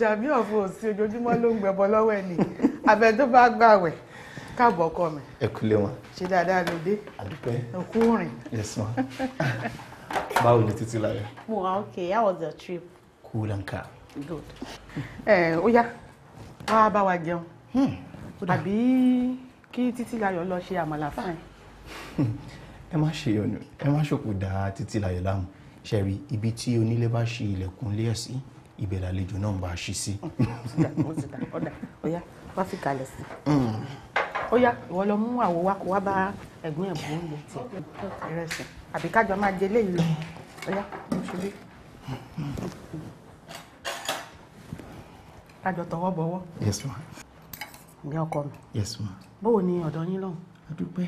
òòṣà bí ọ̀fun òsì ojoojúmọ́ ló ń gbẹbọ lọ́wọ́ ẹ̀ nìyí abẹ tó bá gbàwẹ̀ káàbọ̀ ọkọ mi. ẹ kúlé wọn. ṣe dáadáa ló dé. àdúpẹ́. òkú rìn. yes ma. báwo ni títí láyọ̀. mo wà okay how was your trip. cool and calm. good. ẹ ó yá wá bá wa jẹun hmm. àbí kí títí láyọ̀ lọ ṣe àmàlà fún ẹ. ẹ má ṣe ọ̀nà ẹ má ṣòkò dá títí láyọ̀ láàmú ṣẹ̀rí ibi tí onílé bá ṣe ilẹ̀kùn lé ẹ̀ sí ibẹ̀ làlejò náà ń bá a ṣí sí. mo ti dà ọ̀dà ọ̀yá wá fi kalẹ̀ sí. ọ̀yá mm. ìwọ lọ mú àwo wa kó wá bá ẹ̀gbọ́n ẹ̀bùn oúnjẹ tiẹ̀ ìrẹsì àbí kájọ máa jẹ eléyìí lọ ọ̀yá mo ṣe bí. kájọ tọwọ́ bọ̀wọ́. yes ma. ǹjẹ́ ọkọ mi. yes ma. báwo ni ọ̀dọ̀ yín lọ́hùn. a dúpẹ́.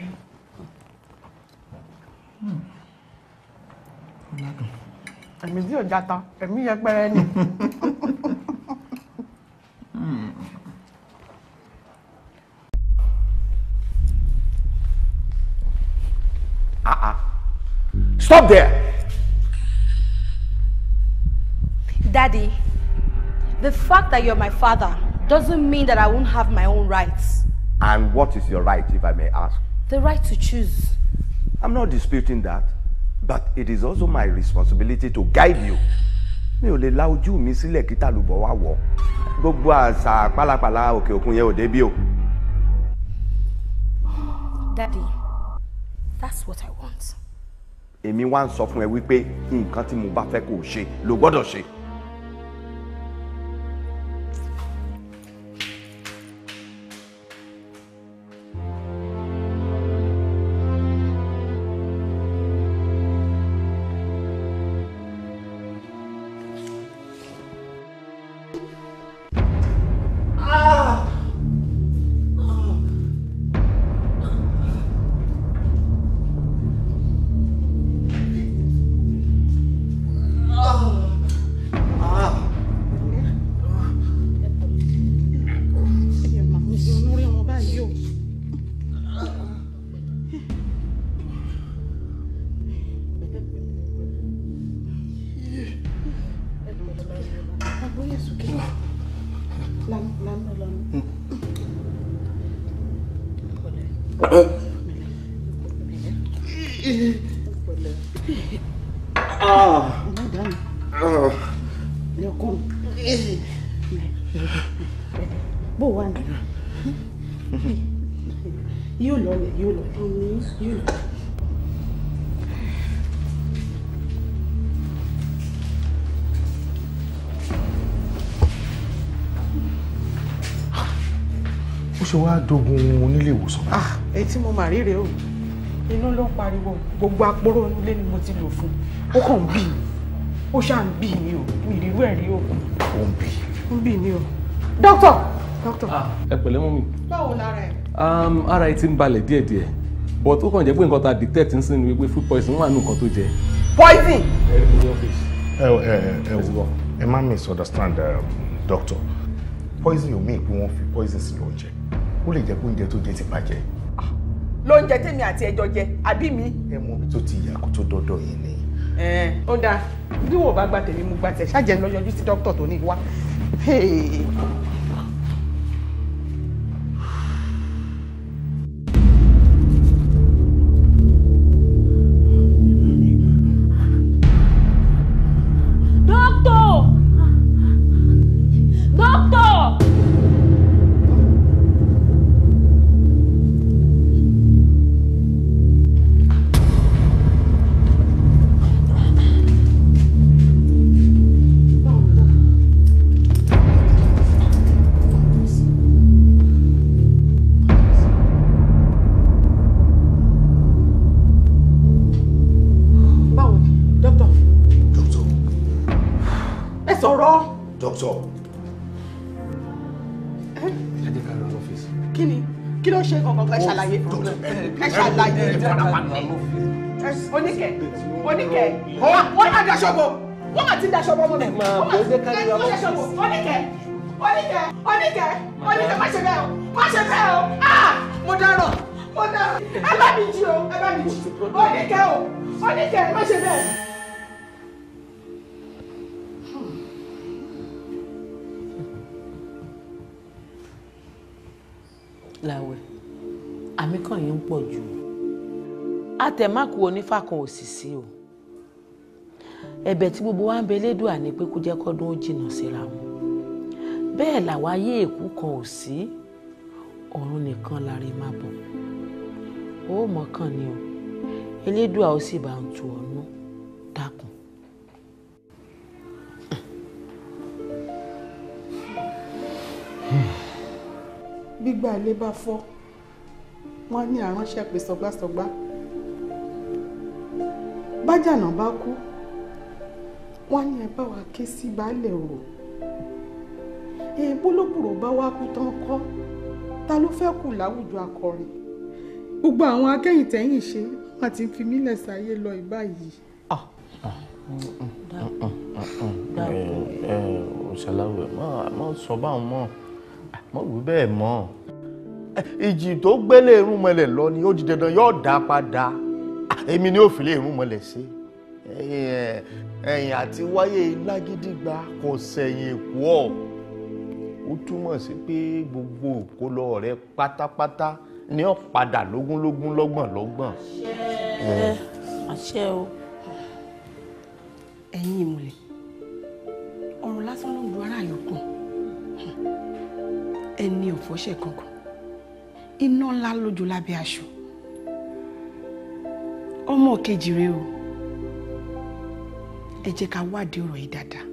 Hmm. ẹ̀mí tí ò jata ẹ̀mí yẹpẹrẹ ni. Ah, ah. Stop there. Daddy, the fact that you're my father doesn't mean that I won't have my own rights. And what is your right, if I may ask? The right to choose. I'm not disputing that. but it is also my responsibility to guide you mi ò lè la ojú mi sílẹ̀ kí tàlùbọ̀ wá wọ̀ gbogbo àṣà pálapàla òkè òkun yẹn ò débi o. daddy that's what i want. èmi wá ń sọ fún ẹ wípé nǹkan tí mo bá fẹ́ kó o ṣe ló gbọ́dọ̀ ṣe. sọ. etí ah, mo mà ríre o inú ló ń pariwo gbogbo apóró onílé ni mo ti lò fún ó kàn ń bì ó ṣáà ń bì mí o mi ìrírú ẹ̀ rí o. ó ń bì. ó ń bì mí o. dókítà dókítà. Ah, ẹ pẹ̀lẹ́ mú mi. báwo lára ẹ̀. Um, ara ẹ ti ń balẹ̀ díẹ̀díẹ̀ but ó kàn jẹ́ pé nǹkan ta detect ń sìn ní wípé food poison wà ní tó jẹ. poison. ẹ ẹ ẹ wo ẹ má misunderstand um, doctor poison ò mí pé wọ́n fi poison sí lóúnjẹ ó lè jẹ́ pé oúnjẹ tó jẹ ti bàjẹ́. Ah, ló ń jẹ tèmi àti ẹjọ jẹ àbí mi. ẹ mọ ibi tó ti yà kó tó dọdọ yìí ni. ẹ ó dáa bí wọn bá gba tèmi mú gba tẹ ṣáà jẹ lọ yọjú sí dókítà tó ní wá. làwẹ̀ àmì kan yìí ń pọ̀ jù àtẹ̀máku onífà kan ò sì sí o ẹ̀bẹ̀ tí gbogbo wa ń bẹ Elédùà ni pé kó jẹ́ kọ́dún ó jìnnà síra wọn bẹ́ẹ̀ làwọn ayé èkú kan ò sí ọ̀run nìkan láre má bọ̀ ó mọ̀ọ́kàn ni o Elédùà ó sì bá ń tu ọ̀nà. gbígbà ilé bá fọ́ wọ́n ní àránṣẹ́ pé sọgbásọgbá bájànà bá kú wọ́n ní ẹ bá wa ké sí baálẹ̀ òrò èèbó lóbùrò bá wá kú tán kọ́ ta ló fẹ́ kù láwùjọ akọrin gbogbo àwọn akẹ́yìn tẹ́yìn ṣe wọ́n ti fi mílẹ̀ sáyé lọ ìbáyìí. ọ̀ṣàlàwẹ̀ ah, ah, ah, eh, eh, má sọ báwọn mọ́ mo wí bẹ́ẹ̀ mọ́ ìjì tó gbélé irúnmọlẹ̀ lọ ni ó di dandan yóò dá padà ah, èmi ni ó fi lé irúnmọlẹ̀ sí ẹ̀yìn àti wáyé lágídígba kò sẹ̀yìn èkó ọ̀ ó túmọ̀ sí pé gbogbo òkólọ rẹ pátápátá ni ó padà lógúnlógún lọ́gbọ̀n lọ́gbọ̀n. àṣẹ o ẹ̀yin ìmùlẹ̀ ọ̀run lásán ló ń bu aráàlú kàn ẹni ọ̀fọ́ṣẹ̀ kankan iná ńlá lójú lábẹ́ aṣọ ọmọ kejì rèé o ẹ jẹ́ ká wádìí ọ̀rọ̀ yìí dáadáa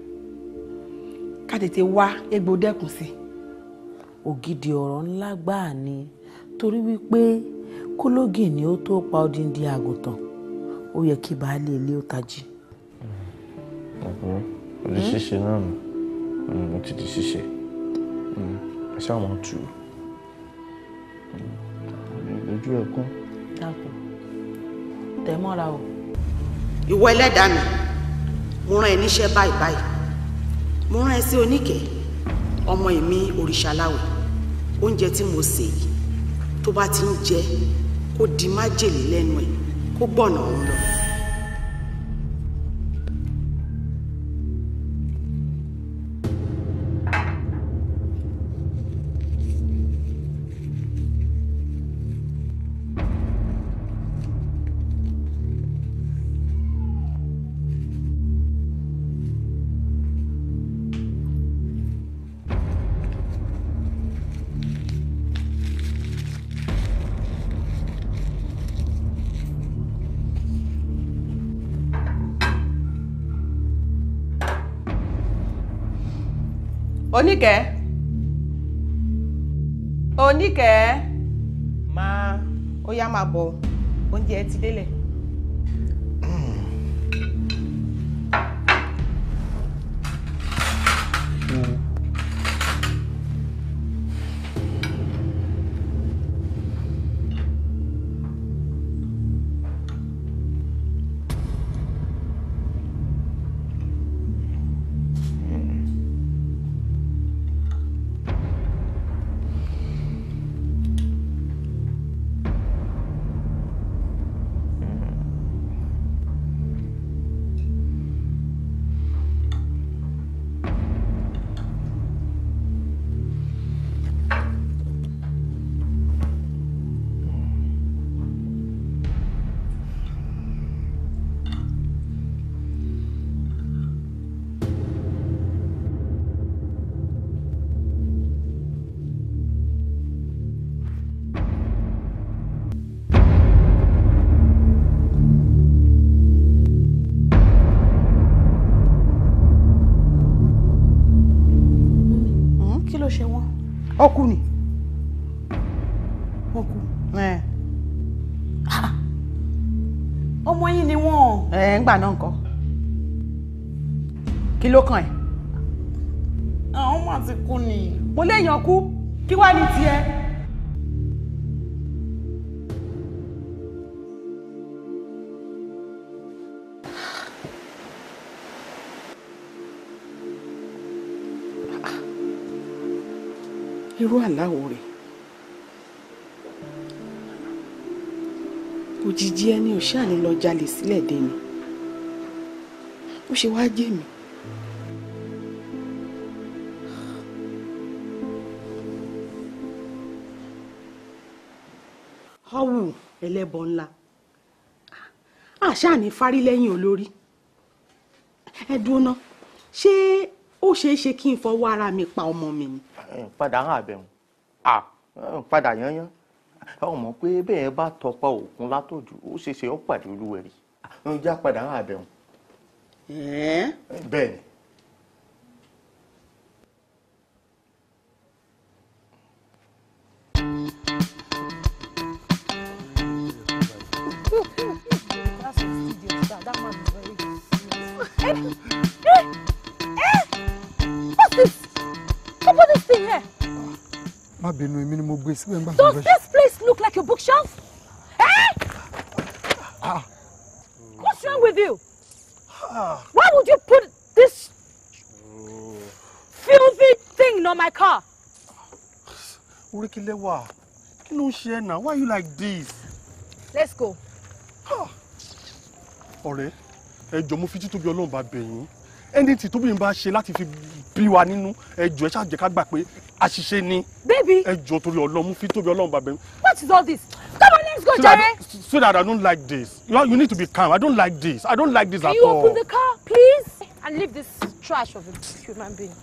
ká tètè wá egbò dẹ́kun sí. ògidì ọ̀rọ̀ ńlá gbáà ni torí wípé kólógì ni ó tó pa odindi àgùntàn ó yẹ kí baálé ilé ó tají. ọ̀pọ̀ ó di ṣíṣe náà mo ti di ṣíṣe. Hmm. I shall want to. Ojú ẹkún. Dàpọ̀, tẹ̀ mọ́ra o. Ìwọ ẹlẹ́dàá mi, mo rán ẹ níṣẹ́ báyìí báyìí. Mo rán ẹ sí oníkẹ́, ọmọ èmi òrìṣàláwẹ̀. Oúnjẹ tí mo sè yìí, tó bá ti ń jẹ, kó di májèlé lẹ́nu ẹ̀, kó gbọ̀nà òun lọ. oníkẹ́ oníkẹ́ ma, ó yá bọ̀ oúnjẹ ti délẹ̀. ó kú ni ó kú eh. ọmọ yín ni wọ́n. ẹ eh, ń gbà náà nǹkan kí ló kàn ẹ́. àwọn ọmọ àti kú ni. mo léèyàn kú kí wàá ní tiẹ̀. irú àláwò rẹ̀ òjijì ẹni ò ṣáà ní lọ jalè sílẹ̀ dé ni ó ṣe wá jẹ́ mi. ọ̀wù ẹlẹ́bọ ńlá àṣà ní fárí lẹ́yìn olórí ẹ̀dùn náà ṣé ó ṣeé ṣe kí n fọwọ́ ara mi pa ọmọ mi ni. padà hàn àbẹ̀wò à padà yányán ọmọ pé bẹ́ẹ̀ bá tọpa òkun látòjú ó ṣeé ṣe ó pàdé olúwẹ̀rí ń já padà hàn àbẹ̀wò. bẹ́ẹ̀ ni. That man is very. What is in here? Má bínú èmi ni mo gbé síbẹ̀ nígbà Does this place look like your bookshelf? Eh? Ah. What's wrong with you? Ah. Why would you put this filthy thing on my car? Oríkìlẹ́wà, kí ló ń ṣe ẹ̀ náà? you like this? Let's go. Ọ̀rẹ́, ẹ jọ̀ọ́ mo fi títóbi Ọlọ́run bá bẹ̀ yín anything tóbi bá ṣe láti fi bí wa nínú ẹjọ́ ẹ ṣàjẹ́ gbà pé àṣìṣe ni. baby ẹjọ́ torí ọlọ́mú fi tóbi ọlọ́run bàbá mi. what is all this come on let's go so jare. so that i don't like this you, you need to be calm i don't like this i don't like this Can at all. can you open the car please and leave this trash of a human being.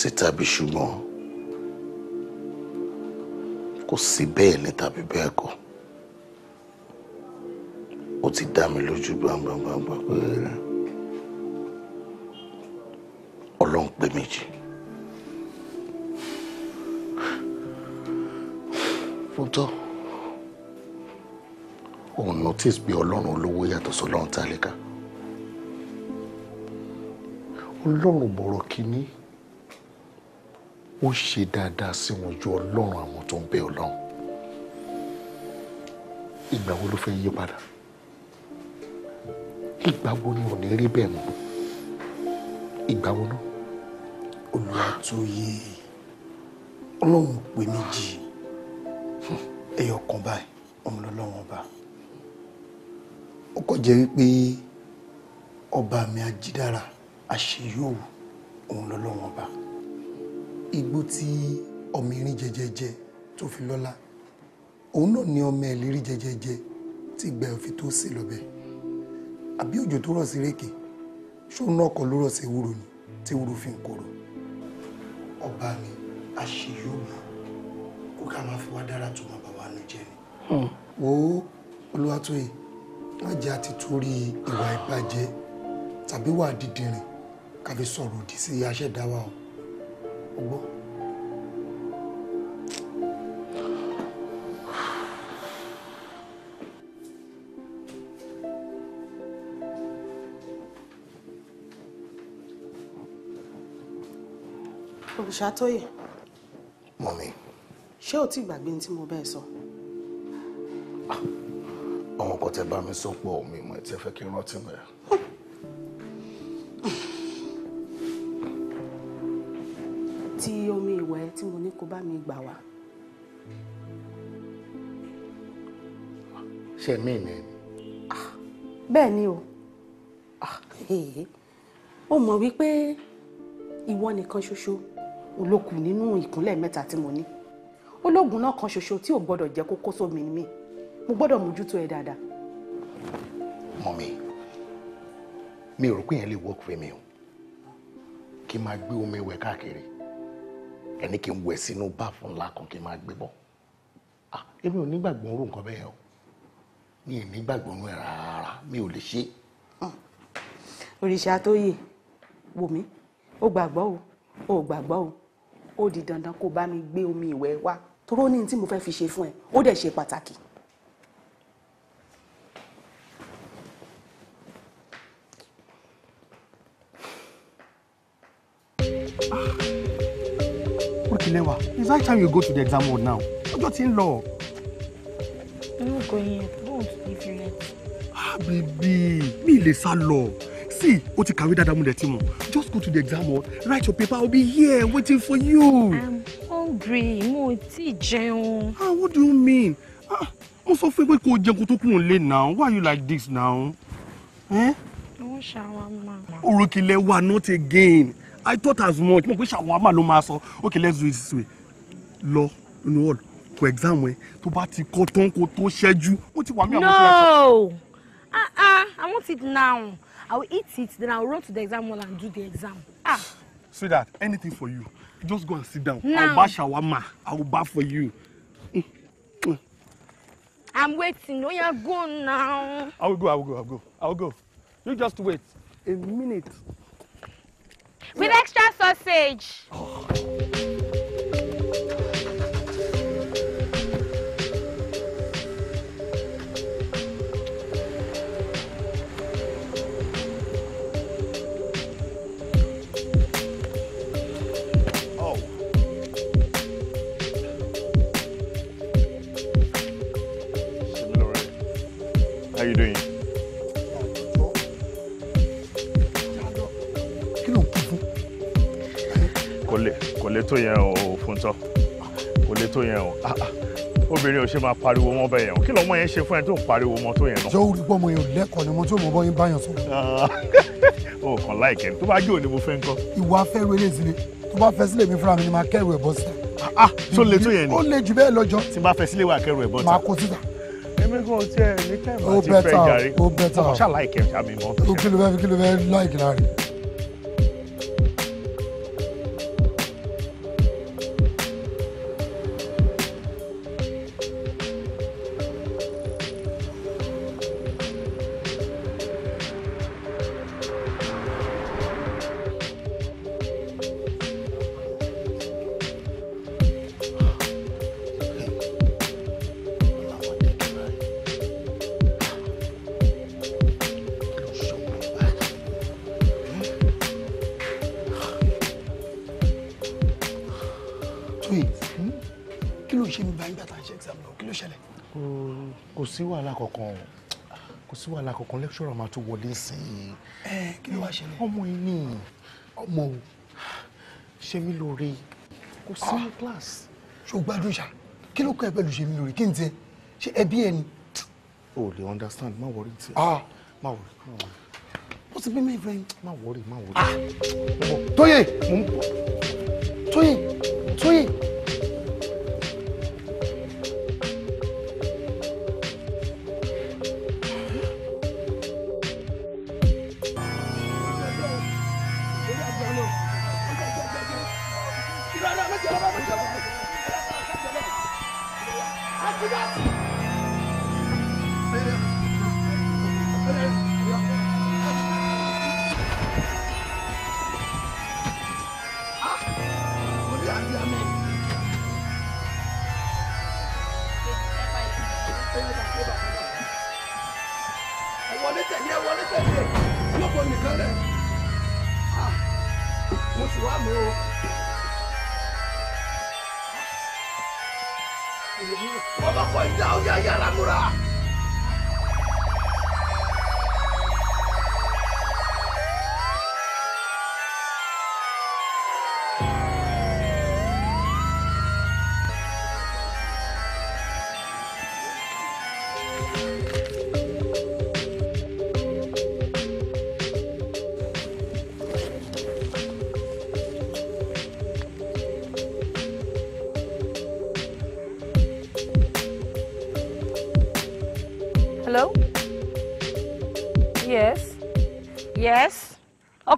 sí tàbí ṣùgbọ́n kò sí bẹ́ẹ̀ ni tàbí bẹ́ẹ̀ kọ́ ó ti dá mi lójú gbangbangbangba pé ọlọ́run pé méjì. fótó ò notice pé ọlọ́run olówó yàtọ̀ sọlọ́run tálíkà ọlọ́run bọ̀rọ̀ kínní ó ṣe dáadáa sí wọn ju ọlọ́run àwọn tó ń bẹ ọlọ́run ìgbà wo ló fẹ́ yí padà ìgbà wo ni ò ní rí bẹ́ẹ̀ mọ́ ìgbà wo náà. olùwàtòyè e. ọlọ́run pè méjì ẹyọ kan báyìí òun lọ́lọ́run ọba ó kọ́ jẹ́ wípé ọba mi ajídára àṣeyọ̀wò òun lọ́lọ́run ọba igbó tí ọmọ irin jẹjẹjẹ tó fi lọ́lá òun náà ni ọmọ ẹ̀lérí jẹjẹjẹ tí gbà òfin tó sè lọ́bẹ̀ àbí òjò tó rọ̀ sí rèké ṣóun náà kọ́ ló rọ̀ sí ewúro ni tí ewúro fi ń korò ọba mi àṣeyọ̀bù kó ká máa fi wá dára tó máa bá wa nu jẹ ni. Hmm. wo olúwatóyè má jẹ́ àti torí ìwà ìbàjẹ́ tàbí wà dídìrín ká fi sọ̀rọ̀ òdì sí aṣẹ̀dáwà o gbọ́. Olùṣàtóyè. Mọ̀mí. Ṣé o ti gbàgbé ní tí mo bẹ́ẹ̀ sọ? Àwọn ah, kan tẹ bá mi sọ pọ̀ mi mọ̀ ẹ́ tí ẹ fẹ́ kí n rántí mẹ́rin. ti omi ìwẹ̀ tí mo ní kó bá mi gbà wá. ṣe mí ni. bẹ́ẹ̀ ni o ó mọ̀ wípé ìwọ nìkan ṣoṣo olókù nínú ìkúnlẹ̀ mẹ́ta tí mo ní ológun náà kan ṣoṣo tí ò gbọ́dọ̀ jẹ́ kó kó sómi mi mo gbọ́dọ̀ mójútó ẹ dáadáa. mọ̀mí mi ò rò pé yẹn lè work for me o kí n máa gbé omi ìwẹ̀ káàkiri ẹni kí n wẹ̀ sínú báàfù ńlá kan kí n máa gbé bọ̀ ah èmi ò nígbàgbọ́ orú nǹkan bẹ́ẹ̀ o mi ò nígbàgbọ́ orú ẹ̀ rárá mi ò lè ṣe. Ah. òrìṣà tó yè wò mí ó gbàgbọ́ o ó gbàgbọ́ o ó di dandan kó bá mi gbé omi ìwẹ̀ wá toró ní tí mo fẹ́ fi ṣe fún ẹ ó dẹ̀ ṣe pàtàkì. lẹ́wà it's high time you go to the exam hall now ọjọ́ ti ń lọ. i'm not going yet i want to leave yet. ah baby mi lè sá lọ see o ti kàwé dáadáa mo dẹ̀ ti mọ̀ just go to the exam hall write your paper i'll be here waiting for you. i'm hungry mo ti jẹun. ah what do you mean ah mo sọ fún ẹ pé kó o jẹun kó tó kúrò nílé now why you like this now. Eh? no ṣàwọn máa. orúkìlẹ̀ wà not again. I thought as much. Mo pe shawarma ló máa sọ. Okay, let's do it this way. Lọ inú hall kọ exam ẹ tó bá ti kọ tán kó tó ṣẹ́jú. Ó ti wà mí àwọn tó yẹ No! Ah ah, I want it now. I will eat it, then I will run to the exam hall and do the exam. Ah! Sweetheart, anything for you. Just go and sit down. Now. I will buy shawarma. I will buy for you. Mm. I'm waiting. Oh, yeah, go now. I will go, I will go, I will go. I will go. You just wait a minute. with extra sausage. Oh. lè tó yẹn o fúntọ́ kò lè tó yẹn o ah, ah. obìnrin ò ṣe máa pariwo mọ́ bẹ́ẹ̀ yẹn o kí lọ́mọ yẹn ṣe fún ẹ tó pariwo mọ́ tó yẹn náà. jọ̀wọ́ rí pọ́mọ yẹn ò lẹ́kọ̀ọ́ ni mo tí mo bọ́ yín báyọ̀ sọ. o kàn láìkẹ́ tó bá jó ni mo fẹ́ ń kọ́. ìwà fẹ́ ru eré tó bá fẹ́ sílẹ̀ mi fúnra mi ni máa kẹ́rù ẹ̀ bọ́ síta. tó ah, le tó yẹn ni. ó le jù bẹ́ẹ̀ lọ́jọ́. tí n bá fẹ́ sílẹ̀ wà kẹ́rù ẹ̀ bọ́ síta. máa kó síta mímígùn tí ẹ ní tẹ́ẹ̀mù àti fẹ́ jàre sí wàhálà kankan lecturer máa tó wọlé sìn. ẹ kí ló wá ṣẹlẹ̀. ọmọ yìí ni ọmọ o ṣe mí lóore kò sí ní ah. class. ṣó gbádùn ṣá kí ló kọ ẹ pẹ̀lú ṣe mí lóore kí n tiẹ̀ ṣe ẹbí ẹni. o lè understand má wọrí tiẹ̀. Ah. má wọrí má wọrí. wọ́n ti bí mi ìfẹ́ yín. má wọrí má wọrí. Tóyè Tóyè Tóyè.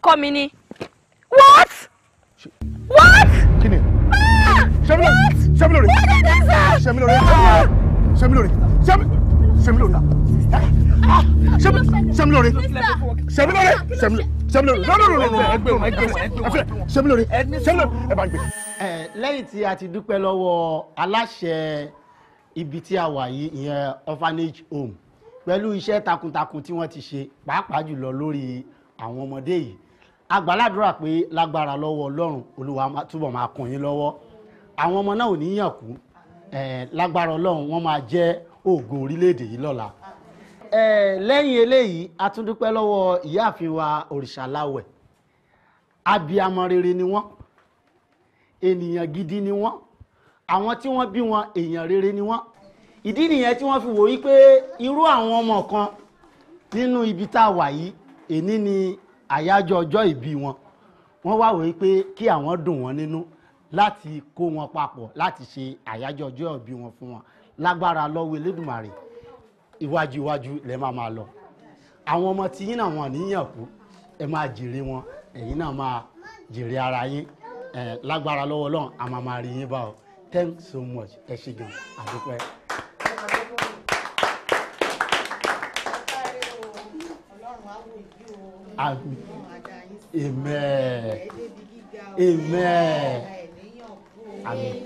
ọkọ mi ni. what. what. kí ni. sẹ́mílò sẹ́mílò rẹ̀ sẹ́mílò rẹ̀ sẹ́mílò rẹ̀ sẹ́mílò rẹ̀ sẹ́mílò rẹ̀ sẹ́mílò rẹ̀ sẹ́mílò no no no no ẹgbẹ́ wọn ẹgbẹ́ wọn ẹgbẹ́ wọn sẹ́mílò rẹ̀ sẹ́mílò rẹ̀ ẹ bá gbé. lẹ́yìn tí a ti dúpẹ́ lọ́wọ́ aláṣẹ ibi tí a wà yìí ìyẹn orphanage home pẹ̀lú iṣẹ́ takuntakun tí wọ́n ti ṣe pàápàá jùlọ lórí àwọn ọmọdé yìí agbàládùra pé lágbára lọ́wọ́ ọlọ́run olúwa túbọ̀ máa kún yín lọ́wọ́ àwọn ọmọ náà ò ní yàn kú lágbára ọlọ́run wọ́n máa jẹ́ òògùn orílẹ̀-èdè yìí lọ́la lẹ́yìn eléyìí a lọ́wọ́ ìyáàfin wa òrìṣàláwẹ̀ abiyamọ rere ni wọ́n ènìyàn gidi ni wọ́n àwọn tí wọ́n bí wọn èèyàn rere ni wọ́n ìdí nìyẹn tí wọ́n fi wò wípé irú àwọn ọmọ kan nínú ibi tá a wà yìí èní ni àyájọ́ ọjọ́ ìbí wọn wọ́n wá wòye pé kí àwọn dùn wọ́n nínú láti kó wọn papọ̀ láti ṣe àyájọ́ ọjọ́ ìbí wọn fún wọn lágbára lọ́wọ́ elédùnmarè iwájú iwájú lẹ máa máa lọ àwọn ọmọ tí yín náà wọn níyàn kú ẹ máa jèrè wọn ẹ̀yin náà máa jèrè ara yín lágbára lọ́wọ́ Ọlọ́run a máa máa rí yín báwo thanks so much ẹ ṣé gan àdúpẹ́. Amen. amen amen Amen.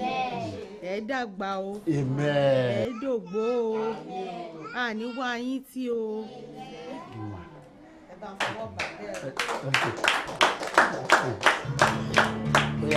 ẹ dàgbà o amen ẹ dògbó o àníwá yín tí o. ẹ bá fọwọ́ bàbá ẹ.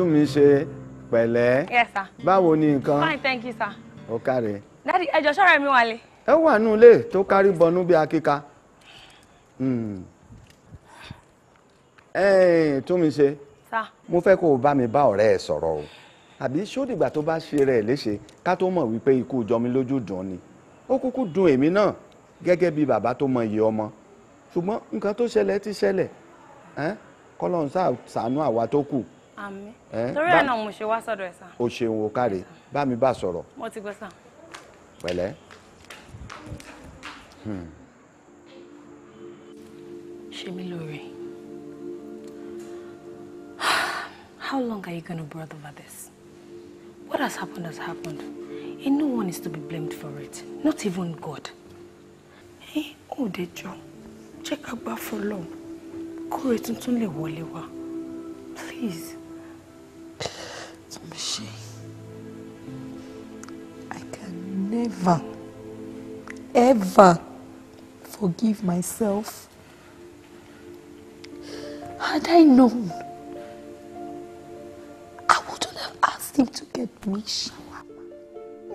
tún mi ṣe pẹ̀lẹ́. yes sir. báwo ni nǹkan. fine thank you sir. ó kàre. dadi ẹjọ sọ̀rọ̀ mi wà lé. ẹ wà nù lé tó kárí bọnú bí akíka. Hmm. tún mi ṣe. sir. mo fẹ́ kó o bá mi bá ọ̀rẹ́ ẹ sọ̀rọ̀ o àbí ṣódìgbà tó bá ṣe rẹ̀ léṣe ká tó mọ̀ wípé ikú jọmilójú dùn ni ó kúkú dùn èmi náà gẹ́gẹ́ bí bàbá tó mọ iye ọmọ ṣùgbọ́n nǹkan tó ṣẹlẹ̀ ti ṣẹlẹ̀ kọ́lọ́n ṣàánú àwa tó kù àmín eh, torí ẹ̀ mo ṣe wá sọ́dọ̀ ẹ̀ sá. o ṣeun o káre bá mi bá sọ̀rọ̀. mo ti gbé sá. pẹ̀lẹ́. Hmm. ṣe mí lóore. How long are you gonna to brood over this? What has happened has happened, and no one is to be blamed for it, not even God. Ẹ ò dẹjọ́, jẹ́ ká gbá fọlọ́, kóre tuntun lè wọlé wá. Please ṣe I can never ever forgive myself had I known I wouldn't have asked him to get me shawarma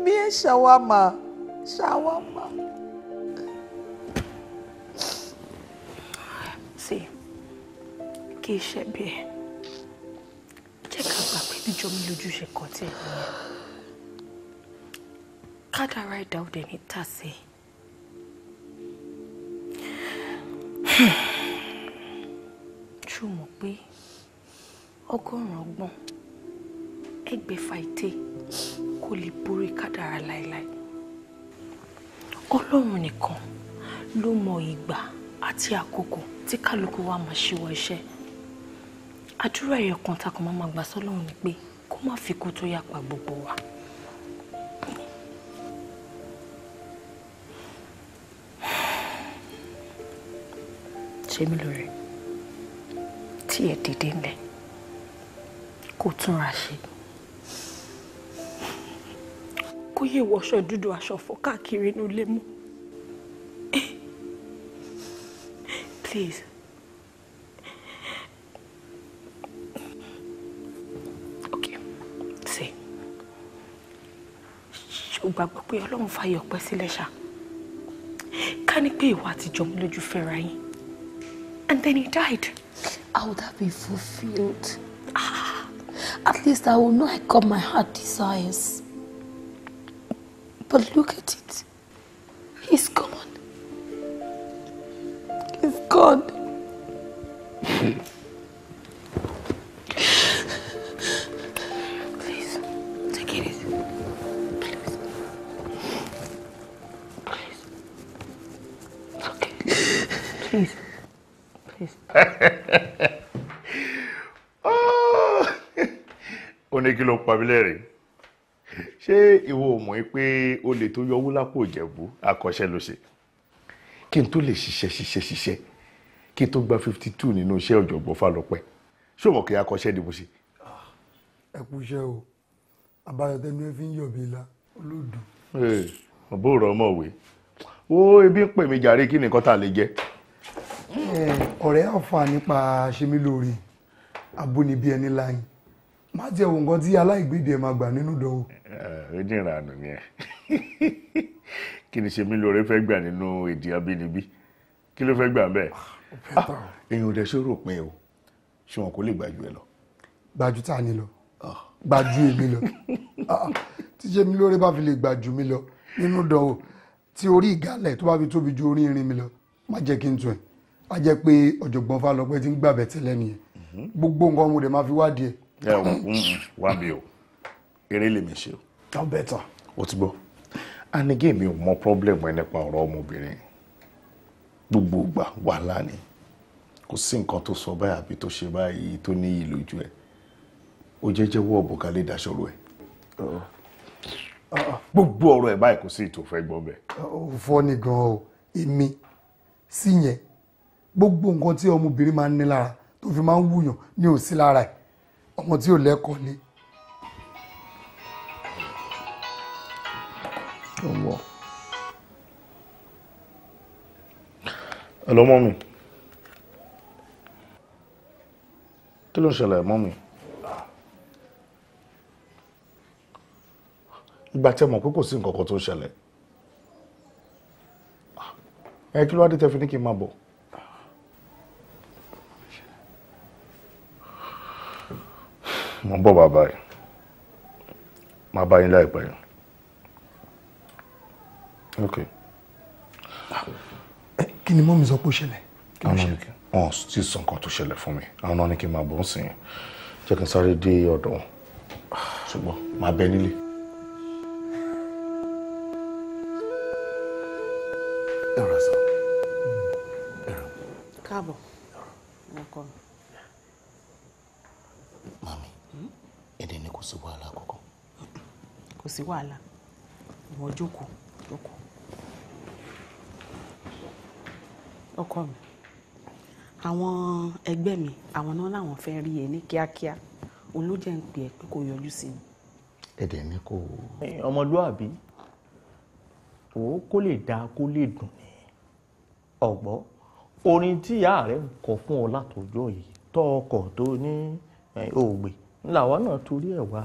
me shawarma shawarma. See, kì í bíjọ mi lójú ṣe kàn tí ẹ nìyẹn kádàrá ẹ̀dá òde ní tàsé. ṣùgbọ́n pé ọgọ́rùn-ún ọgbọ́n ẹgbẹ̀fà ète kò lè borí kádàrá láéláé ọlọ́run nìkan ló mọ ìgbà àti àkókò tí kálukú wa máa ṣíwọ́ iṣẹ́ àdúrà ẹ̀yọ̀ kan tá a kàn máa máa gbà sọ́lọ́run ni pé kó má fi kú tó yá pa gbogbo wa. ṣé mi lóore tí ẹ dìde ńlẹ̀ kó túnra ṣe kó yé wọṣọ dúdú aṣọ fọ káàkiri inú ilé mọ́ please. o gbàgbọ́ pé ọlọ́run fàyè ọ̀pẹ sílẹ̀ ṣá ká ní pé ìwà àtijọ́ mi lójú fẹ́ra yín and then he died. I would have been fulfilled? at least I would know I got my heart desires. But look at it. He's gone. ló pa mí lẹ́rìn ṣé ìwọ ò mọ̀ pé olè tó yọ owó lápò ìjẹ̀bú akọ́ṣẹ́ ló ṣe kí n tó lè ṣiṣẹ́ ṣiṣẹ́ ṣiṣẹ́ kí n tó gba fifty two nínú iṣẹ́ ọ̀jọ̀gbọ́n Fálọpẹ́ ṣé o mọ̀ kí akọ́ṣẹ́ ni mo ṣe. ẹ kú iṣẹ́ o àbáyọ̀tẹ́ ni wọ́n fi ń yọ̀ bí ilá olódù. ọ̀bọ̀ òrò ọmọ òwe ó ebi ń pè mí jàre kí nìkan tá a lè jẹ. ọ̀rẹ́ àǹfààní pa ṣe mí lóore abónibí ẹni láyìn má jẹ́ òun kan tí aláìgbèdè ẹ̀ máa gbà nínú ìdánwò. ó jìn ìrànù ni ẹ kí ni ṣe mí lóore fẹ́ gbà nínú èdè abínibí kí ló fẹ́ gbà bẹ́ẹ̀ ah, èèyàn ò dẹ̀ ṣòro pin o ṣé wọn kò lè gbàjú ẹ lọ. gbàjú tá a ní lọ ah. gbàjú èmi lọ ah, tí ṣe mí lóore bá fi lè gbàjú mi lọ nínú ìdánwò tí orí ìgálẹ̀ tó bá fi tóbi ju orí irin mi lọ má jẹ́ kí n tún ẹ̀ á jẹ́ pé ọ̀jọ̀gbọ́n Fálọpẹ́ ti ń gbàbẹ̀ tẹ́lẹ̀ nìyẹn mhm. gbogbo nǹkan mo dẹ̀ máa fi wádìí ẹ̀ ẹ ò um, wá mi o eré lèmi ṣe o. ọ bẹta. o ti gbọ́ anigé mi ò mọ problem ẹ nípa ọ̀rọ̀ ọmọbìnrin gbogbo ìgbà wàhálà ni kò sí nǹkan tó sọ báyìí àbí tó ṣe báyìí tó níyì lójú ẹ ó jẹ́ jẹ́wọ́ ọ̀bùnká lè dáṣọ́rò ẹ ah, ah. gbogbo ọ̀rọ̀ ẹ báyìí kò sí ìtò fẹ́ gbọ́ bẹ́ẹ̀. òfò ni gan o èmi sí yẹn gbogbo nǹkan tí ọmọbìnrin máa ń ní lára tó fi máa ń wúyàn ni ò sí lára ẹ̀ ọmọ tí ò lẹ́kọ̀ọ́ ni. ọmọ hello mọ́mì kí ló ń ṣẹlẹ̀ mọ́mì ìgbà tí ẹ mọ̀ pé kò sí nǹkan kan tó ń ṣẹlẹ̀ ẹ kí ló wá dé tẹ́ ní kí n máa bọ̀. mo ń bọ̀ bàbá yìí máa bá yín láìpẹ́ yìí. ok. kí ni mọ́mí sọ pé ó ṣẹlẹ̀. wọn ti sọ nǹkan tó ṣẹlẹ̀ fún mi àwọn náà ní kí n máa bọ̀ ń sìn yín jẹ́ kí n sáré dé ọ̀dọ̀ wọn ṣùgbọ́n máa bẹ nílé. mami ẹ̀dẹ̀ ni kò sí wàhálà kankan. kò sí wàhálà ìwọ jókòó jókòó ọkọ mi àwọn ẹgbẹ́ mi àwọn náà làwọn fẹ́ rí ẹ ní kíákíá olójẹ́ ń pè é pé kò yọjú sí mi. ẹ̀dẹ̀ ni kò. ọmọlúàbí wò ó lè dáa kó lè dùn ní ọ̀gbọ́ orin tíyà rẹ̀ ń kọ fún ọ látọjọ́ yìí tọ́ ọkọ̀ tó ní ògbè. Eh, làwa náà torí ẹ̀ wá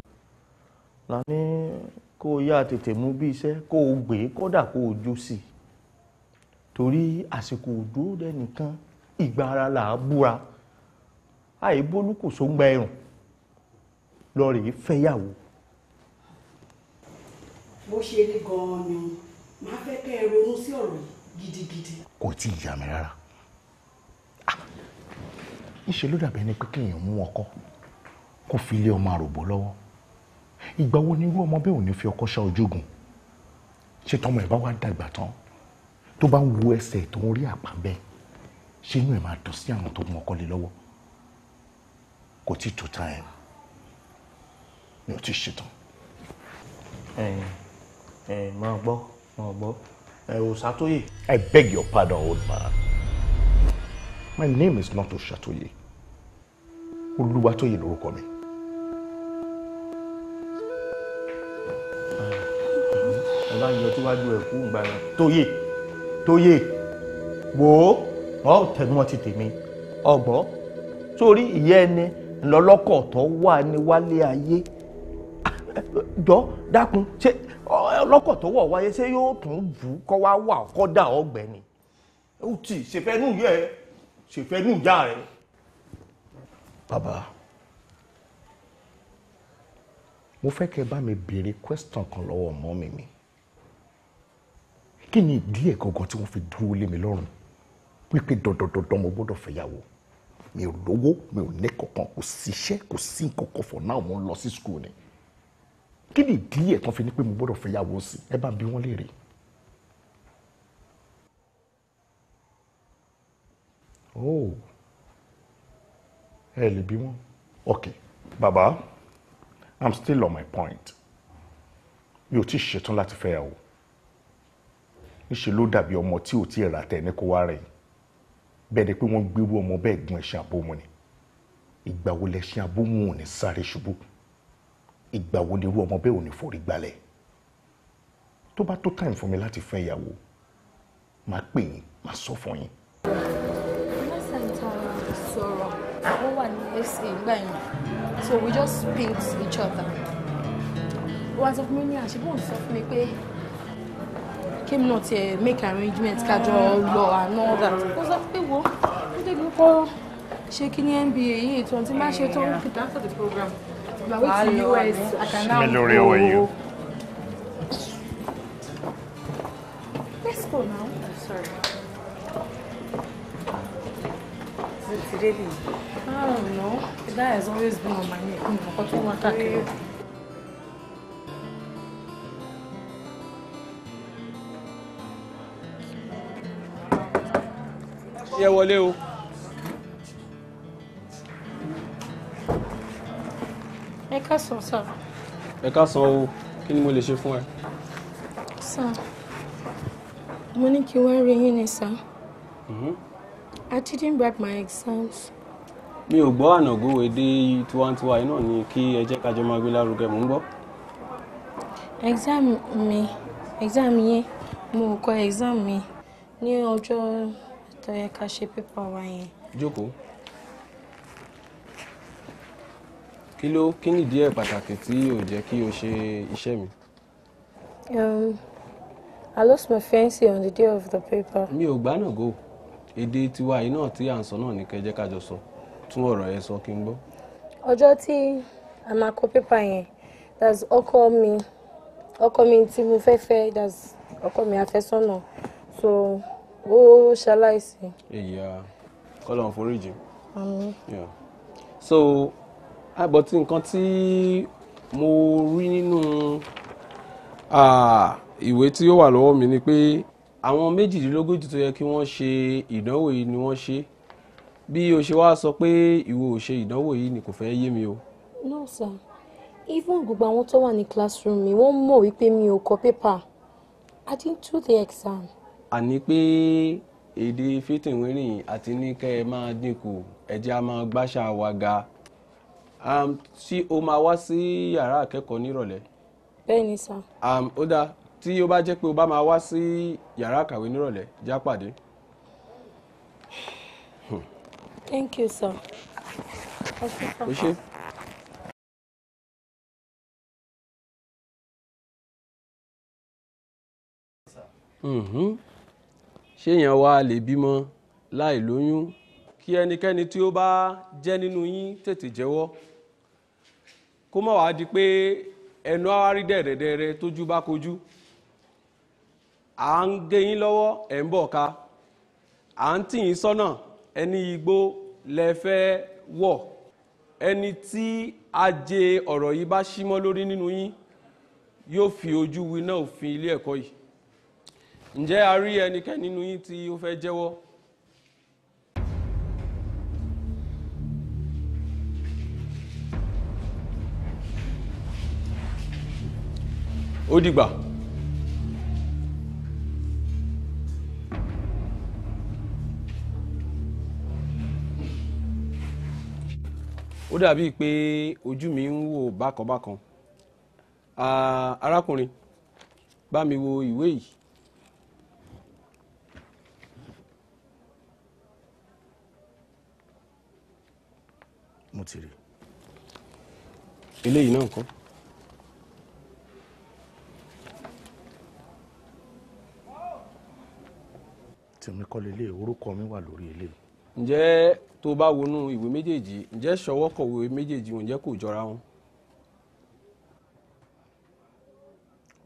la ní kó o yá tètè mú bí iṣẹ́ kó o gbé kódà kó o jó sí i torí àsìkò òdó dẹnìkan ìgbà ara là á búra àì bólú kò sóńgbà ẹ̀rùn lọ rèé fẹ́yàwó. bó ṣe rí gan-an ni màá fẹ́ kẹ́ ẹ ronú sí ọ̀rọ̀ gidigidi. kò tí ì yà mí rárá ìṣèlú ah! dàbí ẹni pé kéèyàn mú ọkọ kó fi lé ọmọ àròbó lọ́wọ́ ìgbà wo ni irú ọmọ bẹ́ẹ̀ ò ní fi ọkọ ṣá ojúgun ṣé tọmọ ẹ̀ bá wá dàgbà tán tó bá ń wo ẹsẹ̀ tó ń rí àpá bẹ́ẹ̀ ṣé inú ẹ̀ máa dùn sí àwọn tó mú ọkọ lé lọ́wọ́ kò tí tó ta ẹ̀ mi ò tí ṣetán. ẹ ẹ máa gbọ́ máa gbọ́ ẹ ò ṣàtòyè. I beg your pardon old man my name is not Oṣàtòyè Olúwatóyè lórúkọ mi. bá ń yọ tíwájú ẹ̀ kú ìgbà náà tóyè tóyè wò ó wọn tẹnumọ́ ti tèmi ọgbọ́n sórí ìyá ẹni lọ́lọ́kọ̀ tó wà ní wálé ayé jọ dákun ṣé ọlọ́kọ̀ tó wọ̀ wáyé ṣé yóò tún jù ú kọ́ wá wà kọ́ dà ọgbẹ́ ni ó tì ṣèfẹ́nú yẹ ṣèfẹ́nú ìyá rẹ. bàbá mo fẹ́ kẹ́ bá mi béèrè question kan lọ́wọ́ mọ́mì mi. mi kí ni ìdí ẹ̀ gangan tí wọ́n fi dúró lé mi lọ́rùn wípé dandandandan mo gbọ́dọ̀ fẹ́yàwó mi ò lówó mi ò ní kankan kò sí iṣẹ́ kò sí nkankan for now mo ń lọ sí school ni kí ni ìdí ẹ̀ tán fi ní pé mo gbọ́dọ̀ fẹ́yàwó sí ẹ bá ń bi wọ́n léèrè. oh ẹ lè bí wọn. ok baba i'm still on my point mi ò tí ì ṣetán láti fẹ́yàwó ńṣe ló dàbí ọmọ tí ò tí ì rà tẹ̀ ní kó wá rẹ̀ yìí bẹ́ẹ̀ ni pé wọ́n gbérú ọmọ bẹ́ẹ̀ gun ẹṣin abómu ni ìgbà wo lẹṣin abómu ò ní sáré ṣubú ìgbà wo lérú ọmọ bẹ́ẹ̀ ò ní forí gbalẹ̀ tó bá tó time fún mi láti fẹ́ ìyàwó máa pè yín máa sọ fún yín. sọ̀rọ̀ wọ́n wà ní ẹ̀sìn ìgbà yẹn so we just paint each other wọ́n á sọ fún mi ní àṣìbọ̀n sọ fún mi pé came not tiẹ̀ make arrangements, schedule lọ and all that kó sọ pé wo ó dé gbogbo She kí ní nba yìí ètò àti má ṣe tó ń fit after the program ìgbà wí ti us àkànná you. let's go now. sorry. Is it really? I don't know. That has always been on my neck. I'm not going that? yẹ wọlé o. ẹ ká sàn sàn. ẹ ká sàn o kí ni mo lè ṣe fún ẹ. sàn mo ní kí wọ́n rí yín ni sàn. Mm-hmm. I didn't write my exams. mi ò gbọ́ ànàgó èdè tiwantiwa iná ni kí ẹ jẹ́ ká jọ máa gbé lárugẹ mò ń gbọ́. exam mi exam yẹn mo kọ exam mi ní ọjọ́. Ọjọ́ tó yẹ ká ṣe pépà wa yẹn. jókòó kí ló kí nìdí ẹ̀ pàtàkì tí yóò jẹ́ kí o ṣe iṣẹ́ mi. Um, I lost my fancy on the day of the paper. mi ò gbá náà go èdè tiwa yìí náà tí à ń sọ náà ní kẹjẹ kájọ sọ tún ọ̀rọ̀ ẹ sọ kí n gbọ́. ọjọ́ tí a máa kọ pépà yẹn that's ọkọ mi ọkọ mi tí mo fẹ́ fẹ́ that's ọkọ mi àfẹ́sọ́nà so ó ṣaláìsí. ìyá kọ́lọ́n foríjì. àmín. so àbọ̀tí nǹkan tí mo rí nínú ìwé tí ó wà lọ́wọ́ mi ni pé àwọn méjìdínlógójì tó yẹ kí wọ́n ṣe ìdánwò yìí ni wọ́n ṣe bí o ṣe wá sọ pé ìwọ ò ṣe ìdánwò yìí ni kò fẹ́ yé mi o. no sir even gbogbo àwọn tó wà ní classroom mi wọ́n mọ̀ wípé mi ò kọ pépà i didn't do the exam àní pé èdè fìtìwérìn àti ní kẹ́ ẹ máa dínkù ẹ̀jẹ̀ a máa gbáṣà wa ga tí o máa wá sí yàrá akẹ́kọ̀ọ́ nírọ̀lẹ́. bẹ́ẹ̀ ni ó dáa tí ó bá jẹ́ pé o bá máa wá sí yàrá àkàwé nírọ̀lẹ́ já thank you sir. o ṣe. Mm-hmm ṣéèyàn wá lè bímọ láì lóyún kí ẹnikẹ́ni tí ó bá jẹ́ nínú yín tètè jẹ́wọ́ kó má wàá di pé ẹnu àwárí dẹ̀rẹ̀dẹ̀rẹ̀ tójú bá kojú à ń gé yín lọ́wọ́ ẹ̀ ń bọ̀ ká à ń tì yín sọ́nà ẹni igbó lẹ fẹ́ wọ̀ ẹni tí ajé ọ̀rọ̀ yìí bá símọ́ lórí nínú yín yóò fi ojú winá òfin ilé ẹ̀kọ́ yìí ǹjẹ́ a rí ẹnikẹ́ni nínú yín tí ó fẹ́ jẹ́wọ́. ó dìgbà. ó dàbíi pé ojú mi ń wò bákanbákan ah, arákùnrin bá mi wo ìwé yìí mo ti rí. eléyìí náà kọ́. tèmi kọ́ lélẹ̀ orúkọ mi wà lórí eléyìí. ǹjẹ́ tó bá wọnú ìwé méjèèjì ǹjẹ́ ṣọwọ́ kọ̀wé méjèèjì ǹjẹ́ kò jọra wọn.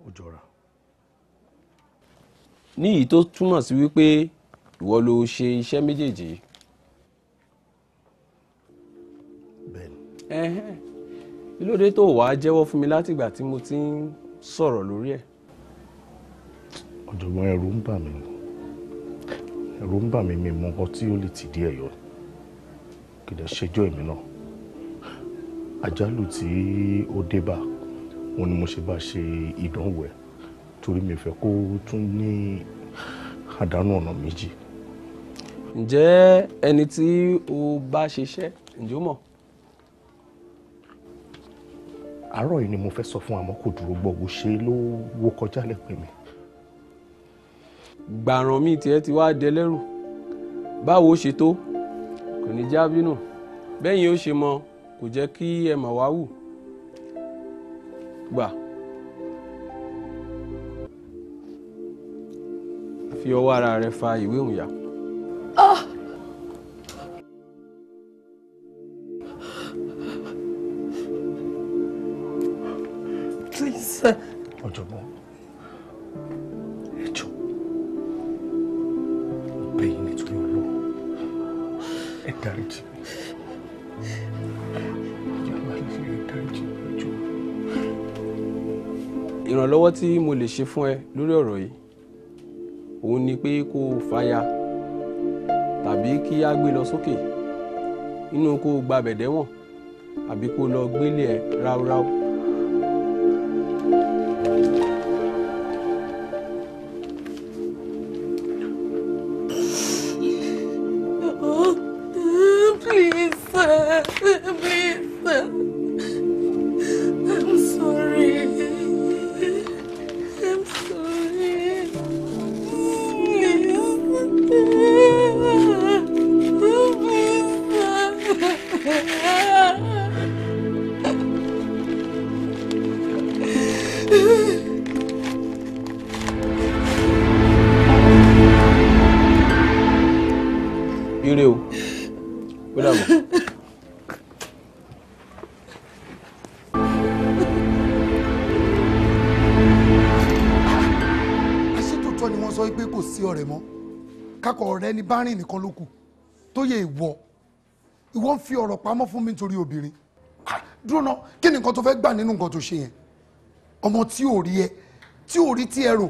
ó jọra. ní èyí tó túmọ̀ sí wípé ìwọ ló ṣe iṣẹ́ méjèèjì yìí. ìlódé tó wàá jẹ́wọ́ fún mi látìgbà tí mo ti ń sọ̀rọ̀ lórí ẹ̀. ọ̀jọ̀gbọ́n ẹ̀rù ń bà mí ẹ̀rù ń bà mí mi mọ ọkọ tí ó lè tì dí ẹ̀ yọ kì í ṣẹjọ́ èmi náà àjálù tí ó dé bá òun ni mo ṣe bá ṣe ìdánwò ẹ̀ torí mi fẹ́ kó tún ní àdánù ọ̀nà méjì. ǹjẹ́ ẹni tí o bá ṣiṣẹ́ ǹjọ́ mọ̀? àárọ̀ yìí ni mo fẹ́ sọ fún àmọ́ kò dúró gbọ́ bó ṣe ló wó kọjá lẹ́pẹ́ mi. gbàràn mi tiẹ̀ ti wá dẹlẹ́rù báwo ṣe tó kò ní já bínú bẹ́yìn ó ṣe mọ kò jẹ́ kí ẹ mọ̀ wá wù gbà fi ọwọ́ ara rẹ fa ìwé òun yà. ọ̀jọ̀gbọ́n ẹ jọ̀ọ́ mo bẹ̀ yín nítorí Ọlọ́run ẹ dáríjì mi ìyá máa ń fi ẹ dáríjì mi ẹ jọ̀ọ́. ìrànlọ́wọ́ tí mo lè ṣe fún ẹ lórí ọ̀rọ̀ yìí òun ni pé kó o fàya tàbí kí á gbé lọ sókè inú kó o gba bẹ̀dẹ́wọ̀n àbí kó o lọ gbélé ẹ ráúráú. obìnrin bá rìn nìkan ló kù tó yẹ ìwọ ìwọ ń fi ọ̀rọ̀ pamọ́ fún mi nítorí obìnrin ah, dúró náà kí ni nǹkan tó fẹ́ gbà nínú nǹkan tó ṣe yẹn ọmọ tí ò rí ẹ tí ò rí tí ẹ rò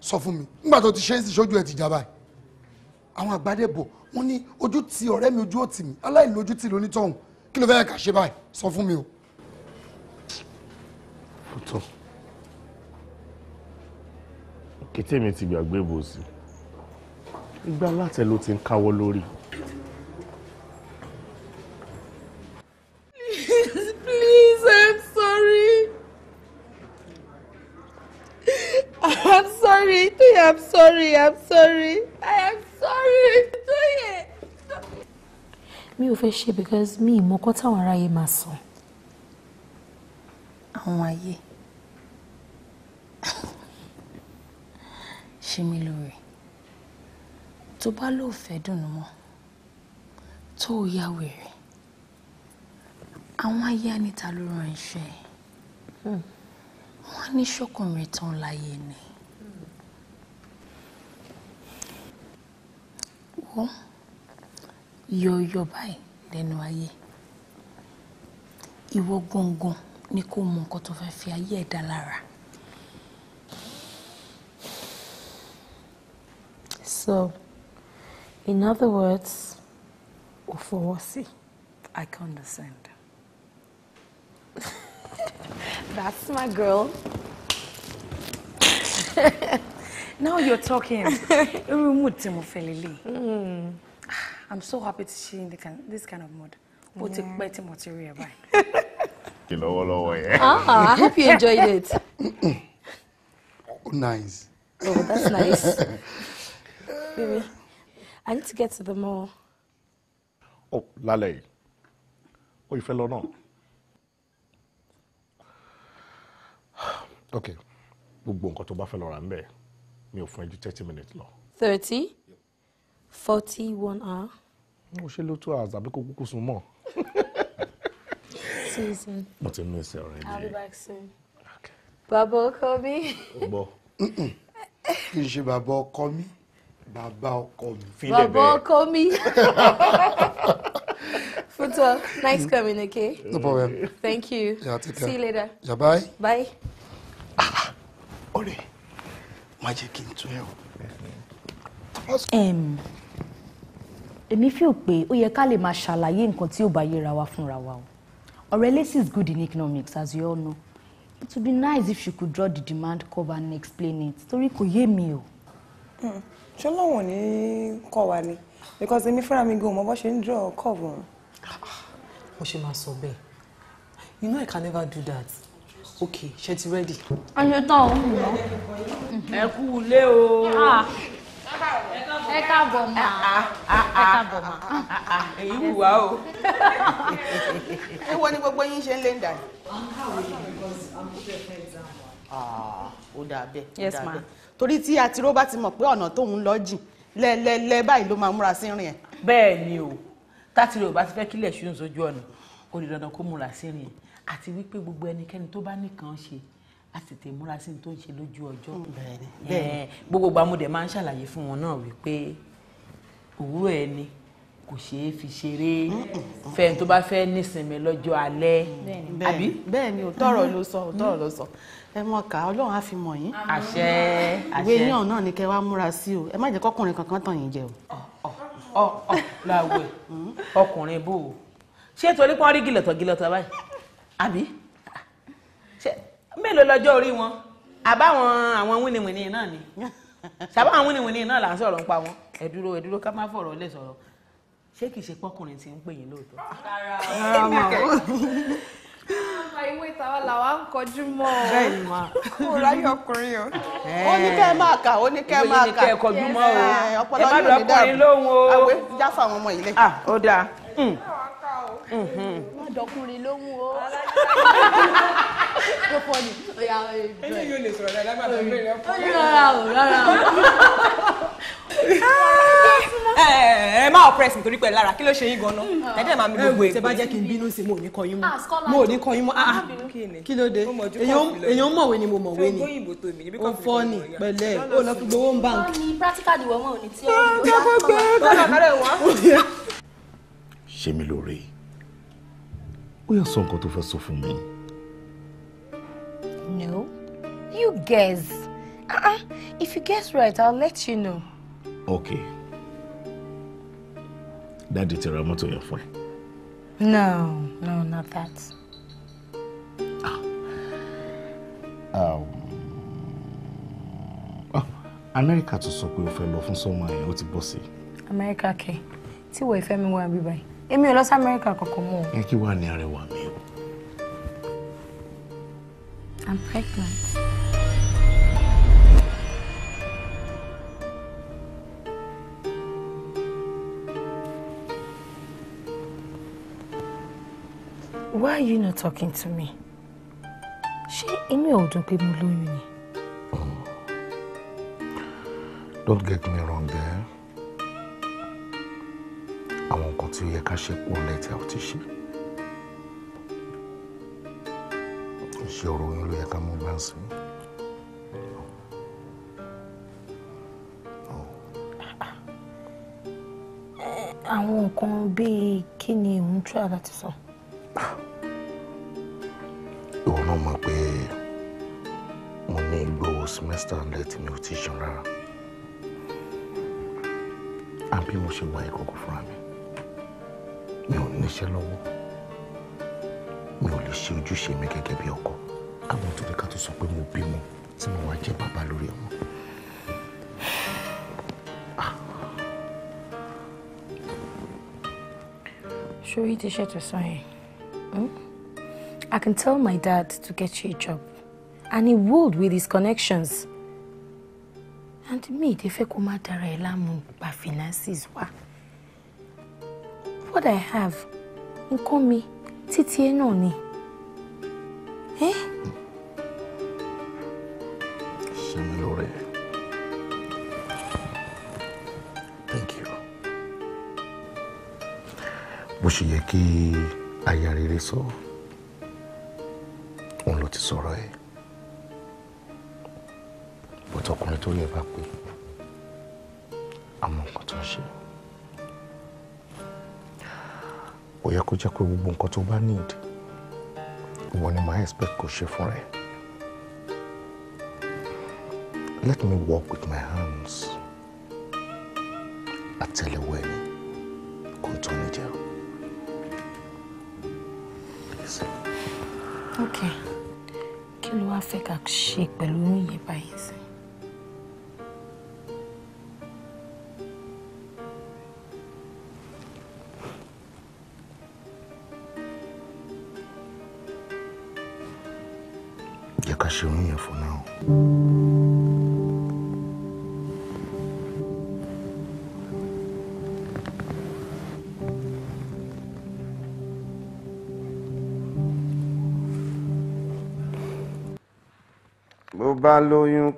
sọ fún mi nígbà tó ti ṣe é sì sójú ẹ ti jábàá àwọn àgbàdẹ bọ̀ wọ́n ní ojú ti ọ̀rẹ́ mi ojú òtì mi aláìlójú ti lónítọ̀hún kí ló fẹ́ kà ṣe báyìí sọ fún mi o. fótó kété mi ti gbàgbé bòsí. Ìgbà látẹ̀ ló ti ń káwọ́ lórí. Please, please, I'm sorry. I'm sorry, Toye, I'm sorry, I'm sorry, I am sorry, Toye. Mi ò fẹ́ ṣe because mi ìmọ̀kọ́ táwọn aráyé máa sọ. Àwọn ayé. Ṣé mi lóore? tó bá lò fẹ́ dùnú mọ́ tó o ya wèrè àwọn ayé níta ló rán iṣẹ́ hmm. wọ́n ní ṣọkùnrin tán láyé ni ó yọ̀ọ̀yọ̀ báyìí lẹ́nu ayé ìwọ gangan ni kò mọ nǹkan tó fẹ́ fi ayé ẹ̀dá lára. So. In other words, ò fọwọ́ I condescend. That's my girl. Now you're talking. Irú hmm. ah, I'm so happy to see in kind, this kind of mood. Ó ti pẹ́ tí mo ti rí ah, ah, I hope you enjoyed it. oh, nice. Oh, that's nice. I need to get to the mall. Oh, lálẹ́ yìí. you fell lọ náà. Okay. we'll nǹkan tó bá fẹ́ lọ rà ń bẹ̀ mi ò thirty minutes long. thirty forty one hour. ó ṣe ló two hours àbí kò kúkú sùn mọ́. season. mo ti miss it already. I'll be back soon. Okay. Babo, call me. Babo. n ṣe babo, call me bàbá ọkọ mi. filẹ bẹẹ bàbá ọkọ mi. Futo, nice coming, okay? No problem. Thank you. Yeah, take care. See you later. Yeah, bye. Bye. Ọ̀rẹ́, má jẹ́ kí n tún ẹ̀ o. Èmi fi hàn pé ó yẹ ká lè máa ṣàlàyé nǹkan tí ò bá yẹra wa fúnra wa o. Ọ̀rẹ́ Lacey is good in economics as you all know. It would be nice if she could draw the demand curve and explain it. Torí kò yé mi o. Mm ṣé lọ́wọ́n ní kọ́ wa ni because èmi fúnra mi gan mọ bó ṣe ń draw curve wọn. mo ṣe máa sọ bẹ́ẹ̀ you know i can never do that okay ṣe ti ready. a ṣe tán o. ẹ kú ilé o. Ah, ẹ káàbọ̀ mà ah, ah, ẹ káàbọ̀ mà. èyí wùwá o. èwo ni gbogbo yín ṣe ń lé ń dà. ó dà bẹ́ẹ̀ ó dà bẹ́ẹ̀ torí tí atiró bá ti mọ̀ pé ọ̀nà tóun lọ jìn lẹ́lẹ́lẹ́ báyìí ló máa múra sí rìn ẹ̀. bẹ́ẹ̀ ni o tátìrì ò bá ti fẹ́ kílẹ̀ ṣùn sójú ọ̀nà ó lè dandan kó múra sí rìn ẹ̀ àti wípé gbogbo ẹnikẹ́ni tó bá nìkan ṣe a tètè múra sí ní tó ń ṣe lójú ọjọ́ mm, gbogbo gbàmúdẹ máa ń ṣàlàyé fún wọn náà wípé òwúrọ̀ ẹni kò ṣeé fi ṣeré mm, mm, fẹ́ni tó bá fẹ́ nísinmi lọ́jọ́ alẹ́ àbí. bẹ́ẹ̀ ni òótọ́ ló sọ mm-hmm. òótọ́ ló sọ ẹ mọ ká ọlọ́run á fi mọ̀ yín. àṣẹ àṣẹ ìwé yín ọ̀nà ni kẹ wá múra sí o ẹ má jẹ́ kọ́kùnrin kankan tàn yín jẹ o. ọ ọ ọ làwẹ ọkùnrin bò ó ṣé torí pọ́n rí gìlọ̀tọ̀ gìlọ̀tọ̀ báyìí àbí ṣe mélòó lọ́jọ́ orí wọn àbáwọn àwọn wíniwìni náà ni ṣàbá àwọn wíniwìni náà là ń sọ̀rọ̀ nípa wọn ẹ dúró ẹ dúró ká má fọ̀rọ̀ lè sọ̀rọ̀ ṣé kìí ṣe pọ́kùnrin tí ń pè yín lóòótọ́. rárá o ìwé ìtawà làwa ń kọjú mọ́ ọ. bẹ́ẹ̀ni ma. kò ráyè ọkùnrin o. ó ní kẹ́ ẹ máa kà ó máa kà. ìwé kọjú mọ́ o. ẹ má lọ ọkùnrin lóhùn o. àwẹ jáfa àwọn ọmọ yìí lẹ. ó dáa wọ́n mm. dọkùnrin ló mú o. tó fọ ni. ẹni yóò lè sọ̀rọ̀ dáadáa gbàdúrà ìgbẹ́ rẹ̀ fún mi. rárá o rárá o. ẹ má ọ̀pẹ́rẹ́sì nítorí pẹ̀lú lára kí ló ṣe yín gan-an mm. ẹ̀dẹ̀ máa mi eh, gbogbo èyí. bá jẹ́ kí n bínú sí mo ò ní kọ yín mọ́ ah, mo ò ní kọ yín mọ́ ah, ah. kí ló dé èèyàn mọ̀wé ni mo mọ̀wé ni ó fọ́ ni pẹ̀lẹ́ ó lọ fi gbowó ń báńkì. ó ní practical ni ní tí ó ń bá wọn. ṣe mí lóore ó yá sọ nǹkan tó fẹ́ sọ fún mi. no you guess uh-uh. if you guess right i'll let you know. okay dáàdi ti ra mọ́tò yẹn fún ẹ. no no not that. ah um, ah, amẹ́ríkà tó sọ pé o fẹ́ lọ fún sọ́mọ ẹ̀ ó ti bọ̀ sí. amẹ́ríkà kẹ́ tí wọ́n ìfẹ́ mi wá bíbáyìí èmi ò lọ sí amẹ́ríkà kankan mọ́. ẹ kí wàá ní arẹwà mi o. I'm pregnant. Why are you not talking to me? Ṣé inú ẹ̀ ò dùn pé mo lóyún ni? Oh. Don't get me wrong there. Eh? àwọn nǹkan tí ó yẹ ká ṣe pọ̀ lẹ́tẹ̀ àti ṣe. ṣe ọ̀rọ̀ yín ló yẹ ká mú bá ń sìn. àwọn nǹkan bíi kí ni òun tíra láti sọ. ìwọ náà mọ̀ pé mo ní ìgbowó semester ńlẹ̀ tí mi ti ṣan rárá àbí mo ṣe wá ìkọ̀kọ̀ fúnra mi níṣẹ́ lọ́wọ́ mi ò lè ṣe ojúṣe mi gẹ́gẹ́ bí ọkọ káwọn tó ní ká tó sọ pé mo bímọ tí mo wá jẹ́ bàbá lórí ọmọ. Shoyi ti ṣètò sàn yẹn. Hmm? I can tell my dad to get you a job and he would with his connections. And me, they fẹ́ kó má dára ẹ̀ láàmú gba finances wa. What I have nǹkan mi títí ẹ náà ni. thank you bó ṣe yẹ kí aya rere sọ òun ló ti sọ̀rọ̀ ẹ bọ́tọ̀kùnrin tó yẹ bá pè é. ó yẹ kó jẹ́ pé need ìwọ ni expect kó ṣe fún let me walk with my hands àtẹ́lẹwẹ́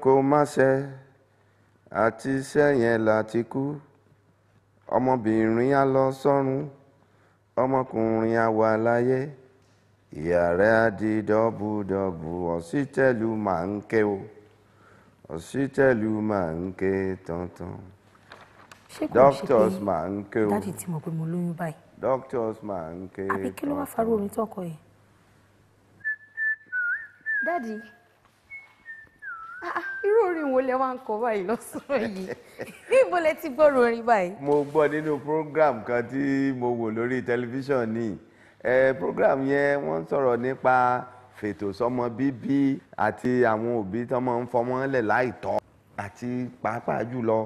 kó má ṣe àti iṣẹ́ yẹn láti kú ọmọbìnrin á lọ sọ́run ọmọkùnrin á wà láyé ìyá rẹ̀ á di dọ́bùdọ́bù ọ̀sítẹ́lù máa o ọ̀sítẹ́lù máa ń ké doctors máa ń ké o mo mo doctors máa ń ké àbí ọlọ́run ó wá ń kọ́ báyìí lọ́sọ̀rọ̀ yìí níbo lẹ ti gbọ́rọ̀ orin báyìí. mo gbọ́ nínú program kan tí mo wò lórí tẹlifíṣàn ni program yẹn wọ́n sọ̀rọ̀ nípa fètò sọmọ bíbí àti àwọn òbí tọmọ ń fọmọ lẹ̀ láìtọ́ àti pàápàá jùlọ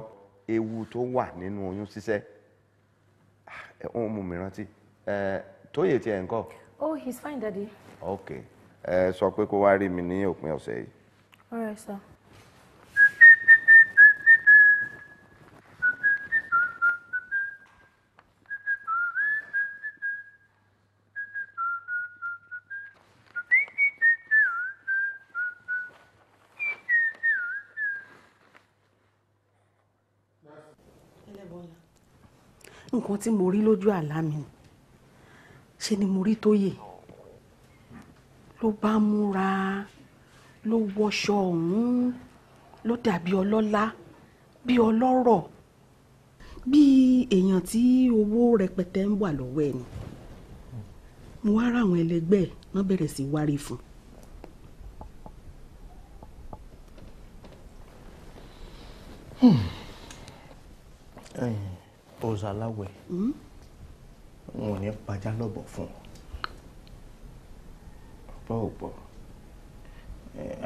ewu tó wà nínú oyún ṣíṣẹ́ ohun ah, mú mi rántí tóyè tiẹ̀ ń kọ́. oh he's fine daddy. okay ẹ sọ pé kó wá rí mi ní òpin ọ̀sẹ̀ yìí. all right sir. nǹkan tí mo rí lójú àlá mi ṣe ni mo rí Tóyè ló bá múra ló wọṣọ ọ̀hún ló dàbí ọlọ́lá bí ọlọ́rọ̀ bí èèyàn tí owó rẹpẹtẹ ń wà lọ́wọ́ ẹ̀ ni mo wá ra àwọn ẹlẹgbẹ́ ẹ̀ wọ́n bẹ̀rẹ̀ sí wárí fún Hmm ọ̀sà aláwẹ̀ hmm? wọn ò ní pajá lọ́bọ̀ fún ọ ọ̀pọ̀ ọ̀pọ̀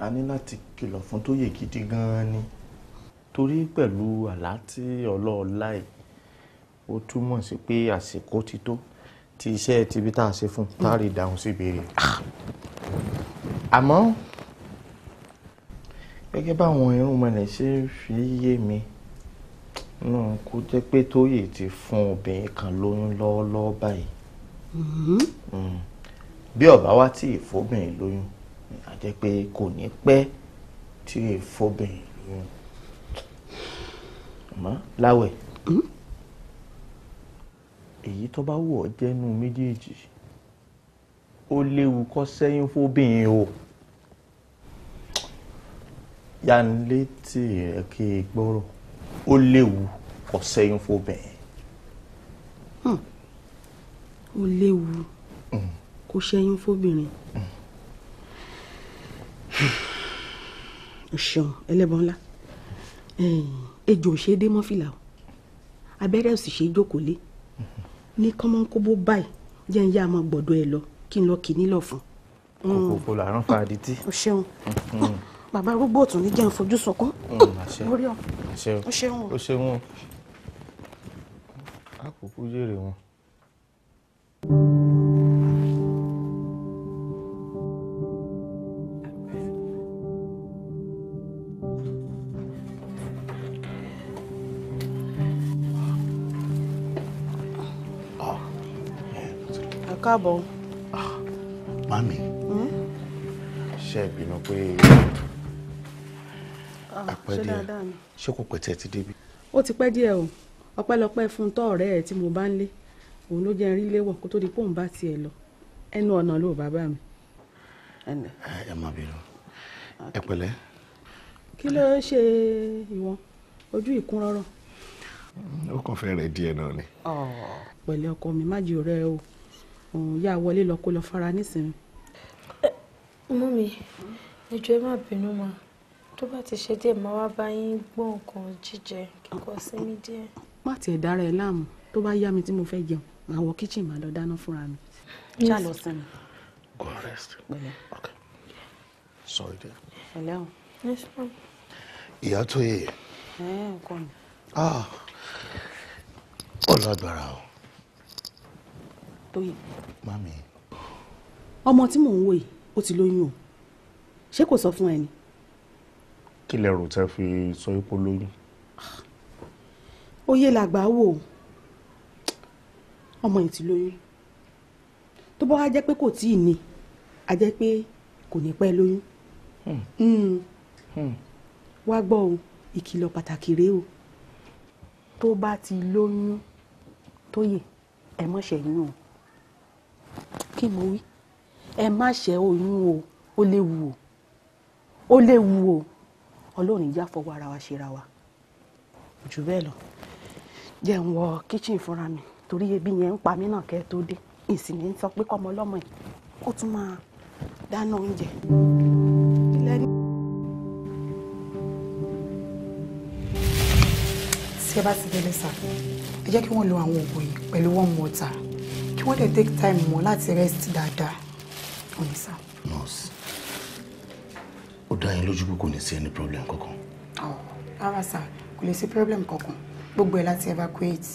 a ní láti kìlọ̀ fún tó yè gidi gan-an ni torí pẹ̀lú àlá tí ọlọ́ọ̀la yìí ó túmọ̀ sí pé àsìkò ti tó ti iṣẹ́ tibi tá a ṣe fún táàrí ìdáhùn sí ìbéèrè àmọ́ gẹ́gẹ́ báwọn irun mọ̀lẹ́ ṣe fi yé mi náà kó jẹ́ pé tóyè ti fún obìnrin kan lóyún lọ́wọ́lọ́wọ́ báyìí mm-hmm. mm. bí ọba wa tí ìfóbìnrin lóyún a jẹ́ pé kò ní pẹ́ tí ìfóbìnrin lóyún mọ́ láwẹ̀ mm-hmm. èyí tó bá wù ọ́ jẹ́nu méjèèjì ó léwu kó sẹ́yìn fóbìnrin o yanilé tì rẹ̀ kí gbọ́rọ̀ ó léwu kò sẹ́yìn fóbìnrin. ó léwu kò sẹ́yìn fóbìnrin. ṣeun ẹlẹ́bọn ńlá ejò ṣe dé mọ́fìlà o abẹ́rẹ́ òsì ṣe jókòó lé ní kọ́mọ́nkóbó báyìí jẹ́ ń yá ọmọ gbọ̀dọ̀ ẹ lọ kí n lọ kì í nílọ̀ fún. kòkòkò làrán fa adití. o ṣeun. Mm-hmm bàbá arúgbó ọ̀tún ní jẹun fojú sunkún mm, orí ọ ó ṣeun ó ṣeun àkókò jèrè wọn. Ah, káàbọ̀. mami hmm? ṣe ìbínú pé àpẹẹrẹ ah, ṣé kò pẹ́ tí ẹ ti débi. ó ti pẹ́ díẹ̀ o ọpẹ́lọpẹ́ fún tọ́ ọ̀rẹ́ ẹ tí mo bá ń lé òun ló jẹ́ rí léwọ̀ kó tó di pòun bá tiẹ̀ lọ ẹnu ọ̀nà ló bàbá mi. ẹ má bínú ẹ pẹ̀lẹ́. kí ló ṣe ìwọ̀n ojú ìkún rọ́rọ́. ó kàn fẹ́ rẹ̀ díẹ̀ náà ni. pẹ̀lẹ́ ọkọ mi má jẹ́ ọ̀rẹ́ o òun yá wọlé lọ kó lọ fara nísìnyí. mú mi ẹjọ́ ẹ má bínú máa tó bá ti ṣe díẹ̀ máa wá bá yín gbọ́ nǹkan jíjẹ kíkọ́ sí mi díẹ̀. má tiẹ̀ dára ẹ láàmú tó bá yá mi tí mo fẹ́ jẹun màá wọ kíchìn màá lọ dáná fúnra mi. ṣá lọ sinmi. go rest. pẹ̀lẹ́ okay sorry dear. pẹ̀lẹ́ o. ìyá tó yẹ. ẹ ah, lágbára o. tóyè. mami. ọmọ tí mò ń wò yìí ó ti lóyún o ṣé kò sọ fún ẹ ni kí lẹ rò tẹ́ fi sọ ipò lóyún. oyè làgbà wò ọmọ yìí ti lóyún tó bá wá jẹ́ pé kò tíì ní a jẹ́ pé kò ní pẹ́ lóyún hmm. Hmm. Hmm. wá gbọ́ o ìkìlọ̀ pàtàkì rèé o tó bá ti lóyún tó yè ẹ má ṣẹ́yún o kí mo wí ẹ má ṣẹ́ oyún o ó léwu o ó léwu o ọlọ́run ìjà fọwọ́ ara wa ṣera wa jù bẹ́ẹ̀ lọ jẹ́ ń wọ kíchìn fúnra mi torí ebi yẹn ń pa mí náà kẹ́ ẹ tó dé ìsìn ní sọ pé kọ́mọ ọlọ́mọ yìí ó tún máa dáná oúnjẹ. tí ẹ bá ti délé sá ẹ jẹ́ kí wọ́n lo àwọn oògùn yìí pẹ̀lú warm water kí wọ́n dẹ̀ take time wọn láti rest dáadáa. nọ́ọ̀sì ó dá yín lójú pé kò ní sí any problem kankan. ọ̀ oh, rárá sà kò lè sí problem kankan gbogbo ẹ̀ láti evacuate.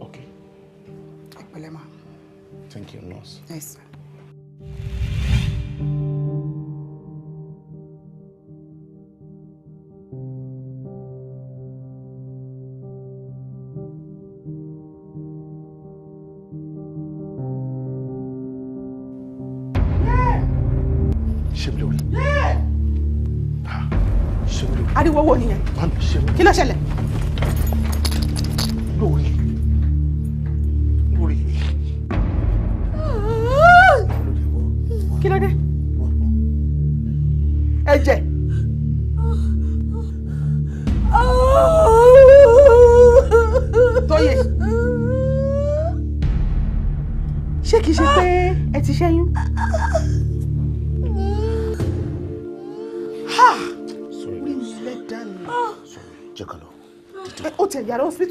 Okay. Thank you, nurse. Yes, sir. ṣe mi lórí. ṣe mi lórí. ariwo wo nìyẹn kí ló ṣẹlẹ̀.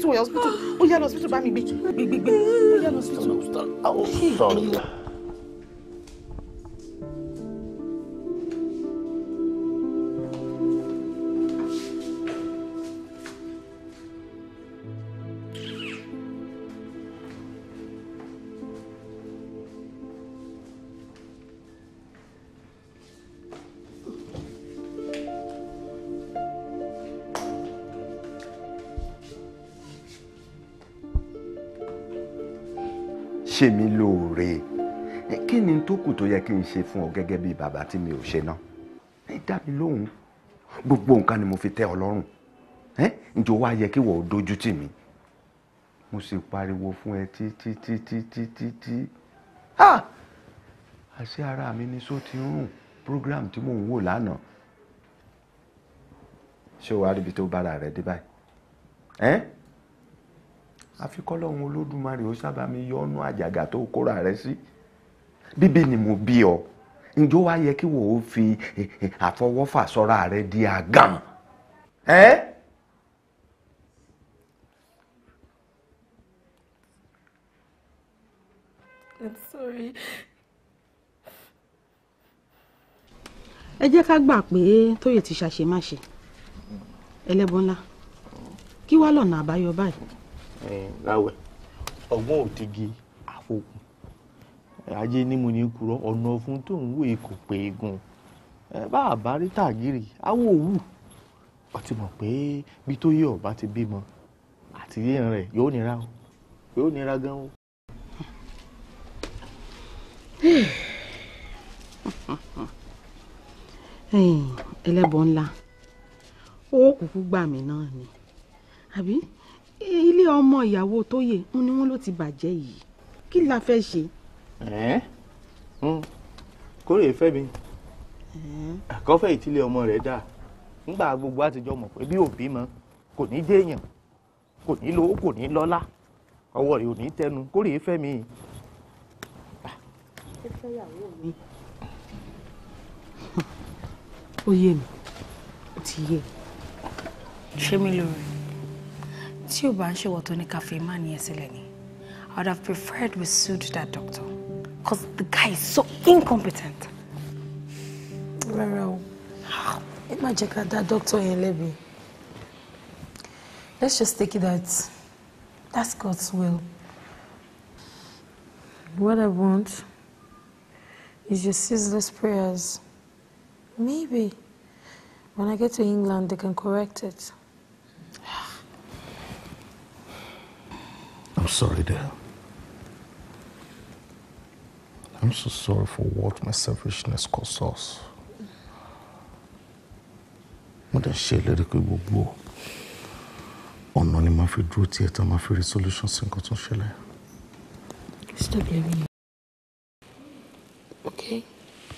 hospital ẹ oh, hospital ó lọ oh, hospital bá mi gbé gbé gbé gbé ó lọ hospital. sorry. kù tó yẹ kí n ṣe fún ọ gẹ́gẹ́ bí bàbá tí mi ò ṣe ná ẹ dá mi lóhùn gbogbo nǹkan ni mo fi tẹ́ ọ lọ́rùn ẹ ǹjọ́ wá yẹ kí wọ́n ò dojú tì mí mo sì pariwo fún ẹ títí títí títí tí àṣé ara mi ní só ti ń rùn program tí mò ń wò lánàá ṣé wàá ríbi tó bára rẹ dé báyìí ẹ àfikọ́ lọ́hún olódùmarè ó sábà mi yọ ọ́nú àjàgà tó kóra rẹ sí. Si bíbí ni mo bí ọ ǹjọ́ wa yẹ kí wò ó fi eh, eh, àfọwọ́fà sọ́ra rẹ di àgàn. Eh? I'm ẹ jẹ́ ká gbà pé tóyè ti ṣàṣemáṣe ẹlẹ́bọ ńlá kí wàá lọ́nà àbáyọ báyìí. ọgbọ́n ò tigi ajé ní mo ní kúrọ ọ̀nà ọ̀fun tó ń wé kò pé egun bá a bá rí tàgìrì awo òwú ó ti mọ̀ pé bí tó yé ọba ti bímọ àtìlẹ́yìn rẹ̀ yóò nira o yóò nira gan o. ẹlẹ́bọ̀ ńlá ó kúkú gbà mí náà ni àbí ilé ọmọ ìyàwó tó ń ni wọ́n ló ti bàjẹ́ yìí kí la fẹ́ ṣe. kórè fẹ́mi àkọ́fẹ́ ìtílé ọmọ rẹ̀ dáa nígbà àtijọ́ mọ̀ pé bí òbí kò ní déèyàn kò kò ní lọ́lá ọwọ́ rẹ̀ ò tẹnu ah. ó yé mi ó ti yé tó ní káfíńmá ni I would Because the guy is so incompetent. Rárá it might ah, má jẹ́ that doctor in Levy. lẹ́bi. Let's just take it that that's God's will. What I want is your ceaseless prayers. Maybe when I get to England, they can correct it. I'm sorry, dear. I'm so sorry for what my selfishness caused us. Mo dẹ̀ ṣe ìlérí pé gbogbo ọ̀nà ni màá fi dúró tí ẹ̀ta máa fi rí solution sí nǹkan tó ń ṣẹlẹ̀. Stop blaming me. Okay?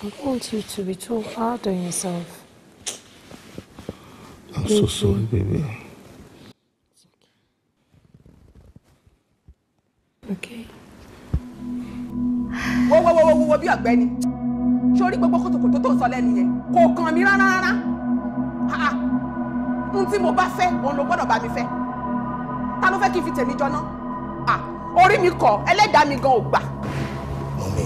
I want you to be too hard on yourself. I'm baby. so sorry, baby. Okay. okay wọ́wọ́wọ́wọ́ bí ọ̀gbẹ́ni sórí gbogbo kòtòkòtò tó ń sọ lẹ́nu yẹn kò kàn mí rárá rárá n tí mo bá fẹ́ òun ló gbọ́dọ̀ bá mi fẹ́ ta ló fẹ́ kí n fi tèmi jọ Ah, ori mi kọ ẹlẹ́dàá mi gan ò gbà. mọ́mí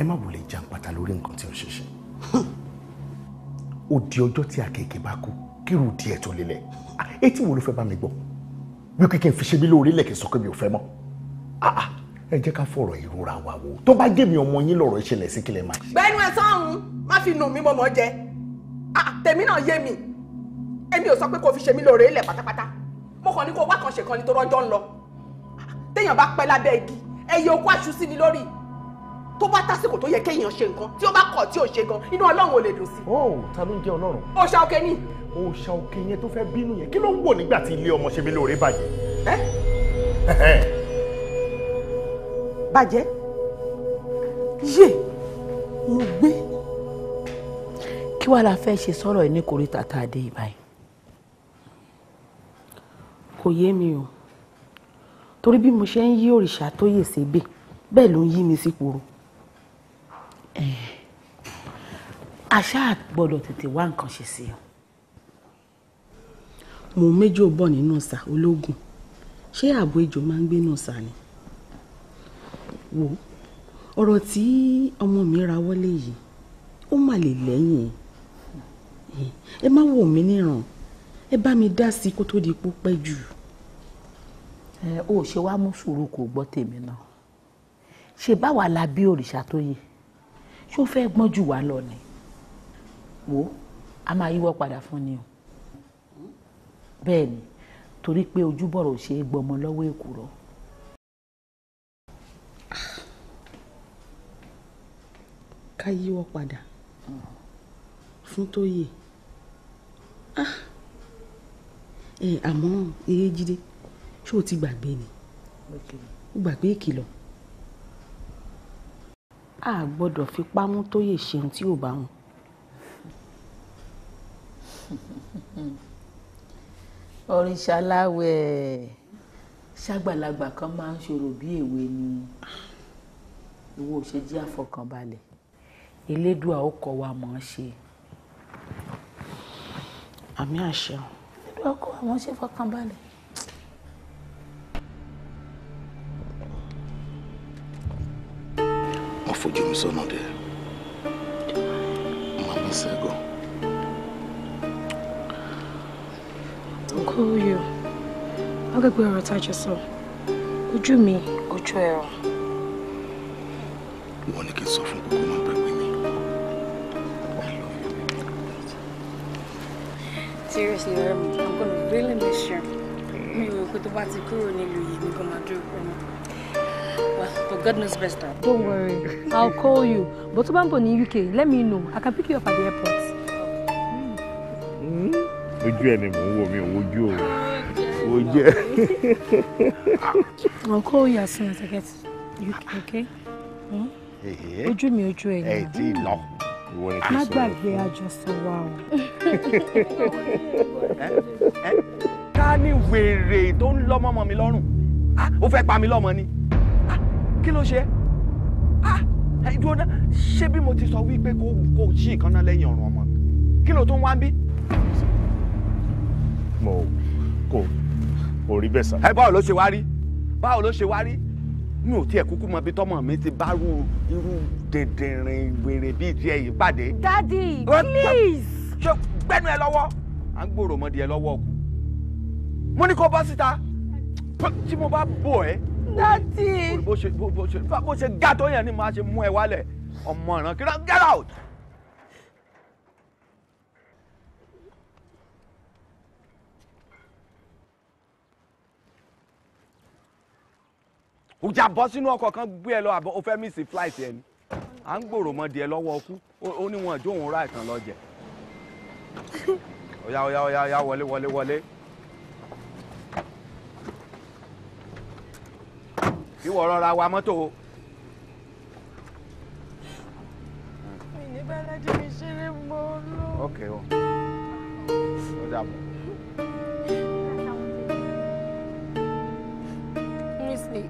ẹ má wulẹ̀ jàǹpátá lórí nǹkan tí ó ṣẹ̀ṣẹ̀ ó di ọjọ́ tí àkekèé bá kú kírù díẹ̀ tó lélẹ̀ etí wo ló fẹ́ bá mi gbọ́ wípé kí n fi ṣe bí lóore lẹ́kẹ̀ẹ́ sọ pé mi ò fẹ́ mọ́ ẹ jẹ́ ká fọ̀rọ̀ ìrora wa wò tó bá gé mi ọmọ yín lọ́rọ̀ ìṣẹ̀lẹ̀ sí kílẹ̀ máa. gbẹ́nu ẹ̀ sọ́hún má fi nù mí mo mọ̀ jẹ tèmi náà yé mi èmi ò sọ pé kò fi ṣe mí lóore ilẹ̀ pátápátá mo kàn ní kó wá kan ṣe kan ní tó rọ́jọ́ ń lọ téèyàn bá pẹ́ lábẹ́ igi ẹyẹ okó aṣù sí ni lórí tó bá tásìkò tó yẹ kéèyàn ṣe nǹkan tí ó bá kọ̀ tí ò ṣe gan inú ọlọ́run ò lè dùn sí. ó oh, ta ló ń jẹ ọlọ́run. òòṣà òkè ni. òòṣà òkè yẹn tó fẹ́ bínú yẹn kí ló ń wò nígbà tí ilé ọmọ ṣe mí lóore bàjẹ́. ẹ bàjẹ́ yé mo gbé. kí wàá la fẹ́ ṣe sọ̀rọ̀ ẹ̀ ní kòríta tá a dé ìbáyìí kò yé mi o torí bí mo ṣe ń yí òrìṣà tó yè sébè bẹ́ẹ̀ ló ń yí mi sípòrò àṣà gbọ́dọ̀ tètè wá nǹkan ṣe sí o mo méjì ò bọ̀ nínú ọ̀sà ológun ṣé ààbò ejò máa ń gbé nínú ọ̀sà ni wo ọ̀rọ̀ tí ọmọ mi ra wọlé yìí ó mà lè lẹ́yìn ẹ má wò mí níran ẹ bá mi dá sí kó tó di púpẹ́ jù. ẹ ò ṣe wá mú sùúrù kó gbọ́ tèmi náà ṣe báwa la bí òrìṣà tó yẹ ṣó fẹ́ gbọ́n jù wá lọ ni wò a máa yíwọ́ padà fún ni o bẹ́ẹ̀ ni torí pé ojúbọ̀rọ̀ ò ṣe é gbọmọ lọ́wọ́ èkùrọ́ ká yíwọ́ padà fún Tóyè ah! ẹ àmọ́ eré jíde ṣé o ti gbàgbé ni o gbàgbé ìkìlọ̀ a gbọ́dọ̀ fipá mú Tóyè ṣeun tí ò bá wọn. òrìṣà láwẹ̀ ṣàgbàlagbà kan máa ń ṣòro bí èwe ni ìwọ ò ṣe jí àfọkànbalẹ̀ elédùà ó kọ́ wa mọ̀ ọ́n ṣe àmì àṣẹ elédùà ó kọ́ wa mọ̀ ọ́n ṣe fọkànbalẹ̀. wọ́n fojú mi sọ́nà dé màmí sẹ́gun. Uncle Rio, agbègbè ọ̀rọ̀ tájọ sọ, ojú mi, ojú ẹ̀rọ. Wọ́n ní kí n sọ fún kókó máa bẹ̀rẹ̀. seriously um, I'm gonna really miss you mi you, kó tó bá ti kúrò nílùú yìí mi kò máa dúró well for goodness' knows best. don't worry I'll call you but if bá ń bọ̀ ní UK let me know I can pick you up at the airport. Hmm? ojú ẹ ni mò ń wò mí ò wojú o wojú ẹ. I'll call you as soon as I get UK okay. Hmm? ojú mi ojú ẹ ni. Hey, ti lọ ìwọ ni kí n sọ. má gbàgbé àjọsọ wa o. ká ní wèrè tó ń lọ́mọ ọmọ mi lọ́rùn ah, ó fẹ́ pa mi lọ́mọ ni ah, kí ló ṣe ah, dúró náà ṣé bí mo ti sọ wípé kó kó ṣí ìkànnà lẹ́yìn ọ̀rùn ọmọ kí ló tún wá bí. mo kò kò rí bẹ́ẹ̀ sá. ẹ báwo ló ṣe wá rí báwo ló ṣe wá rí mi ò tiẹ̀ kúkú mọ ibi tọ́mọ mi ti bá irú irú dèdèrìn wèrè bíi tiẹ̀ yìí pàdé. dadi please. ṣé gbẹ́nu ẹ lọ́wọ́ à ń gbòòrò ọmọdé ẹ lọ́wọ́ ọkùn mo ní kó bọ́ síta tí mo bá bò ẹ́. dadi. bó ṣe bó ṣe bó ṣe ga tó yẹn ni màá ṣe mú ẹ wálẹ̀ ọmọ ìran kí get out. ọjà bọ́ sínú ọkọ̀ kan gbé ẹ lọ àbọ̀ o fẹ́ mísì flight yẹn ni à ń gbòòrò mọ́dìẹ lọ́wọ́ ọkú ó ní wọn jó òun ra ìtàn lọ jẹ. ọ̀yá ọ̀yá ọ̀yá ọ̀yá wọlé wọlé wọlé. ìwọ rọra wa mọ́tò o. mi ní o ó dàbọ̀.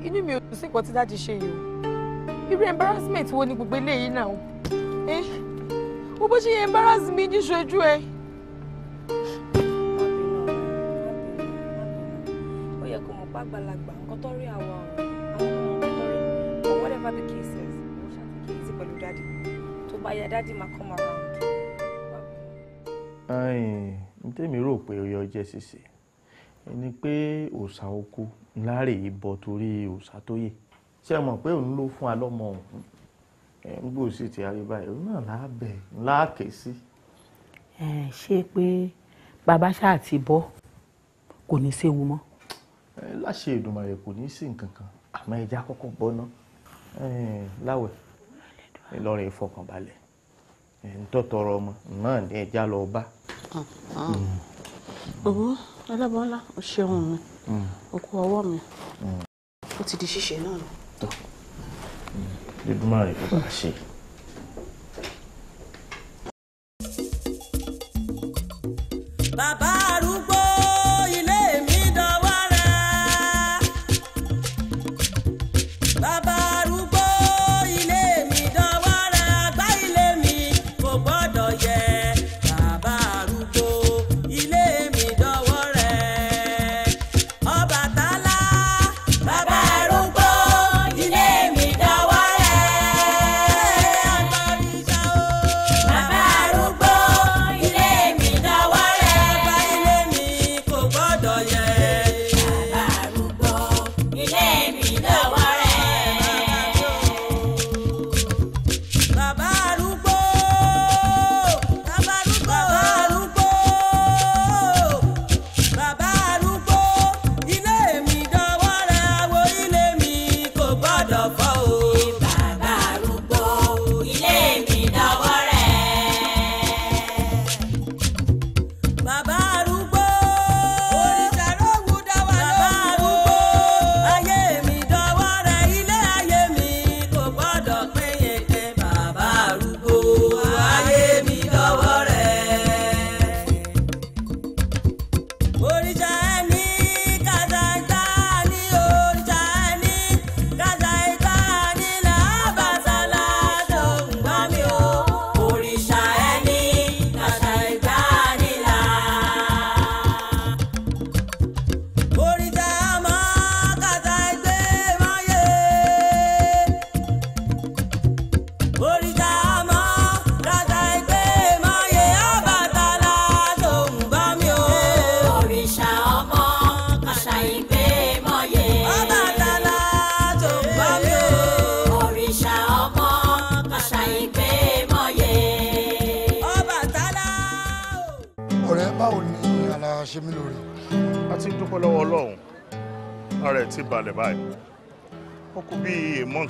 inú mi ò sí nǹkan tí dáàdi ṣe yìí o. irú embarrassment wo ni gbogbo eléyìí náà na eh? o? bó ṣe yẹ embarrass mi níṣojú ẹ. ó yẹ kó mọ̀ pé àgbàlagbà nǹkan tó rí àwọn ọmọ tó rí whatever the case is mo pẹ̀lú dáàdì tó bá yẹ dáàdì máa come around. rò pé ṣíṣe ẹni pé oko ńlá rèé torí tó ṣé ẹ mọ̀ pé òun ló fún wa lọ́mọ òun ẹ̀ ń gbò sí ti ayé báyìí òun náà láàbẹ̀ láàkè sí. ẹ ṣe pé bàbá ṣáà ti bọ́ kò ní í séwu mọ́. láṣẹ Èdùmàrè kò ní í sí nǹkan kan àmọ́ ẹja kọ́kọ́ bọ́ ná láwẹ̀ Ìlọrin ìfọkànbalẹ̀ ń tọ́tọrọ ọmọ náà ní ẹja lọ bá. owó alábọ́nlá o ṣeun mi mm. o kú ọwọ́ mi o mm. ti di ṣíṣe náà lọ. とでうまいことらしい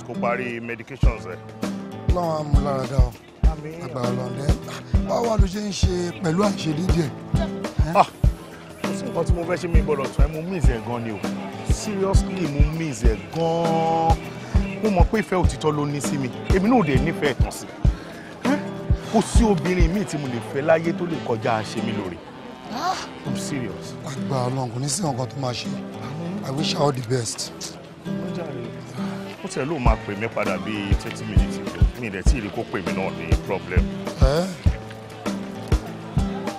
kó parí medications ẹ. lọ́wọ́ amúlára o àgbà ọlọ́dẹ wá wà ló ṣe ń ṣe pẹ̀lú àṣírí díẹ̀. Ah, kò sí nǹkan tí mo fẹ́ ṣe mi gbọ́dọ̀ tún ẹ mo miss gan ni o seriously mo miss gan mo mọ̀ pé ìfẹ́ òtítọ́ ló ní sí mi èmi náà ò dé nífẹ̀ẹ́ tán sí kò sí obìnrin míì tí mo lè fẹ́ láyé tó lè kọjá ṣe mí lórí ah! i'm serious. àgbà ọlọ́run kò ní sí nǹkan tó máa ṣe i wish all the best. ọjà rẹ̀ ó tẹ̀ lóun máa pè mí padà bíi thirty minutes ago mi ìdẹ̀ tí kó pè mí náà ní problem.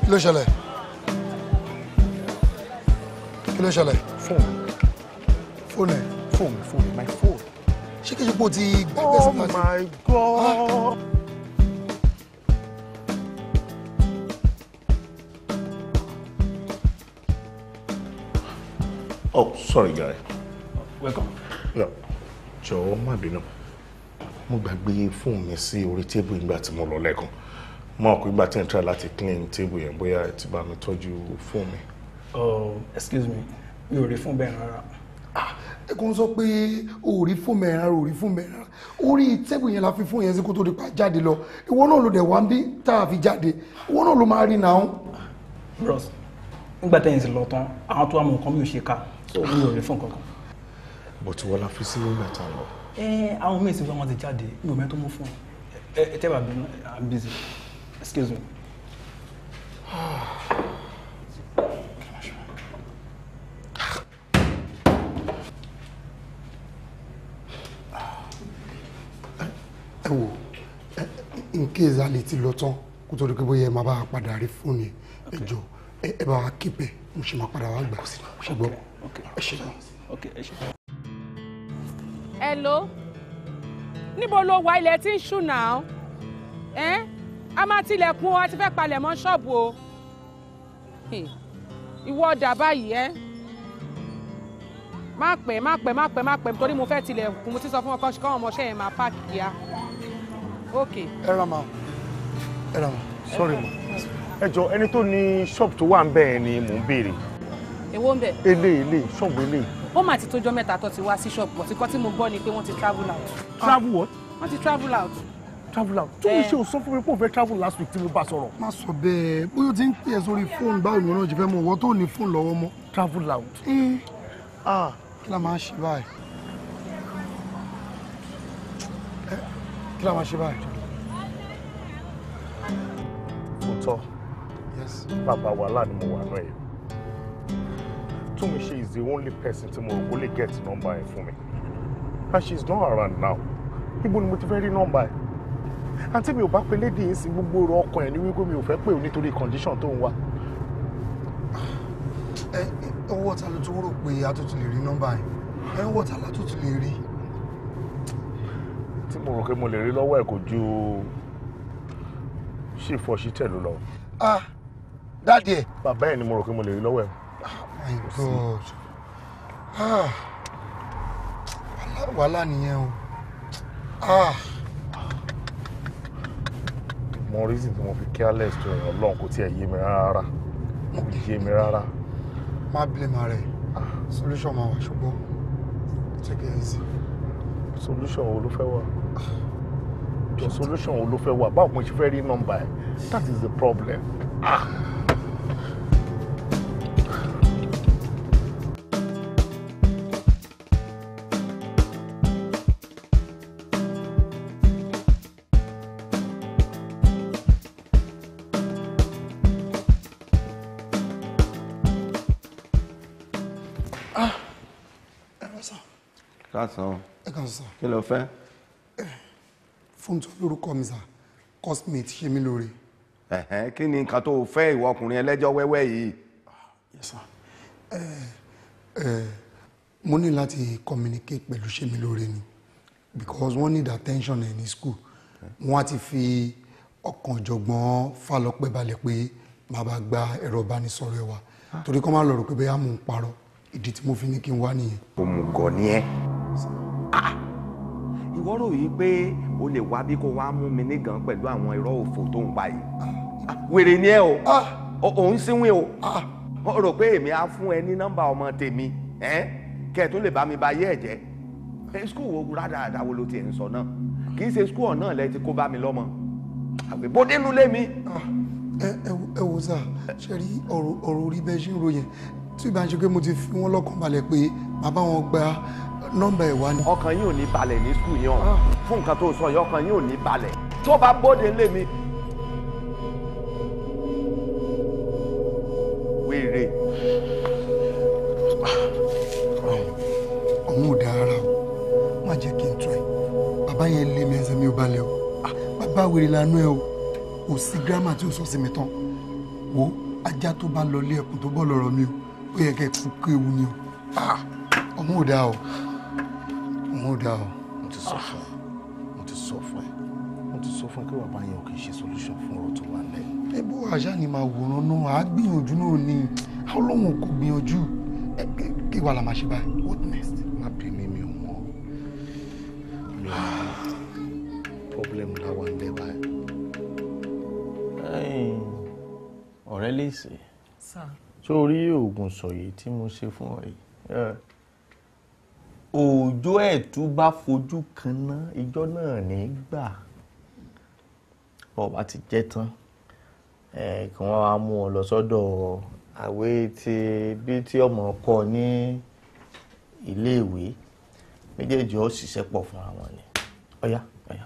kí ló ṣẹlẹ̀ kí ló ṣẹlẹ̀. fóònù fóònù ẹ. fóònù fóònù my phone. ṣé kí n ṣe pé ti gbẹgbẹ sí pàṣẹ. oh my god. Ah. Oh, sorry, guy. Welcome. Yeah jọ̀ọ́ má bínú mo gbàgbé fóònù mi sí orí tébù ìgbà tí mo lọ lẹ́ẹ̀kan mo kò gbà tẹ̀ ń try láti clean tébù yẹn bóyá ẹ ti bá mi tọ́jú fóònù mi. Oh, excuse me mi ò rí fóònù bẹ́ẹ̀ rárá. Ah, ẹ kò ń sọ pé o ò rí fóònù ẹ̀ rárá o ò rí fóònù ẹ̀ rárá orí tébù yẹn la fi fóònù yẹn sí kó tó di pa jáde lọ ìwọ náà ló dẹ̀ wá ń bí tá a fi jáde ìwọ náà ló máa rí nàá. bros nígbà tẹ̀yìn sí lọ tán àwọn tó wà mọ̀ nǹkan mi ò ṣe ká mi ò rí fóònù kankan but wọ́n la fi sí nàta lọ. ẹ àwọn míì sì fún wọn ti jáde mi ò mú fún ẹ ẹ tẹ́ bá bínú i'm busy excuse me. ẹ wò in case a lè ti lọ tán kó tó di pé bóyá ẹ máa bá a padà rí fóònù ẹ jọ ẹ bá a kí bẹ́ẹ̀ mo ṣe máa padà wá gbà ṣùgbọ́n ẹ ṣe hello níbo ló wà ilẹ̀ tí ń ṣú náà ẹ́ a máa tilẹ̀kùn o a ti fẹ́ palẹ̀ mọ́ ṣọ́ọ̀bù o ìwọ ọ̀dà báyìí ẹ́ má pẹ́ má pẹ́ má pẹ́ má pẹ́ torí mo fẹ́ tilẹ̀kùn mo ti sọ fún ọkọ ṣùkọ́ àwọn ọmọọṣẹ́ yẹn máa páàkì kíá ok. ẹ ra ma ẹ ra ma sorry ma ẹ jọ ẹni tó ní ṣọ́ọ̀bù tó wà ń bẹ̀ ẹ ni mò ń béèrè. èwo ń bẹ̀. eléyìí eléyìí ṣọ́ọ̀bù eléyìí ó mà ti tójọ́ mẹ́ta tó ti wá sí ṣọ́ọ̀bù ọ̀tí kan tí mo gbọ́ ni pé wọ́n ti travel out. travel what. wọ́n ti travel out. travel out tó ń ṣe òsán fún mi pé òun fẹ́ travel last week tí mo bá sọ̀rọ̀. má sọ bẹ́ẹ̀ bóyá o ti ń pè é sórí fóònù báwo ni wọn jẹ fẹ́ mọ ọwọ́ tó ní fóònù lọ́wọ́ mọ́. travel out. Eh. Ah, kí la máa ṣe báyìí. Eh, kí la máa ṣe báyìí. òótọ́ bàbá wàhálà ni mo wà náà yìí. Tunmise is the only person tomorrow mo rò get number for me, and she is not around now ibo ni mo ti number and tell me ò bá lady is. yìí sí gbogbo ọ̀rọ̀ ọkàn ẹ̀ go wípé mi ò fẹ́ pè ó nítorí condition to ń wá. ẹ ọwọ́ ta ló tún rò pé a tún ti lè rí nọ́mbà yẹn ẹ ọwọ́ ta la tún ti lè rí. tí mo rò pé mo lè ah dáàdi ẹ. bàbá ẹ ni mo rò pé mo lè rí my god ah. wàhálà nìyẹn o. Ah. mo reason tí mo fi careless tó ẹ̀yàn ọlọ́run kò tiẹ̀ yé mi rárá kò yé mi rárá. má blame ara ah. solution máa wà ṣùgbọ́n take it easy. solution wo ló fẹ́ wà jọ solution wo ló fẹ́ wà báwo mo ṣe fẹ́ rí nọ́mbà ẹ̀ that is the problem. Ah. káàsán kí ló fẹ́. fóònù tó lórúkọ mi sà cosmate ṣe mí lóore. kí ni nǹkan tó fẹ́ ìwọ ọkùnrin ẹlẹ́jọ́ wẹ́wẹ́ yìí. mo ní láti communicate pẹ̀lú ṣe mí lóore ni because wọ́n need attention ẹ̀ ní school wọ́n á ti fi ọkàn ọ̀jọ̀gbọ́n Fálọpẹ́ balẹ̀ pé màá bá gba ẹ̀rọ ìbánisọ̀rọ̀ ẹ̀ wá ah. torí kọ́ máa lọ rò pé bóyá mò ń parọ́ ìdí tí mo fi ní kí n wá nìyẹn. òmùgọ̀ ni ẹ́. Ah, ìwọ rò yìí pé o lè wá bí kò wá mú mi nígàn pẹ̀lú àwọn irọ́ òfò tó ń pa yìí ah, wèrè ni ẹ o ah. òun síwìn o ó rò pé èmi á fún ẹ ní nọ́mbà ọmọ tèmi kẹ tó lè bá mi ba yé ẹ jẹ skul wo rádaràda wo ló ti ń sọ náà kì í ṣe skul ọ̀ náà lẹ ti kó bá mi lọ́mọ àgbébódé nulẹ̀ mi. ẹ wo sá ṣe rí ọ̀rọ̀ orí bẹ́ẹ̀ ṣe ń ròyìn tí ìbá mo ti fi wọ́n lọ́kàn balẹ̀ pé bàbá wọn gba nọ́mbà ẹ̀ wá ni. ọkàn yín ò ní balẹ̀ ní skul yẹn o ah. fún nǹkan tó sọ yẹn ọkàn yín ò ní balẹ̀ tó bá bóde lé mi. wèrè. ọ̀hún ò dáa rárá o má jẹ́ kí n tọ́ ẹ bàbá yẹn lé mi ẹsẹ̀ mi ò balẹ̀ o ah, bàbá wèrè lanú ẹ o kò sí gírámà tí o sọ sí mi tán wo ajá tó bá lọ lé ẹkùn tó bọ́ lọ́rọ̀ mi o ó yẹ kẹ́ ẹ fún kéwu ni o ọ̀hún ò dáa o ó dà o. mo ti sọ fún ẹ mo ti sọ fún ẹ mo ti sọ fún ẹ pé bàbá yẹn ò kì í ṣe solution fún ọ̀rọ̀ tó wà lẹ́yìn. ẹ bó àṣà ni màá wòran náà àá gbìyànjú náà ni ọlọ́run kò gbìyànjú kí wàá la máa ṣe báyìí. what next má bí mi mi ò mọ mi ò mọ problem láwa ń lẹ́ báyìí. ọ̀rẹ́ lè ṣe sórí oògùn sọ̀yì tí mo ṣe fún ọ yìí òòjọ́ ẹ̀tú bá fojú kan ná ijọ́ náà ní gbà bọ́ọ̀ bá ti jẹ́ tán kí wọ́n wá mú ọ lọ sọ́dọ̀ àwé tí bí tí ọmọ kọ ní iléèwé méjèèjì ó ṣiṣẹ́ pọ̀ fún àwọn ni ọ̀yá ọ̀yá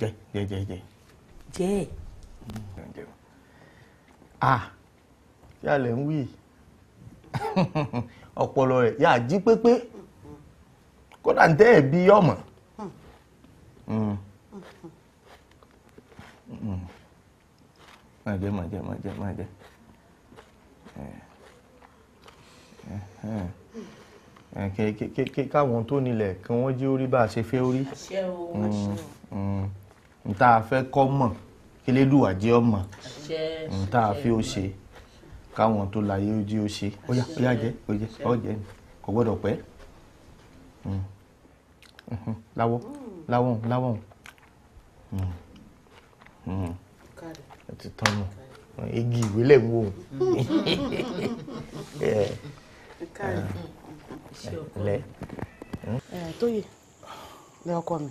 jẹ jẹ jẹ jẹ. jẹ. a yà lẹ́ ń wí ọpọlọ rẹ̀ yà jí pépé kódà ń tẹ́ ẹ̀ bí ọmọ. máa mm. mm. jẹ máa jẹ máa jẹ máa jẹ. káwọn tó nílẹ̀ kí wọ́n jí orí bá a ṣe fẹ́ orí. Mm, n tá a fẹ́ kọ́ mọ̀ kí lédùwà jẹ́ ọmọ n tá a fi ó ṣe káwọn tó láyé ó jí ó ṣe ó yá ó yá jẹ́ ó jẹ́ ó jẹ́ kò gbọ́dọ̀ pẹ́ láwọ láwọ láwọ ẹ ti tán nù igi ìwé lẹ̀ ń wò lẹ. tóyè lẹ ọkọ mi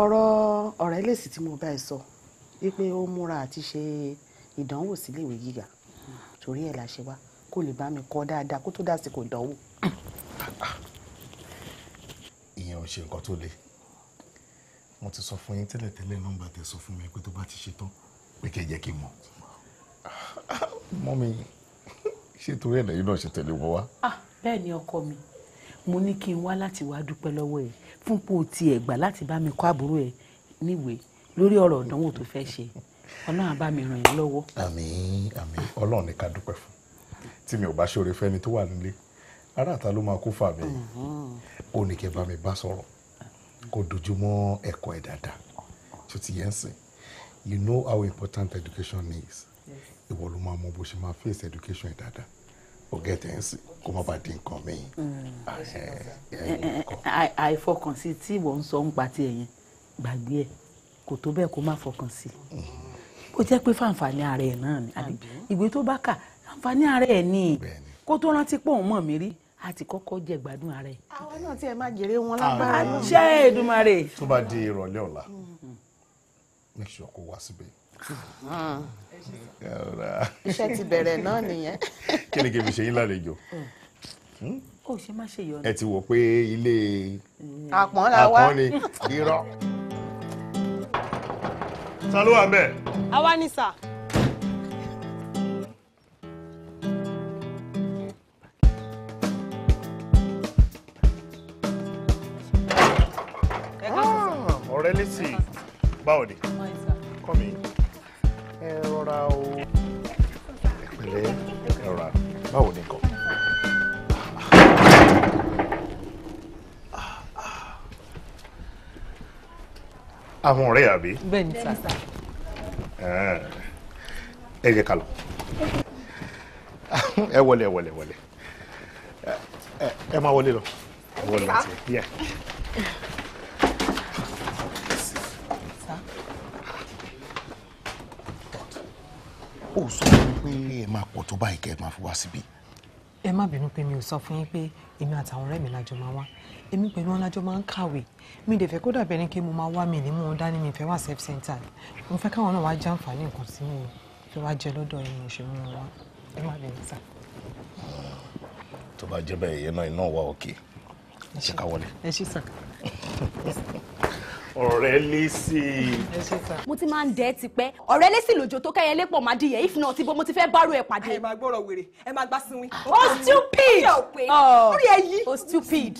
ọ̀rọ̀ ọ̀rẹ́ lèsì tí mo bá ẹ sọ wípé ó múra àti ṣe ìdánwò síléèwé gíga torí ẹ̀ la ṣe wá kó lè bá mi kọ́ dáadáa kó tó dásìkò ìdánwò. Ah, ah ò ṣe nǹkan tó le mo ti sọ fún yín tẹ́lẹ̀tẹ́lẹ̀ nọ́mbà tẹ sọ fún mi pé tó bá ti ṣe tán pé kẹ́ ẹ jẹ́ kí n mọ̀ mọ́ mi ṣé torí ẹ̀ lẹ́yìn náà ṣe tẹ̀lé wọn wá. bẹ́ẹ̀ ni ọkọ mi mo ní kí n wá láti wá dúpẹ́ lọ́wọ́ ẹ̀ fún pò tí ẹ̀ gbà láti bá mi kọ́ àbúrò ẹ̀ níwèé lórí ọ̀rọ̀ ìdánwò tó fẹ́ ṣe ọlọ́run á bá mi ràn yín lọ́wọ́. àmín àmín ọlọ́run ni ká dúpẹ́ fún tí mi ò bá ṣoore fẹ́ni tó wà nílé aráàta ló máa kó fà mí ó ní kí ẹ bá mi bá sọ̀rọ̀ kó dojúmọ́ ẹ̀kọ́ ẹ̀ dáadáa tó ti yẹn sìn you know how important education is ìwọ ló máa mọ bó ṣe máa face education ẹ̀ dáadáa ó gẹ̀tẹ̀ ń sìn kó má bàa di nǹkan míì. Mm. àìfọkànsí eh, eh, eh, tí ìwọ ń sọ ń pa tiẹ̀ yẹn gbàgbé ẹ̀ kò tó bẹ́ẹ̀ kó má fọkàn sí i mm. ó jẹ́ pé fàǹfààní ara ẹ̀ náà ni àbí ìwé tó bá kà fàǹfààní ara ẹ̀ ni kó tó rántí pé òun mọ̀ mí rí a ti kọ́kọ́ jẹ gbádùn ara ẹ̀. àwọn náà tiẹ̀ máa jèrè wọn lágbára. àṣẹ Èdùmàrè. tó bá di ìrọ̀lẹ́ ọ̀la make sure kó wá síbẹ̀. iṣẹ́ ti bẹ̀rẹ̀ náà nìyẹn. kí ni kí n fi ṣe yín lálejò o hmm? ṣe má ṣe yọnu. ẹ ti wò pé ilé àpọ́n irọ́. ta ló wà ń bẹ̀. àwa Listen, báwo de? Kọ́ mi. Ẹ o. Ẹ pẹ̀lẹ́ ẹ rọra. Báwo ni nǹkan? Àwọn ọ̀rẹ́ àbí? Bẹ́ẹ̀ni sá. Ẹ é ká lọ. Ẹ wọlé ẹ é ẹ wọlé. Ẹ yeah pọ̀ tó báyìí kẹ́ ẹ máa fi wá síbí. ẹ má bínú pé mi ò sọ fún yín pé èmi àtàwọn ọ̀rẹ́ mi lájọ máa wá èmi pẹ̀lú wọn lájọ máa ń kàwé mi dẹ̀ fẹ́ kó dàbẹ̀ ni kí mo máa wá mi ní mò dání mi fẹ́ wá self center mo fẹ́ káwọn náà wá jẹ àǹfààní nǹkan tí mo fẹ́ wá jẹ lọ́dọ̀ ẹni mo ṣe mú wọn ẹ má bínú sá. tó bá jẹ́ bẹ́ẹ̀ yẹn náà iná wa òkè ṣe ká wọlé. ẹ ṣí sà. ọ̀rẹ́ lẹ́sì. mo ti máa ń dẹ́ tipẹ́ ọ̀rẹ́ lẹ́sì lòjò tó kẹ́yẹ lépọ̀ máa di yẹ if not ibo mo ti fẹ́ bárò ẹ̀ pàdé. ẹ máa gbọ́rọ̀ wèrè ẹ máa gbá sinwi. o oh, stupid oh. orí ẹ yí. o oh, stupid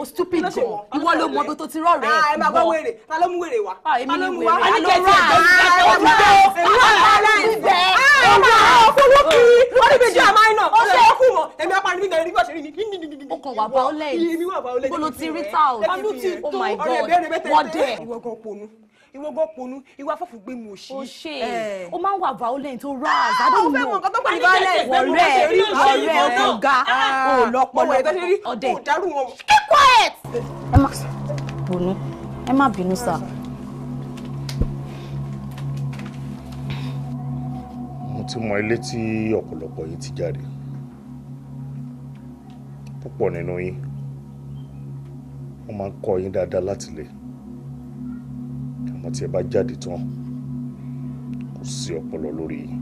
o stupid gan ìwọ ló mọ ibi tó ti rọrẹ. Ah, ẹ máa gbọ́ wèrè ta ló mú wèrè wá. Ah, èmi ni wèrè aló rà á ló rà á ló rà á ló rà á ẹ wá fowó kiri wọ́n ní méjì àmà iná ó ṣe é kù mọ́ èmi apani mi gàrí bí wọ́n ṣe rí mi. o kàn wà violent bolo ti rí towel oh my god wọ́n dẹ̀. ìwọ gan ponu ìwọ gan ponu ìwọ afọ́fù gbé mu òṣì. o ṣe o máa ń wà violent o ras i don't know ọ̀rẹ́ ọ̀rẹ́ ọ̀gá olọ́pọ̀lọ́ ọ̀dẹ̀. ẹ má bínú sá. ti mọ ilé tí ọ̀pọ̀lọpọ̀ yín ti jáde púpọ̀ nínú yín wọ́n máa ń kọ́ yín dáadáa láti lè àmọ́ tí ẹ bá jáde tán kò sí ọpọlọ lórí yín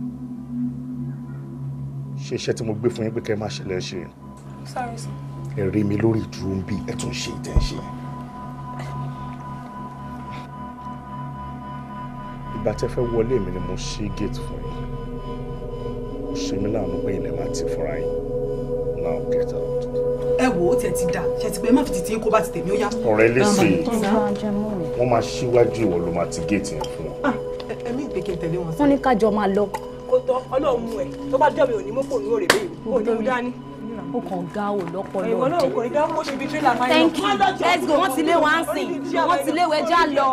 ṣe iṣẹ́ tí mo gbé fún yín pé kẹ́ ẹ má ṣẹlẹ̀ ṣe. sorry sir. ẹ rí mi lórí ìdúró ń bí ẹ tún ṣe ìtẹ̀ ń wọlé mi ni mo ṣí gate fún yín ó ṣe mí láàánú pé ti fúnra now get out. ẹ wo ó tiẹ̀ ti dà ṣètìpẹ́ má fi tètè kó bá ti tèmi ó yá. ọ̀rẹ́ lè ṣe wọ́n máa ṣíwájú ìwọ ló máa ti géètì yẹn fún wọn. Ah, ẹ̀mí ìpè kí n tẹ̀lé wọn. wọ́n ní ká jọ máa lọ. kò tọ́ ọlọ́run mú ẹ tó bá jọ́ mi ò ní mú fòònù òrè bẹ́ẹ̀ ò ní mú dání ó kàn ga ò lọ́pọ̀lọ́. ìwọ náà kò ní dá mọ́ ṣe bí tírélà máa ń lọ. thank you let's go wọ́n ti lé wọn sìn wọ́n ti lé wọn já lọ.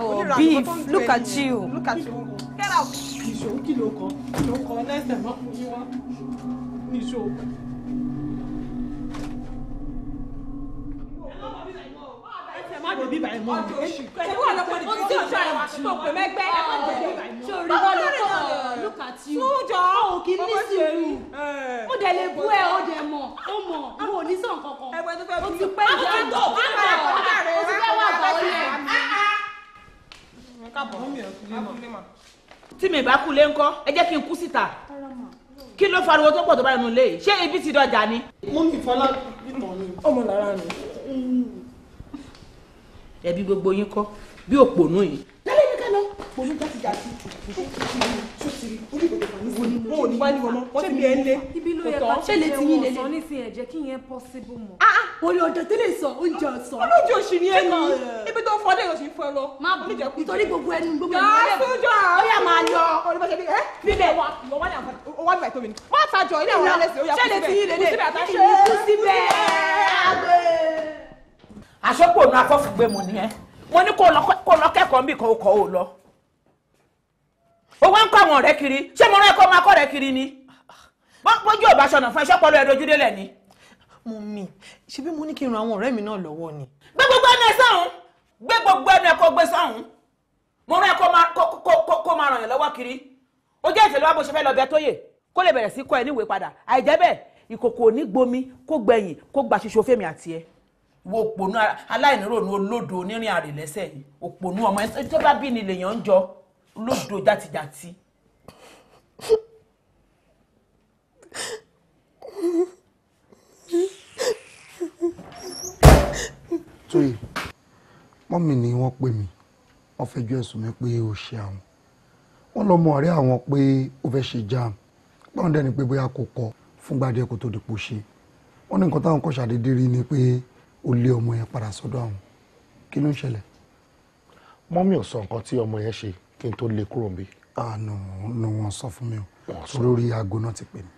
oh beef look at you. Look at you. Get out nìṣó kí ló kọ ló kọ lẹ́sẹ̀ mọ́ fún yín wá nìṣó. má dèbí bàyìí lọ́pọ̀ ní kí n ṣe àìmọ̀ pé mẹ́gbẹ́ ẹ̀ má dèbí bàyìí lùkà tí o jọ o kì ní sùúrù mo dẹ̀ lè bú ẹ o dẹ̀ mọ̀ o mọ̀ mo ò ní sàn kankan o ti pẹ́ ìdáná o ti pẹ́ wà gbà ó yẹ. káàbọ̀ mọ́mí ẹ̀ kúlé mọ́ tí mi bá kú lé ńkọ́ ẹ jẹ́ kí n kú síta kí ló fariwo tó pọ̀ tó bá nínú ilé yìí ṣé ibi ti dọjà ni. mo ní ìfọlá ìtàn ni ọmọ lára mi. ẹbí gbogbo yín kọ́ bí òpònú yìí lọ mo ní jáde jáde sotiri oníbòdò kan ní wọlé wọn ò ní wá ní wọn mọ wọn ti bí lé kòtò ṣẹlẹ ti yín lélẹ. ọ̀sán nísìnyí ẹ̀jẹ̀ kí yẹn possible mọ́. wọ́n ní ọjọ́ tẹ́lẹ̀ sọ oúnjẹ ọ̀sán. olóòjì òsì ni ẹni ibi tó fọdẹ yóò sì ẹ lọ. má bọ̀ nítorí gbogbo ẹnu gbogbo ẹnu rẹ̀ ó yà máa lọ. bíbẹ̀ wà wà ní àìtóbi wọ́n àtàjọ ilé àwọn ẹlẹ́sìn ó yà kú síbẹ̀ kú síbẹ̀ àṣọ́pọ̀ mo ní kó lọ kẹ́kọ̀ọ́ nbì kan ó kọ́ ó lọ ó wá ń kọ́ àwọn ọ̀rẹ́ kiri ṣé mo rán ẹ̀kọ́ máa kọ́ ọ̀rẹ́ kiri ni bójú ò bá ṣọ̀nà fún ẹṣẹ́ pọ̀lú ẹ̀dọ́jú délẹ̀ ni. mummy ṣe bí mo ní kí n ran àwọn ọ̀rẹ́ mi náà lọ́wọ́ ni. gbé gbogbo ẹnu ẹ sọ́hún gbé gbogbo ẹnu ẹ kó gbé sọ́hún mo rán ẹ kó máa ràn yàn lọ́wọ́ kiri ó jẹ́ ìtẹ̀lé wa bó ṣe fẹ́ lọ bẹ tóyè kó lè bẹ̀rẹ̀ sí kọ́ ẹ níwèé padà àìjẹ́ bẹ́ẹ̀ ìkòkò ò ní gbomi kó gbẹ̀yìn kó gba ṣoṣo fèmí àti ẹ wo òpònú aláìnírònú olódo onírin àrèlẹ́sẹ̀ yìí òpònú ọmọ ẹsẹ̀ tó bá bí ni lèèyàn ń jọ olódo játijàti. tóyè mọ́mì ni wọ́n pè mí wọ́n fẹjọ́ ẹ̀sùn mi pé ó ṣe àwọn wọ́n lọ́mọ ọ̀rẹ́ àwọn pé ó fẹ́ ṣe jam báwọn pé bóyá kò kọ́ fúngbà díẹ̀ kó tó dìpò ṣe wọ́n ní nǹkan táwọn kọ́ ṣàdédé rí ni pé ó lé ọmọ yẹn padà sọ́dọ̀ àwọn kí ló ń ṣẹlẹ̀. mọ́mí ò sọ nǹkan tí ọmọ yẹn ṣe kí n tó lè kúrò níbí. àánú ah, ni wọ́n sọ fún mi o lórí aago náà ti pè mí.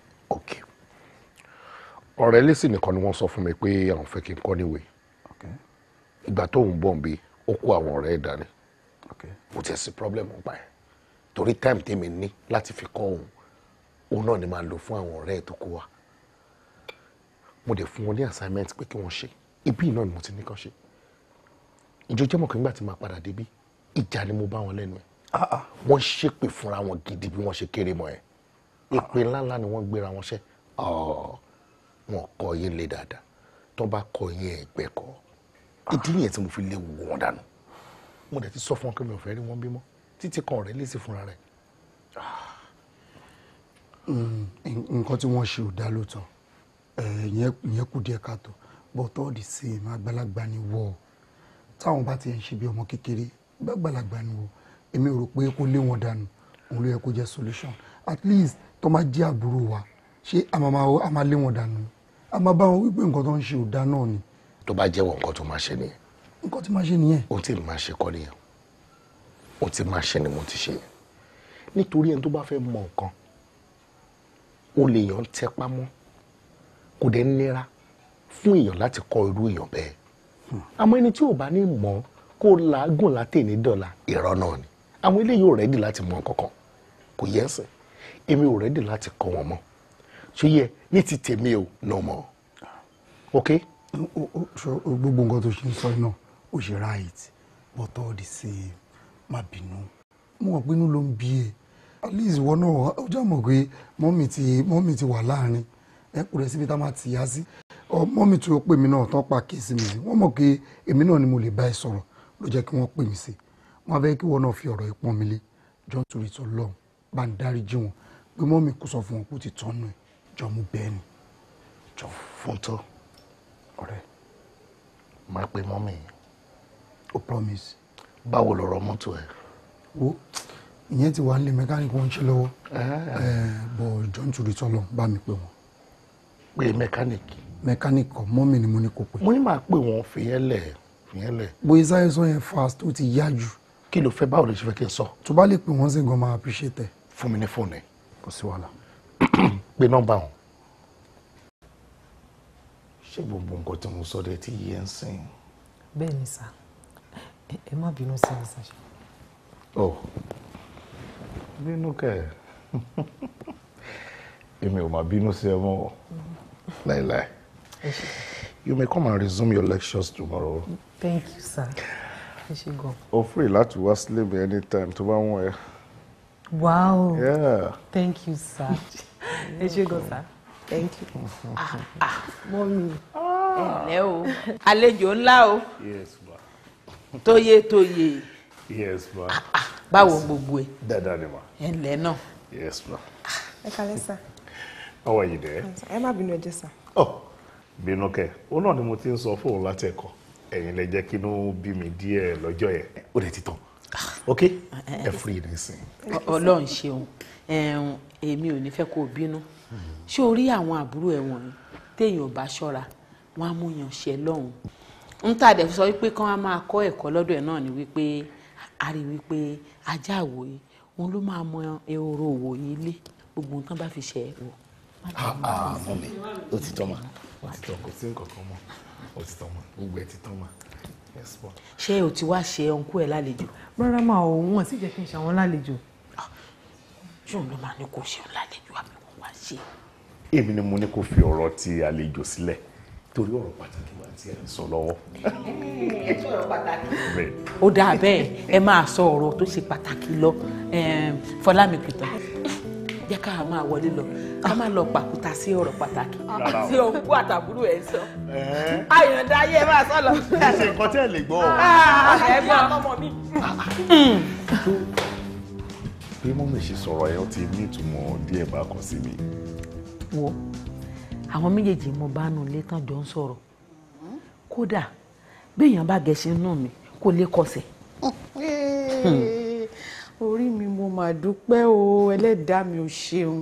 ọ̀rẹ́ lẹ́sìn nìkan ni wọ́n sọ fún mi pé àwọn fẹ́ kí n kọ́ níwèé ìgbà tó ń bọ̀ ń bí ó kó àwọn ọ̀rẹ́ ẹ̀ dání kò tiẹ̀ sí problem ọ̀pá ẹ̀ torí time tèmi ní láti fi kọ́ òun òun náà ni màá lò fún àwọn ọ̀rẹ́ tó kó wa mo dẹ̀ fún wọn ní assignment pé kí wọ́n ṣe ibi náà ni mo ti ní kàn ṣe ìjọ jẹ́mọ̀ gbà tí máa padà débí ìjà ni mo bá wọn lẹ́nu ẹ̀ ah, ah. wọ́n ṣépè fúnra wọn gidi bí wọ́n ṣe kéré mọ́ ẹ̀ ìpè ńláńlá ni wọ́n gbéra wọn ṣẹ́ wọn kọ yín lé dáadáa tó bá kọ yín ẹgbẹ́ kọ ìdí nìyẹn tí mo fi lé wù wọn dànù mo dẹ̀ ti sọ fún wọn pé mi ò fẹ́ rí wọn bímọ títí kan rẹ̀ lè fúnra rẹ̀. Ah. nǹkan tí wọ́n ṣe ò dá lóòótọ́ ẹ̀yẹn kù díẹ̀ káàtó but all the same àgbàlagbà ni wọ táwọn bá ti ń ṣe bí ọmọ kékeré gbàgbàlagbà ni wọ èmi rò pé kó lé wọn dànù òun ló yẹ kó jẹ solution at least tó máa jẹ àbúrò wa ṣé a máa lé wọn dànù a máa bá wọn wípé nǹkan tó ń ṣe ò dá náà ni. tó bá jẹ́wọ́ nǹkan tó máa ṣe nìyẹn. nǹkan tó máa ṣe nìyẹn. ohun tí màá ṣe kọ́ nìyẹn ohun tí màá ṣe ni mo ti ṣe nítorí ẹni tó bá fẹ́ mọ nǹkan o lè yàn ń tẹpá kò dẹ̀ nira fún èèyàn láti kọ́ irú èèyàn bẹ́ẹ̀ àmọ́ ẹni tí ò bá ní mọ̀ kó làágùn látẹ̀ní dọ̀la irọ́ náà ni àwọn eléyìí ò rẹ́dì láti mọ̀ kankan kò yẹ ẹsẹ̀ èmi ò rẹ́dì láti kọ́ wọn mọ́ ṣó yẹ ní ti tèmi o nà mọ́ ok. gbogbo nǹkan tó ṣe ń sọ náà ó ṣe right but all the same má bínú mo wà pé inú ló ń bí e at least ìwọ náà ọjọ́ àmọ̀ pé mọ́mì ti wà láàrin ẹ̀kúrẹ́ síbi tá a máa tìyá sí ọmọ mi tí ó pè mí náà tán pa kéésì mi sí wọ́n pé èmi náà ni mo lè bá ẹ sọ̀rọ̀ ló jẹ́ kí wọ́n pè mí sí wọ́n fẹ́ kí wọ́n náà fi ọ̀rọ̀ ìpọ́n mi lé john torí tó lọ bá ń dáríjì wọn pé mọ́ mi kò sọ fún wọn pé ti tọ́nu ẹ̀ jọ mú bẹ́ẹ̀ ni. jọ fọ́ńtọ́ ọ̀rẹ́ máa pe mọ́mì o promise. báwo lọ̀rọ̀ mọ́tò ẹ̀. wo ìyẹn ti wà nílé mẹkáníìkì wọn ń ṣe lọ́wọ́ ẹ bọ̀ john torí tó lọ bá mi pè wọ́n pé mẹkáníìkì. mẹkáníìkì kan mọ́mì ni mo ní kó pé. mo ní máa pè wọ́n fìyẹn lẹ̀ fìyẹn lẹ̀. sọ yẹn fast ó ti yá jù. kí ló fẹ́ báwo lè ṣe fẹ́ kí n sọ. tó bá lè pè wọ́n sí gan máa appreciate ẹ̀. fún mi ní fóònù ẹ̀. kò sí wàhálà. pé nọ́mbà wọn. ṣé gbogbo nǹkan tí mo sọ dé ti yẹ ń sìn. bẹ́ẹ̀ ni sà ẹ má bínú sí mi sàṣẹ. ọ bínú kẹ èmi ò má bínú sí ẹ mọ́. Mm-hmm. Laila. You may come and resume your lectures tomorrow. Thank you, sir. I should go. Oh, free láti wá sílé mi anytime tomorrow. Wow. Yeah. Thank you, sir. I should go, sir. Thank you. ah, ah, mommy. Ah. Ẹ o. Àlejò Yes, ma. Toye toye. Yes, ma. Ah, ah. Báwo gbogbo ẹ? Dáadáa ma. Ẹ ǹlẹ́ Yes, ma. Ah, ẹ kalẹ́ sá. How are you there? Ẹ má bínú ẹjẹ sá. Ọ oh, bínú kẹ, òun náà ni mo ti ń sọ fóun láti ẹ̀kọ́. Ẹ̀yin lẹ jẹ́ kí inú bí mi díẹ̀ lọ́jọ́ yẹn. Ó lè ti tán. Ah. Ok, ah, eh, eh, ẹ eh, fúri ní sìn. Ọlọ́run ṣeun, èmi ò ní fẹ́ kó o bínú. Ṣé o rí àwọn àbúrò ẹ̀ wọ̀nyí? Téèyàn ò bá ṣọ́ra, wọ́n á mú yàn ṣẹ lọ́hùn. Ń tà dẹ̀ sọ wípé kán ni wípé a rí wípé ajá àwòye òun ló máa mọ ehoro òwòye ilé gbogbo nǹkan bá fi ṣe é mọ ah, ah, mi ó ti tán ma ó ti tán kò sí nǹkan kan mọ ó ti tán ma gbogbo ẹ ti tán ma ṣé o ti wá ṣe ọ̀nkú ẹ̀ lálejò. rárá mà ò wọ́n sì jẹ́ kí n ṣe àwọn lálejò. Ah, ṣóun ló máa ní kó ṣe lálejò àbí wọ́n wá ṣe. èmi ni mo ní kó fi ọ̀rọ̀ ti àlejò sílẹ̀ torí ọ̀rọ̀ pàtàkì máa ti ẹ̀ sọ lọ́wọ́. ó dáa bẹ́ẹ̀ ẹ máa sọ ọ̀rọ̀ tó ṣe pàtàkì lọ Fọlámi Pìtàn jẹ́ ká máa wọlé lọ ká máa lọ pàkúta sí ọ̀rọ̀ pàtàkì tí ogún àtàbúrò ẹ̀ sọ. àyàndá ayé ẹ máa sọ lọ. kì í ṣe nǹkan tí ẹ lè gbọ́. Ah, ah, ẹ gbọ́ ọmọ mi. bí mọ́mí ṣe sọ̀rọ̀ ẹ̀ ó ti ní ìtumọ̀ díẹ̀ bá kan sí mi. wo àwọn méjèèjì mo bá nù létán jọ ń sọ̀rọ̀ kódà béèyàn bá gẹ̀ẹ́sì nù mí kó lè kọsẹ̀. Hmm orí mi mo mà dúpẹ́ o ẹlẹ́dàá mi ò ṣeun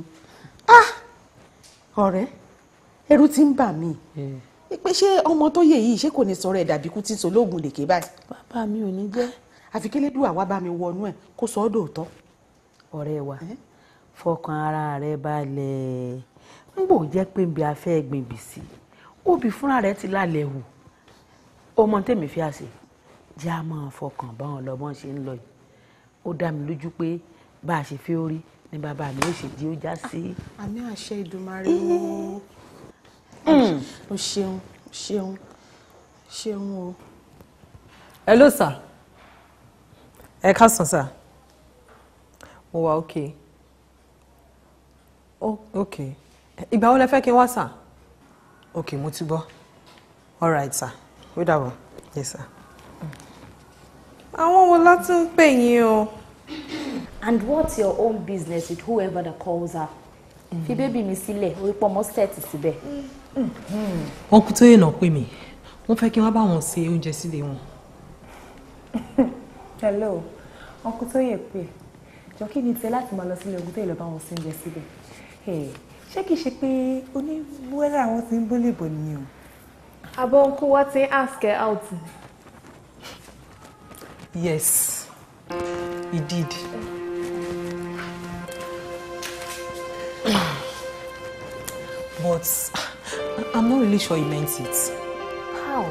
ah! ọ̀rẹ́ ẹ̀rù ti ń bà mí eh. pé ṣé ọmọ tó yẹ yìí ṣé kò ní sọ̀rọ̀ ẹ̀ dàbí kú tí ń solóògùn lèkè báyìí. bàbá mi ò ní jẹ́. Ah, àfi kélédùà wá bá mi wọnú ẹ̀ kó sọ ọ́ dòótọ́. ọ̀rẹ́ wa eh? fọkàn ara rẹ balẹ̀ ń gbò jẹ́ pé nbí afẹ́ gbèbì sí òbí fúnra rẹ ti lálẹ́ wò ọmọ tèmi fi àṣẹ jẹ́ a fọkàn báwọn lọ́mọ ṣe ń lọ yìí ó dá mi lójú pé bá a ṣe fi ó rí ni bàbá mi ò ṣe di ó já sí. àmì àṣẹ ìdùnmarè hmm. o ṣeun ṣeun ṣeun o. ẹ ló sà ẹ káàsán sà mo wà ókè ókè ìgbà wo lẹ fẹ́ kí n wá sà ókè mo ti gbọ́ all right sà ó dàbọ̀ yes sà àwọn wo la ti ń pè yín o. and what's your own business with whoever that calls her. Mm. fi bébì mi sílẹ̀ orí pọ́nmọ́ sẹ́ẹ̀tì síbẹ̀. wọn kú tó yẹn náà pè mí wọn fẹ́ kí wọ́n bá wọn ṣe oúnjẹ sílé wọn. hello ọkùn tó yẹ pé jọ kí ni tẹ láti máa lọ sílé ogun tó yẹ lọ bá wọn ṣe oúnjẹ síbẹ̀ ṣé kìí ṣe pé oníwẹ́rẹ́ àwọn ti ń bólè bọ̀ nìyẹn o. àbọ̀ ń kó wá ti ń ask her out Yes, he did. But I'm not really sure he meant it. How?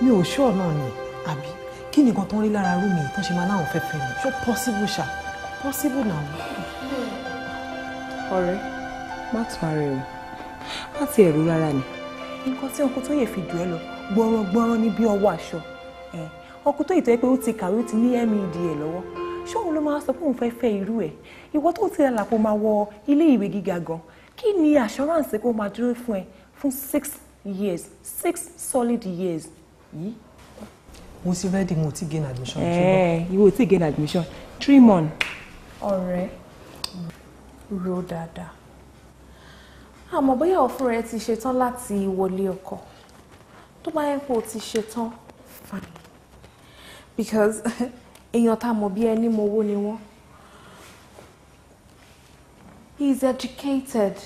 Mi ò sure náà ni, Abi. Kini ni nǹkan tó ń rí lára rúmi tán ṣe máa láwọn fẹ́ fẹ́ mi? Ṣó possible ṣá? Possible now. Ọ̀rẹ́, má tún ara ẹ̀ o. Má ti ẹ̀rù rárá ni. Nǹkan tí ọkọ tó yẹ fi dùn ẹ́ lọ gbọ́rọ́gbọ́rọ́ ní bí ọwọ́ aṣọ ọkọ tó ìtọ́ yẹ pé ó ti kàwé ó ti ní med ẹ̀ lọ́wọ́ ṣé òun ló máa sọ pé òun fẹ́ fẹ́ irú ẹ̀ ìwọ tó ti rà kó máa wọ ilé ìwé gíga gan kí ni assurance kó máa dúró fún ẹ fún six years six solid years yìí. mo ti ready mo ti gain admission. ẹ ìwọ ti gain admission three months. ọ̀rẹ́ ro dáadáa àmọ́ bóyá ọ̀fun rẹ ti ṣetán láti wọlé ọkọ tó bá yẹ kó o ti ṣetán fine because èèyàn tá a mọ̀ bí ẹni mọ owó ni wọ́n he is educated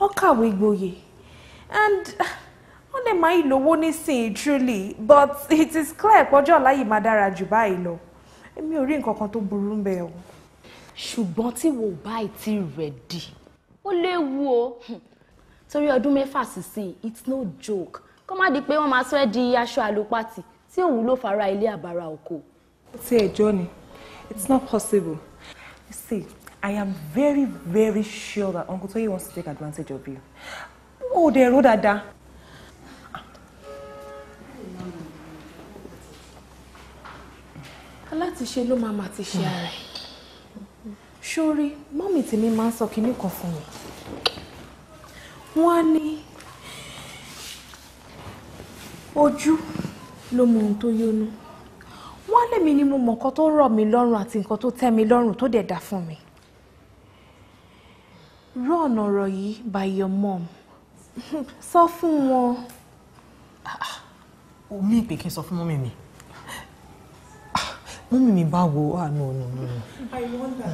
ó kàwé gboyè and wọ́n lè máa ń lówó nísìnyí truly but it is clear pọ́jọ́ ọ̀la yìí máa dára jù báyìí lọ èmi ò rí nǹkan kan tó burú bẹ́ẹ̀ o. ṣùgbọ́n tí wò bá ìtì rẹ̀ dì ó léwu o torí ọdún mẹ́fà sísìn it's no joke kó má di pé wọ́n máa sọ ẹ́ di aṣọ àlòpàtì tí òun ló fara ilé àbára oko. ó ti ẹjọ́ ni it's not possible you see i am very very sure that uncle Toye wants to take advantage of you ó dẹ̀ rò dáadáa. alátiṣe ló máa ma ti ṣe ara ẹ̀ sórí mọ́mì tèmi máa ń sọ kinní kan fún mi wọ́n á ní ojú ló mọ ohun tó yónú wọ́n lèmi ni mo mọ nǹkan tó rọ̀ mí lọ́rùn àti nǹkan tó tẹ́ mi lọ́rùn tó dẹ̀ dá fún mi rọ ọ̀nà ọ̀rọ̀ yìí by your mom sọ fún wọn. omi ìpè kí n sọ fún mọ́mì mi mọ́mì mi bá wo àánú ọ̀nà ọ̀nà.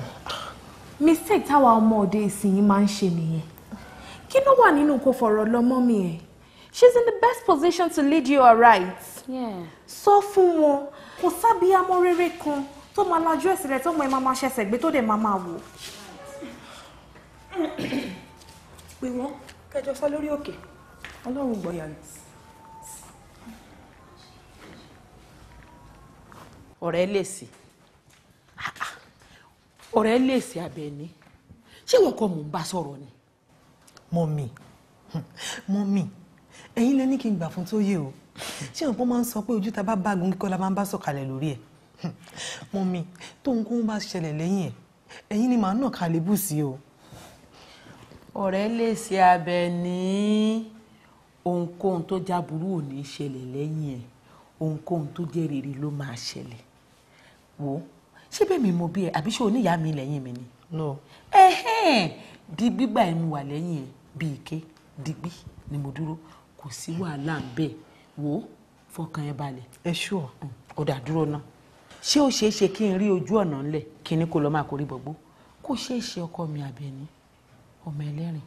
mistake táwa ọmọ òde ìsinyìí máa ń ṣe nìyẹn kí ló wà nínú kò fọ̀rọ̀ lọ mọ́mì ẹ̀ she's in the best position to lead you aright sọ fún wọn kò sábìyàmọ rere kan tó máa lajú ẹsẹ̀ rẹ̀ tó mọ ẹ máa máa ṣẹ̀ṣẹ̀ gbé tó dẹ̀ máa máa wò. pè wọ́n kẹjọ sọ lórí òkè ọlọ́run gbọ̀yà ni. ọ̀rẹ́ lèsì ọ̀rẹ́ lèsì abẹ́ni ṣé wọn kọ́ mò ń bá sọ̀rọ̀ ni. mọ́mì mọ́mì ẹ̀yin lẹ́ni kí n gbà fún tó yé o ṣé àwọn kan máa ń sọ pé ojú ta bá bágun kíkọ́ la máa ń bá sọ̀kalẹ̀ lórí ẹ̀ mọ́mí tó ń kún bá ṣẹlẹ̀ lẹ́yìn ẹ̀ ẹ̀yin ni màá nà kálíbù sí o. ọ̀rẹ́ lè ṣe abẹ ní ohunkóhun tó jáburú ò ní ṣẹlẹ̀ lẹ́yìn ẹ̀ ohunkóhun tó jẹ́ rere ló máa ṣẹlẹ̀ wò ó ṣé bẹ́ẹ̀ mi mo bí ẹ àbí ṣé o níyàá mi lẹ́yìn mi ni. no. ẹhẹ́n di gbígbà ẹnu wà lẹ́yìn ẹ bíi ike digbí ni mo dúró kò sí wàhálà ń bẹ́ẹ̀ wò ó fọkàn ẹ balẹ̀. ẹ ṣùọ ó dà dúró náà ṣé ó ṣeé ṣe kí n rí ojú ọ̀nà ńlẹ̀ kí ni kò lọ́ọ́ máa kórè gbogbo kó ṣeé ṣe ọkọ mi àbẹ̀ní ọmọ ẹlẹ́rìn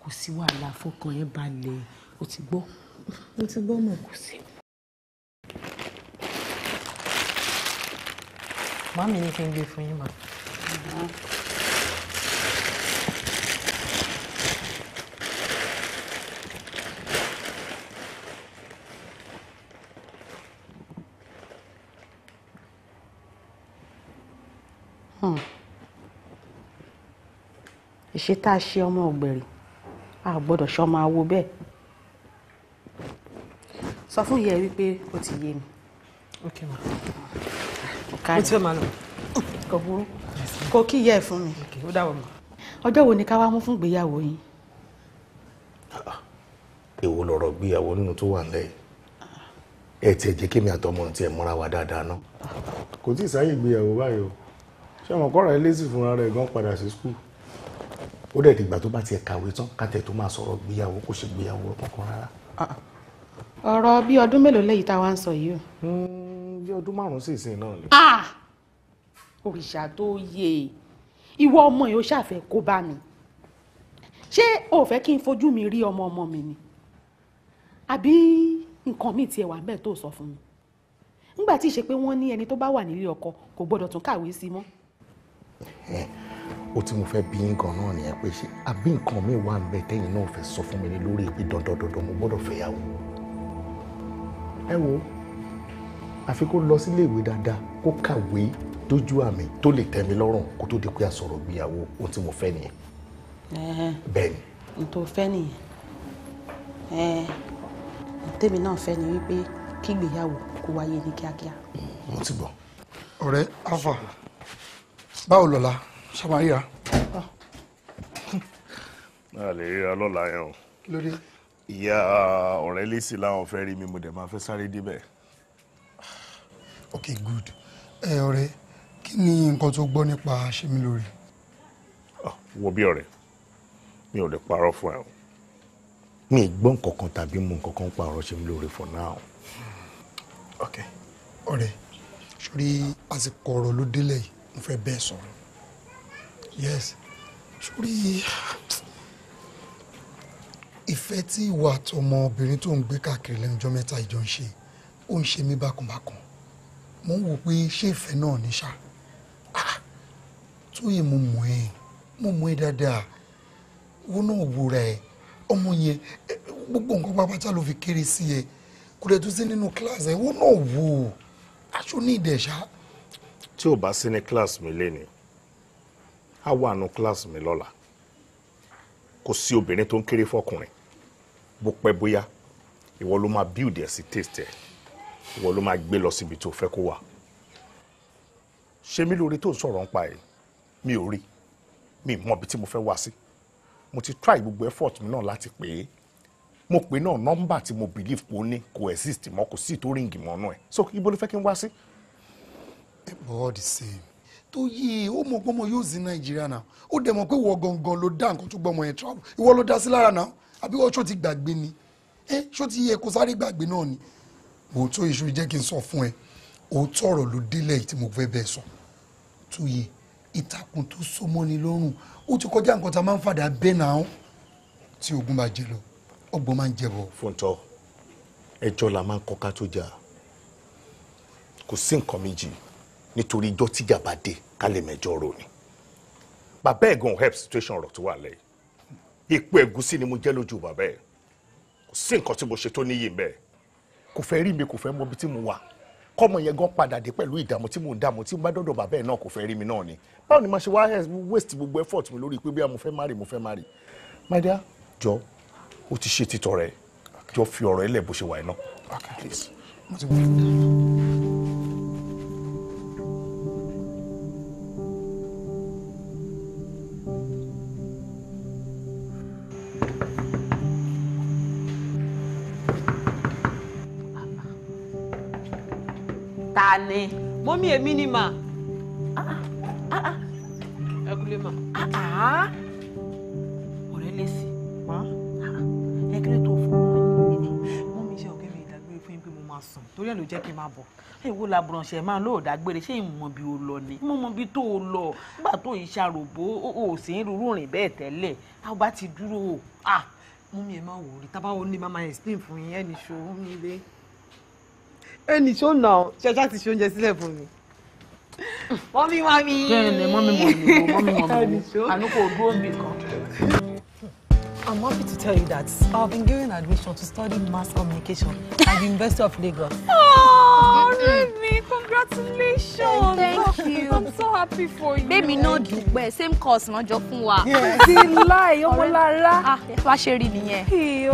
kò sí wàhálà fọkàn ẹ balẹ̀ ó ti gbọ́ ó ti gbọ́ mọ̀ kò sí. màmí ni kí n gbé fún yín bá. àṣìṣe tá a ṣe ọmọ ọ̀gbẹ̀rì a gbọ́dọ̀ ṣe ọmọ awo bẹ́ẹ̀ sọ fún ìyá ẹ wípé ó ti yé mi. ok ma mo ti fẹ́ máa lọ. kò burú kò kí ìyá ẹ fún mi. ok ó dàbọ̀ mọ́. ọjọ́ wo ni ká wá mú fún ìgbéyàwó yín. èwo lọ̀rọ̀ gbéyàwó nínú tó wà lẹ́yìn ẹ tiẹ̀ jẹ́ kí mi àtọmọ tiẹ̀ mọ́ra wa dáadáa náà. kò tí ì sáyè ìgbéyàwó báyìí o ṣé àwọn kọ́ra ẹ lésì fúnra rẹ̀ gan padà sí skul ó dẹ̀ dìgbà tó bá tiẹ̀ kàwé tán kátẹ̀ tó máa sọ̀rọ̀ gbéyàwó kò ṣe gbéyàwó kankan rárá. Ah, ah. ọ̀rọ̀ bí ọdún mélòó lẹ́yìn táwa ń sọ yìí o. Hmm, bí ọdún márùn-ún sì sìn náà ni. Ah! òrìṣà tó yẹ ìwọ ọmọ yìí ó ṣàfẹ́ kó bá mi ṣé o fẹ́ kí n fojú mi rí ọmọ ọmọ mi ni àbí nǹkan míì tiẹ̀ wà bẹ́ẹ̀ tó sọ fún mi nígbà tí ì ṣe pé wọ́n ní ẹni tó bá wà nílé ọkọ kò gbọ́dọ̀ tún kàwé sí mọ́ ó tí mo fẹ́ bí yín gan náà nìyẹn pé ṣe àbí nǹkan mi wà ń bẹ tẹ́yìn náà fẹ́ sọ fún mi ní lórí ìpín dandan mo gbọ́dọ̀ fẹ́yàwó ẹ wo àfi kó lọ sílé ìwé dáadáa kó kàwé dójú àmì tó lè tẹ́ mi lọ́rùn kó tó di pé a sọ̀rọ̀ gbéyàwó ohun tí mo fẹ́ nìyẹn. bẹ́ẹ̀ ni. n tó fẹ́ nìyẹn tèmi náà fẹ́ ni wípé kí ìgbéyàwó kó wáyé ní kíákíá. mo ti gbọ́. ọ̀rẹ́ alfa báwo lọ́la ṣàmáyà. náà ah. lè ríra lọ́la yẹn o. lórí. ìyá ọ̀rẹ́ lẹ́sì láwọn fẹ́ rí mi mo dẹ̀ máa fẹ́ sáré débẹ̀. ok good ẹ ọ̀rẹ́ kí ni nǹkan tó gbọ́ nípa ṣẹ́mi lórí. Ah, wo bí ọ̀rẹ́ mi ò lè parọ́ fún ẹ o mi ì gbọ́ nǹkan kan tàbí mu nǹkan kan pa ọ̀rọ̀ ṣẹ́mi lórí for now. ok ọ̀rẹ́ sórí àsìkò ọ̀rọ̀ ló délẹ̀ yìí mo fẹ́ bẹ́ẹ̀ sọ̀rọ̀ yes sórí ìfẹ́ tí ìwà àtọmọ obìnrin tó ń gbé káàkiri lẹ́nu ọjọ́ mẹ́ta ìjọ ń ṣe ó ń ṣe mí bákanbákan mo ń wò pé ṣé ìfẹ́ náà ní ṣá ah, Tóyè mo mọ̀ ẹ́ mo mọ̀ ẹ́ dáadáa owó náà wúra ẹ̀ ọmọ yẹn gbogbo nǹkan pápátá ló fi kéré sí ẹ kò lè tún sí nínú kíláàsì ẹ̀ owó náà wò ó aṣọ ní ìdẹ̀ṣá. tí ò bá sí ní kíláàsì mi lé á wà nù kíláàsì mi lọ́la kò sí obìnrin tó ń kéré fọkùnrin bó pẹ́ bóyá ìwọ ló máa build ẹ̀ sí taste ẹ̀ ìwọ ló máa gbé lọ síbi tó fẹ́ kó wà ṣé mi lórí tó ń sọ̀rọ̀ ń pa ẹ̀ mi ò rí mi mọ ibi tí mo fẹ́ wá sí mo ti try gbogbo effort mi náà láti pè é mo pè náà nọ́mbà tí mo believe pé ó ní kò exist mọ́ kò sí ìtòrí ìgbìmọ̀ náà ẹ̀ so ibo ló fẹ́ kí n wá sí. but all the same tó yé e ó mọ̀ pọ́nmọ́ yóò zin nàìjíríà náà ó dẹ̀ mọ̀ pé wọ́n gangan ló dá nǹkan tó gbọ́mọ yẹn travel ìwọ ló dá sí lára náà àbí wọ́n ṣó ti gbàgbé ni ẹ ṣó ti yẹ e, kó sáré gbàgbé náà ni òótọ́ èso jẹ́ kí n sọ fún ẹ òótọ́ ọ̀rọ̀ ló délẹ̀ tí mo fẹ́ bẹ́ẹ̀ sọ tó yẹ e, ìtàkùn tó so mọ́ni lọ́rùn ó ti kọjá nǹkan tá a máa ń fàdà bẹ́ẹ̀ náà tí ogun bá jẹ lọ ọgbọ́n máa ń jẹ bọ̀. kò sí nǹkan méjì nítorí ijọ́ tíjà bá dé ká lè rò ni bàbá ẹ̀ gan help situation ọ̀rọ̀ tó wà lẹ́yìn ipò ẹ̀gúsí ni mo jẹ́ lójú bàbá ẹ̀ kò sí nǹkan tí mo ṣe tó níyì mbẹ́ kò fẹ́ rí mi kò fẹ́ mọ ibi tí mo wà kọ́mọ yẹn gan padà dé pẹ̀lú ìdààmú tí mò ń dààmú tí mo bá dọ̀dọ̀ bàbá ẹ̀ náà kò fẹ́ rí mi náà ni báwo ni màá ṣe wá waste gbogbo effort mi lórí pé bí mo fẹ́ má rí mo fẹ́ má rí my dear jọ o ti ṣe títọ rẹ jọ fi ọ̀rọ̀ ẹ bó ṣe wà ẹ náà please. ni mọ́mí èmi ni mà. Ah, ah, ah, ẹ kúlé mà. ọ̀rẹ́ lè sí. ẹ kéré tó fún mi. mọ́mí ṣe òkè mi ìdágbére fún yín pé mo máa sùn torí ẹ̀ ló jẹ́ kí n máa bọ̀ èwo la bùrọ̀ṣẹ̀ máa lóò dágbére ṣé ìmọ̀ bí o lọ ni mo mọ bí tó o lọ nígbà tó yìí ṣàròbó o sì ń rúrú rìn bẹ́ẹ̀ tẹ́lẹ̀ a bá ti dúró o mú mi ẹ má wò rí tábà ó ní mama explain fún yín ẹni ẹnì tó nà ọ ṣẹṣẹ ti ṣe oúnjẹ sílẹ̀ fún mi. mọ́mí mọ́mí. bẹ́ẹ̀ ni mọ́mí mọ́mí mọ́mí mọ́mí ànúkò dúró mi kan. I'm happy to tell you that I've been given admission to study mass communication at the University of Lagos. Oh, Remy, congratulations! Thank you. I'm so happy for you. Baby, no, dúpẹ́ same course náà jọ fún wa. Ti la. ọmọlára. Wá ṣe rí nìyẹn.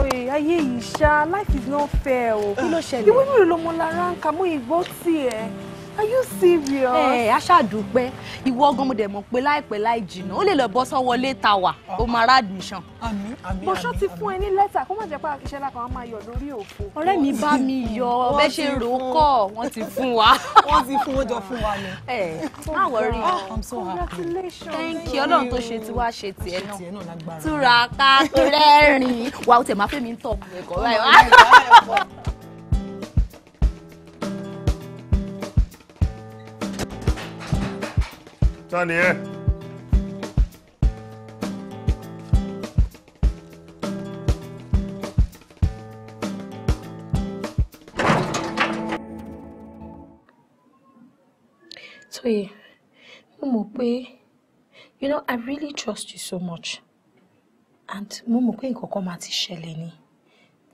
Oye ayé yìí ṣá life is not fair o. Kí ló You Ìwé mi ò lọ́mọlára ń kà mú ìgbó tiẹ̀ are you serious. ẹ ẹ aṣáàdúpẹ́ ìwọ ọgán mo dẹ̀ mọ̀ pé láìpẹ́ láì jìnnà ó lè lọ bọ́ sọ́wọ́lé le ó máa rà admission. àmín àmín mo ṣọ́ ti fún ẹ ní lẹ́tà kó má jẹ́ pé iṣẹ́ la kàn máa yọ lórí òfo. ọ̀rẹ́ mi bá mi yọ bẹ́ẹ̀ ṣe rò ó kọ́ wọ́n ti fún wa. wọ́n ti fún ó jọ fún wa ni. ẹ má wọrí ah, congratulations. thank you ọlọ́run tó ṣe tiwa ṣe tiẹ̀ náà túra ká rẹ́rìn-ín wa ó tẹ̀ máa fẹ́ mi ń tọ̀ ọ̀pọ̀ ẹ̀kọ́ Saniye. Mumu, mo you know I really trust you so much and Mumu mọ̀ pé nǹkan kan máa ti ṣẹlẹ̀ ni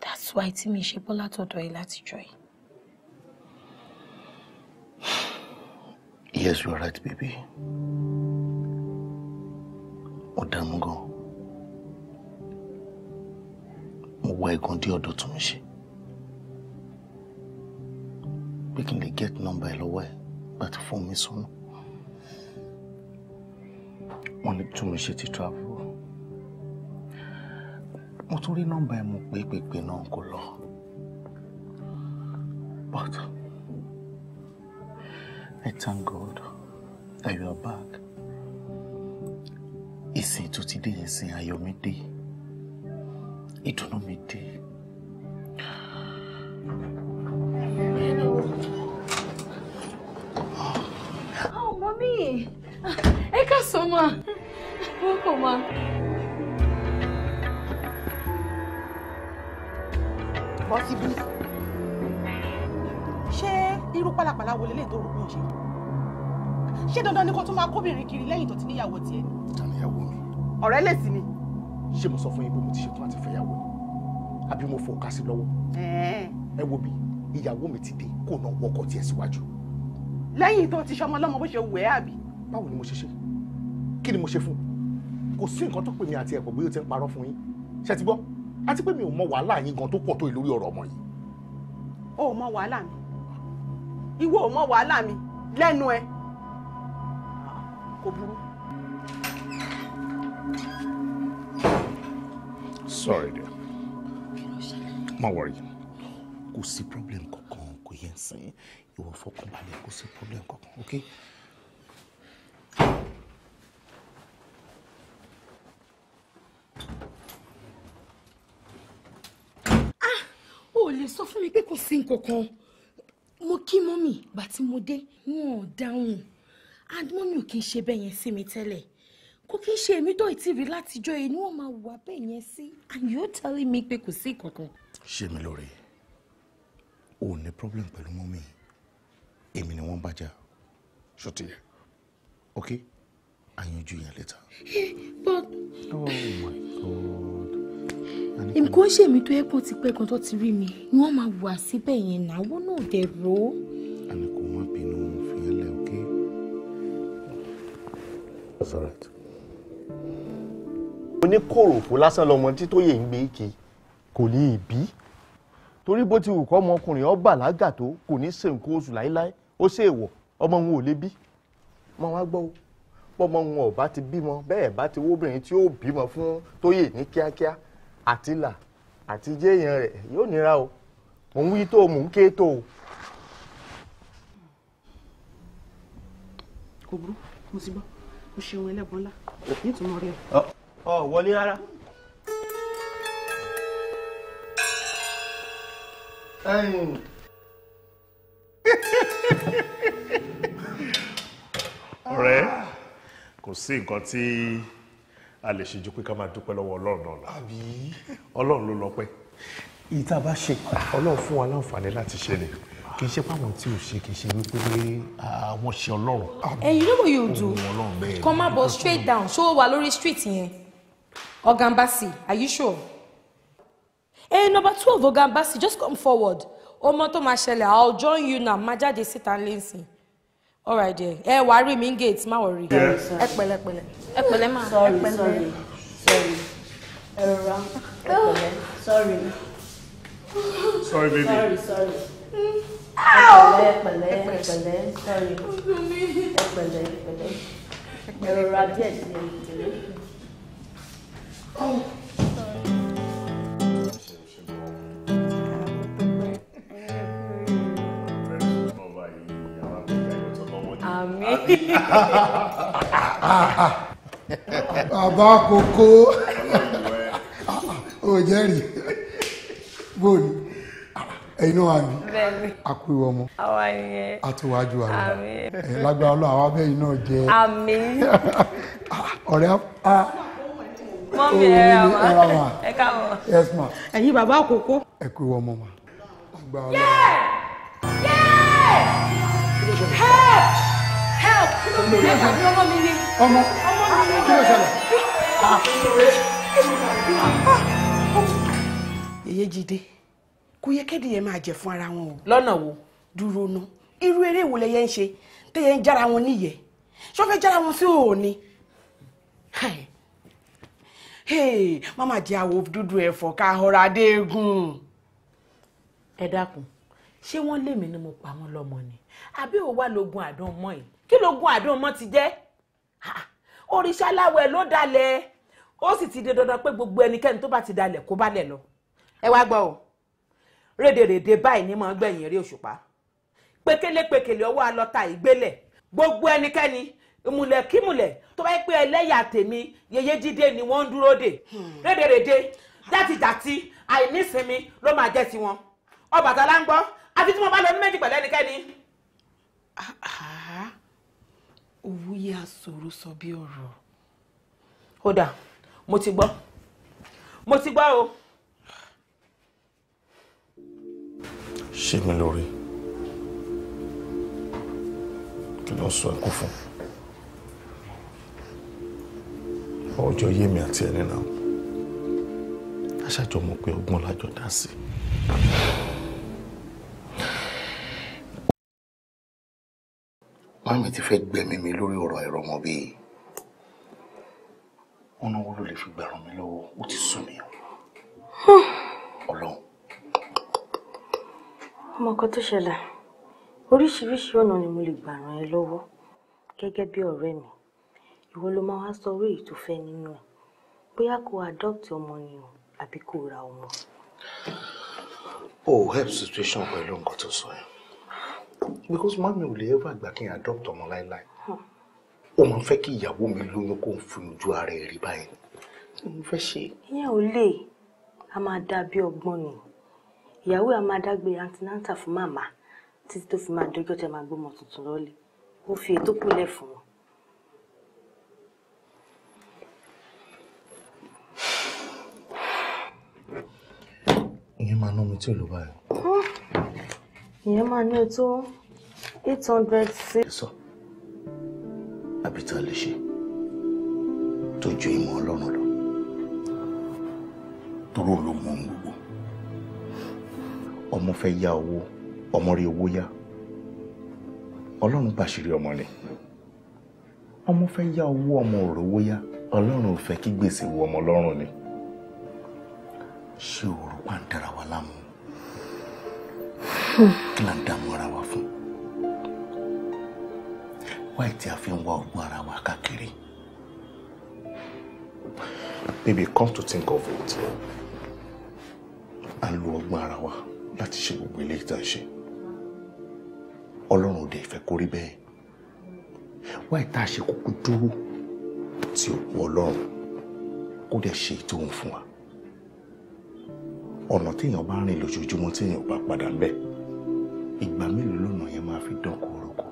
that's why tí mi ṣe bọ́ látọ̀dọ̀ ẹ látijọ́ yìí. Yes, you are right, baby. Mo dààmú gan. Mo wá ẹ̀gàn dé ọ̀dọ̀ tún mi ṣe. Pé kí n lè get number ẹ̀ lọ́wọ́ ẹ̀ gbà tí fóònù mi sọnù. Wọ́n ní tún mi ṣe ti travel. Mo tún rí nọ́mbà ẹ̀ mo pé pèpè náà kò lọ. But. I thank God that you are back. Ìsìn tó ti dé ìsìn ayọ̀ mi dé. Ìdùnnú mi dé. Oh, mommy! Ẹ ká sọ ma! Welcome ma! Bọ́sibí pálapàla wọlé lè tó rò pé ó ṣe ṣé dandan ni kó tún máa kóbìnrin kiri lẹ́yìn tó ti níyàwó tiẹ̀. ìtàníyàwó mi. ọ̀rẹ́ lè sí ni. ṣé mo sọ fún yín pé mo ti ṣetán àti fẹ́yàwó ni àbí mo fò ká sí lọ́wọ́. ẹ wo bí ìyàwó mi ti dé kó náà wọkọ̀ tiẹ̀ síwájú. lẹ́yìn tó ti ṣọmọ lọ́mọ bó ṣe wù ẹ́ àbí. báwo ni mo ṣe ṣe kí ni mo ṣe fún kò sí nǹkan tó pè mí àti ẹ̀pọ̀ bóyá ó ti ń parọ́ fún yín ṣe ti gbọ́ àti pé o ò mọ wàhálà mi ìwọ ò mọ wàhálà mi lẹ́nu ẹ kò burú. sorry dear má worry kò sí problem kankan kò yẹn sìn ìwọ fọkànbalẹ̀ kò sí problem kankan ok. ah o ò lè sọ fún mi pé kò sí nǹkan mo kí mọ́mì gbà tí mo dé wọn ò dáhùn and mọ́mì ò kí ń ṣe bẹ́ẹ̀ yẹn sí mi tẹ́lẹ̀ kò kí ń ṣe èmi tó ìtìrí látijọ́ yìí ni wọ́n máa wà bẹ́ẹ̀ yẹn sí and you telling me pé kò sí kankan. ṣé mi lóore o ní problem pẹ̀lú mọ́mì èmi ni wọ́n bàjá ṣọtí yẹn ok àyànjú yẹn later. Eh, but. oh my god èmi kò ń ṣe èmi tó yẹ ti pẹ́ gan tó ti rí mi ni wọ́n máa wà síbẹ̀ yẹn náwó náà dẹ̀ rò ó. àmì kò má bínú fi ẹ lẹ òkè. oníkòròkò lásán lọmọ tí tó yẹ ń gbé ike kò ní ìbí torí bó ti wù kọ́ ọmọkùnrin ó bàlágà tó kò ní ṣe nǹkan oṣù láéláé ó ṣèwọ̀ ọmọ òun ò lè bí wọn wá gbọ́ bọ́mọ òun ọ̀bá ti bímọ bẹ́ẹ̀ bá ti wóbìnrin tí ó bímọ fún tóyè ní kíákíá àti là àti jéèyàn rẹ̀ yóò nira o mò ń wí tó mò ń ké tó o. kò burú mo ti gbọ́ mo ṣe ohun ẹlẹ́gbọ́n ńlá nítumọ̀ rẹ̀. ọ wọlé rárá. ọ̀rẹ́ kò sí nǹkan tí a lè ṣe ju pé ká máa dúpẹ́ lọ́wọ́ ọlọ́run náà lọ. àbí ọlọ́run ló lọ́pẹ́ èyí tá a bá ṣe ọlọ́run fún wa láǹfààní láti ṣe ni kì í ṣe páwọn tí ò ṣe kì í ṣe wípé àwọn ṣe ọlọ́run. ẹ̀yin ló wòye òdo kan máa bọ̀ straight down ṣó wà lórí street yẹn Ogan are you sure. ẹ number twelve Ogan Bassey just come forward ọmọ tó máa ṣẹlẹ̀ I'll join you now máa jáde síta lẹ́sìn all right dear Eh, worry, rí mi gate má wọ̀ rí ẹ pẹ̀lẹ́ pẹ̀lẹ́ ẹ pẹ̀lẹ́ má sorry sorry ẹ oh. sorry sorry baby sorry sorry ẹ pẹ̀lẹ́ ẹ pẹ̀lẹ́ ẹ pẹ̀lẹ́ sorry ẹ pẹ̀lẹ́ ẹ pẹ̀lẹ́ ẹ rọra díẹ̀ àmín. bàbá kókó ò jẹ́rìí bóòlù ẹ̀yin náà àmì àpò ìwọ ọmọ àtúwájú àrùn ẹ lágbára Ọlọ́run àwọn abẹ́yìn náà jẹ ọ̀rẹ́ a mọ́mí ẹ̀rọ àmà ẹ káàbọ̀ yes ma ẹ̀yin bàbá àkókò ẹ kú ìwọ ọmọ ma lágbára Ọlọ́run help ọmọ mi ni ọmọ kí ló ṣẹlẹ̀. yèyé jíde kò yẹ kẹ́dì yẹn máa jẹ fún ara wọn o. lọ́nà wo. dúró ná irú eré wo lẹyẹ ń ṣe tẹyẹ ń jára wọn níyẹn ṣọ́ fẹ́ jára wọn sí òòní. mama jẹ́ àwọ̀ dúdú ẹ̀fọ́ ká ọ̀rọ̀ adéègùn. ẹ dákun ṣé wọ́n lèmi ni mo pa wọ́n lọ́mọ ni àbí òun wà lóògùn àdán mọ́ yìí kí ló gun àdó ọmọ ti jẹ́ òrìṣà ah, aláwẹ̀ ló dalẹ̀ ó sì ti di dandan pé gbogbo ẹnikẹ́ni tó bá ti dalẹ̀ kó balẹ̀ lọ ẹ wá gbọ́ o rédèrèdè báyìí ní mọ̀ gbẹ̀yìn eré òṣùpá pékélépékélé ọwọ́ alọ́ta ìgbélẹ̀ gbogbo ẹnikẹ́ni ìmùlẹ̀ kímùlẹ̀ tó bá yẹ pé ẹlẹ́yà tèmi yeye jíde ni wọ́n ń dúró dè hmm. rédèrèdè játijàti àìnísinmi ló máa jẹ́ tiwọn Ọbàtálá ń gbọ́ àfi tí mo bá lọ ní méjì pẹ̀lú ẹnikẹ́ni. Ah, ah òwúyẹ àsòro sọ bí ọ̀rọ̀. ó dà mo ti gbọ́ mo ti gbọ́ o. ṣé mi lórí kí ló ń sọ ẹkún fún ọjọ́ yémi àti ẹni náà aṣáájú mọ̀ pé ọgbọ́n lájọ dá sí i. mami ti fẹ́ gbẹ̀mí mi lórí ọ̀rọ̀ ẹ̀rọ ọmọ bíi wọn náà wọ́n ló lè fi gbà ràn mí lọ́wọ́ ó ti sùn mí ọlọ́run. ọmọ kan tó ṣẹlẹ̀ oríṣiríṣi ọ̀nà ni mo lè gbà ràn ẹ́ lọ́wọ́ gẹ́gẹ́ bí ọ̀rẹ́ mi ìwọ ló máa wá sọ orí èyí tó fẹ́ nínú ẹ̀ bóyá kó adopt ọmọ ni o àbí kó ra ọmọ. o oh, help situation pẹ̀lú nǹkan tó sọ yẹn because mami ò lè ever gbà kí n adopt ọmọ láéláé ó máa fẹ́ kí ìyàwó mi lóyún kó n fún ojú ara ẹ̀ rí báyìí mo fẹ́ ṣe. ìyẹn ò lè a máa dá bí ọgbọ́n ni ìyàwó a máa dágbé antinanta fún màmá títí tó fi máa dọjọ́ tẹ máa gbọ́mọ tuntun lọ́lẹ̀ ó fi ètò kúnlẹ̀ fún wọn. ìyẹn máa ná omi tí ò ló báyìí ìyẹn máa ní tó eight hundred sí. sọ àbí a lè ṣe tó ju ìmọ̀ ọlọ́run lọ dúró ló mọ ohun gbogbo ọmọ fẹ́ yá owó ọmọ rí owó yá ọlọ́run pàṣírí ọmọ ni ọmọ fẹ́ yá owó ọmọ ò rówó yá ọlọ́run ò fẹ́ kí gbèsè wo ọmọ lọ́rùn ni ṣé òru pa ń dára wa láàmú kí là ń dààmú ara wa fún wáyé tí a fi ń wá ọgbọ́n ara wa káàkiri baby come to think of it a lo ọgbọ́n ara wa láti ṣe gbogbo eléyìí tá a ṣe ọlọ́run òde ìfẹ́ kórí bẹ́ẹ̀ wáyé tá a ṣe kúkú dúró tí òkú ọlọ́run kó dẹ̀ ṣe ìtòhun fún wa ọ̀nà téèyàn bá rìn lójoojúmọ́ téèyàn bá padà ń bẹ́ẹ̀ ìgbà mélòó lọ́nà yẹn máa fi dán kòrókò.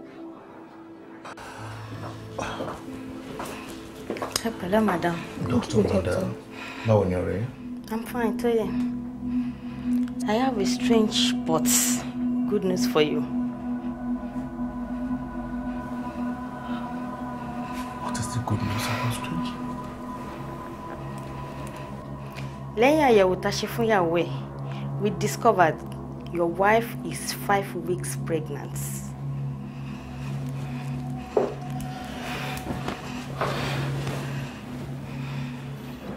ẹ madam. doctor madam báwo ni ọ̀rẹ́. i'm fine tó yẹ. i have a strange but good news for you. what is the good news about strange. lẹ́yìn àyẹ̀wò tá a ṣe fún ìyàwó ẹ̀ we discovered your wife is five weeks pregnant.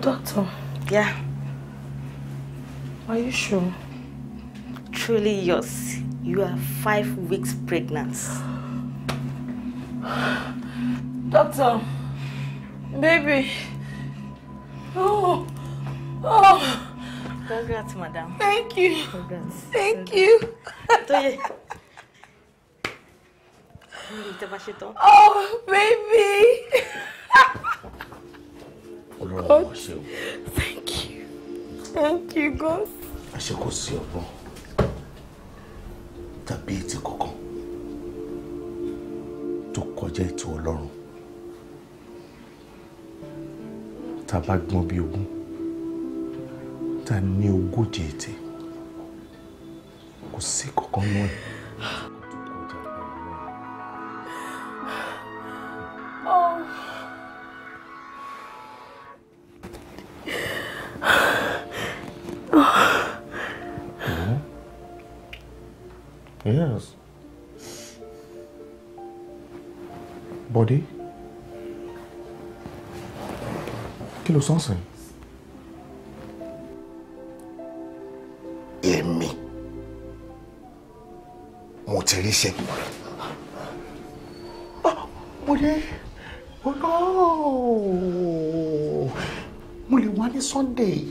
Doctor. Yeah. Are you sure? Truly yours. You are five weeks pregnant. Doctor. Baby. Oh. Oh. Congrats, madam. Thank you. Congrats. Thank you. oh, baby. God. Thank you. Thank you, God. I should go see your ètè kankan tó kọjá ètò Ọlọ́run tá a bá gbọ́n bí ogún sista ní ogójì ètè kò sí kankan náà ẹ̀. Oh. Yes. Body? Kí ló sọ́nsìn? ṣe. Ah, mo lè mo lọ mo lè wá ní Sunday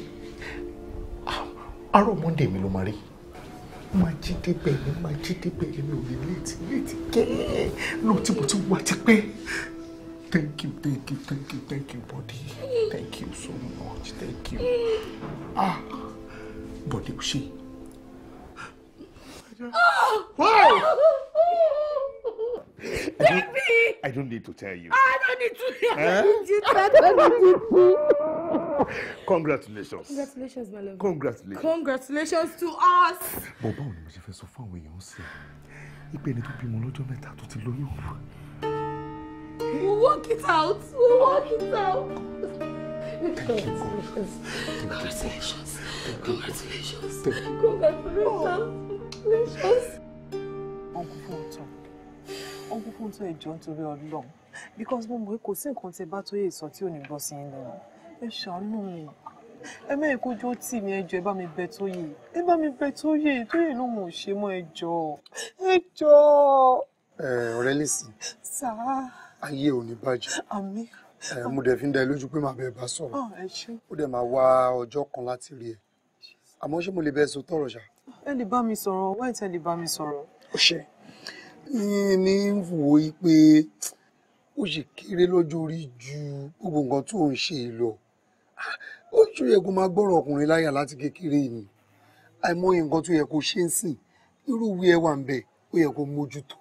àárọ̀ ah, Monday mi ló máa rí máa jí débẹ̀ ni máa jí débẹ̀ ni mi ò ní létí létí kẹ́ẹ́ lóun tí mo ti wà ti pẹ́. Thank you, thank you, thank you, thank you, body. Thank you so much. Thank you. Ah, body, she. Oh! Ah! Whoa! I don't need to tell you. I don't need to eh? tell you. Congratulations. Congratulations, my love. Congratulations. Congratulations to us. Bọ̀ báwo ni mo ṣe fẹ́ sọ fún àwọn èèyàn sí i? Ìpè ni tó bímọ lọ́jọ́ mẹ́ta tó ti lóyún. We'll work it out. We'll work it out. Congratulations. Congratulations. Congratulations. Congratulations. Oh. Congratulations. Uncle Fulton uncle Funto ẹ̀jọ́ nítorí ọlọ́run because mo mọ̀ pé kò sí nǹkan tí ẹ bá tó yè sọ tí ò ní bọ́ sí I lẹ́nu ẹ ṣàánú mi ẹ mẹ́rin kójú ó tì mí ẹjọ́ ẹ bá mi bẹ tó yè ẹ bá mi bẹ tó yè tó yè lóhùn ò ṣe mọ́ ẹjọ́ ẹjọ́. ẹ ọ̀rẹ́ lè sìn. sáà. ayé ò ní bàjẹ́. àmín mo dẹ̀ fi ń dá ẹ lójú pé màá bẹ̀rẹ̀ bá sọ̀rọ̀ ah, ó dẹ̀ máa wá ọjọ́ kan láti rí ẹ àmọ́ ṣé mo lè bẹ́ẹ̀ sọ tọ̀rọ̀ ṣá. ẹ lè bá mi sọ̀rọ̀ wáìtì ẹ lè bá mi sọ̀rọ̀. ó ṣe ní wò ó pé ó ṣe kéré lọ́jọ́ orí ju gbogbo nǹkan tó ń ṣe lọ ó ṣe yẹ kó máa gbọ́rọ̀ ọkùnrin láyà láti kékeré ni àìmọye nǹkan tó yẹ kó ṣe ń sìn irú ìwé ẹwà ń bẹ ó yẹ kó mójútó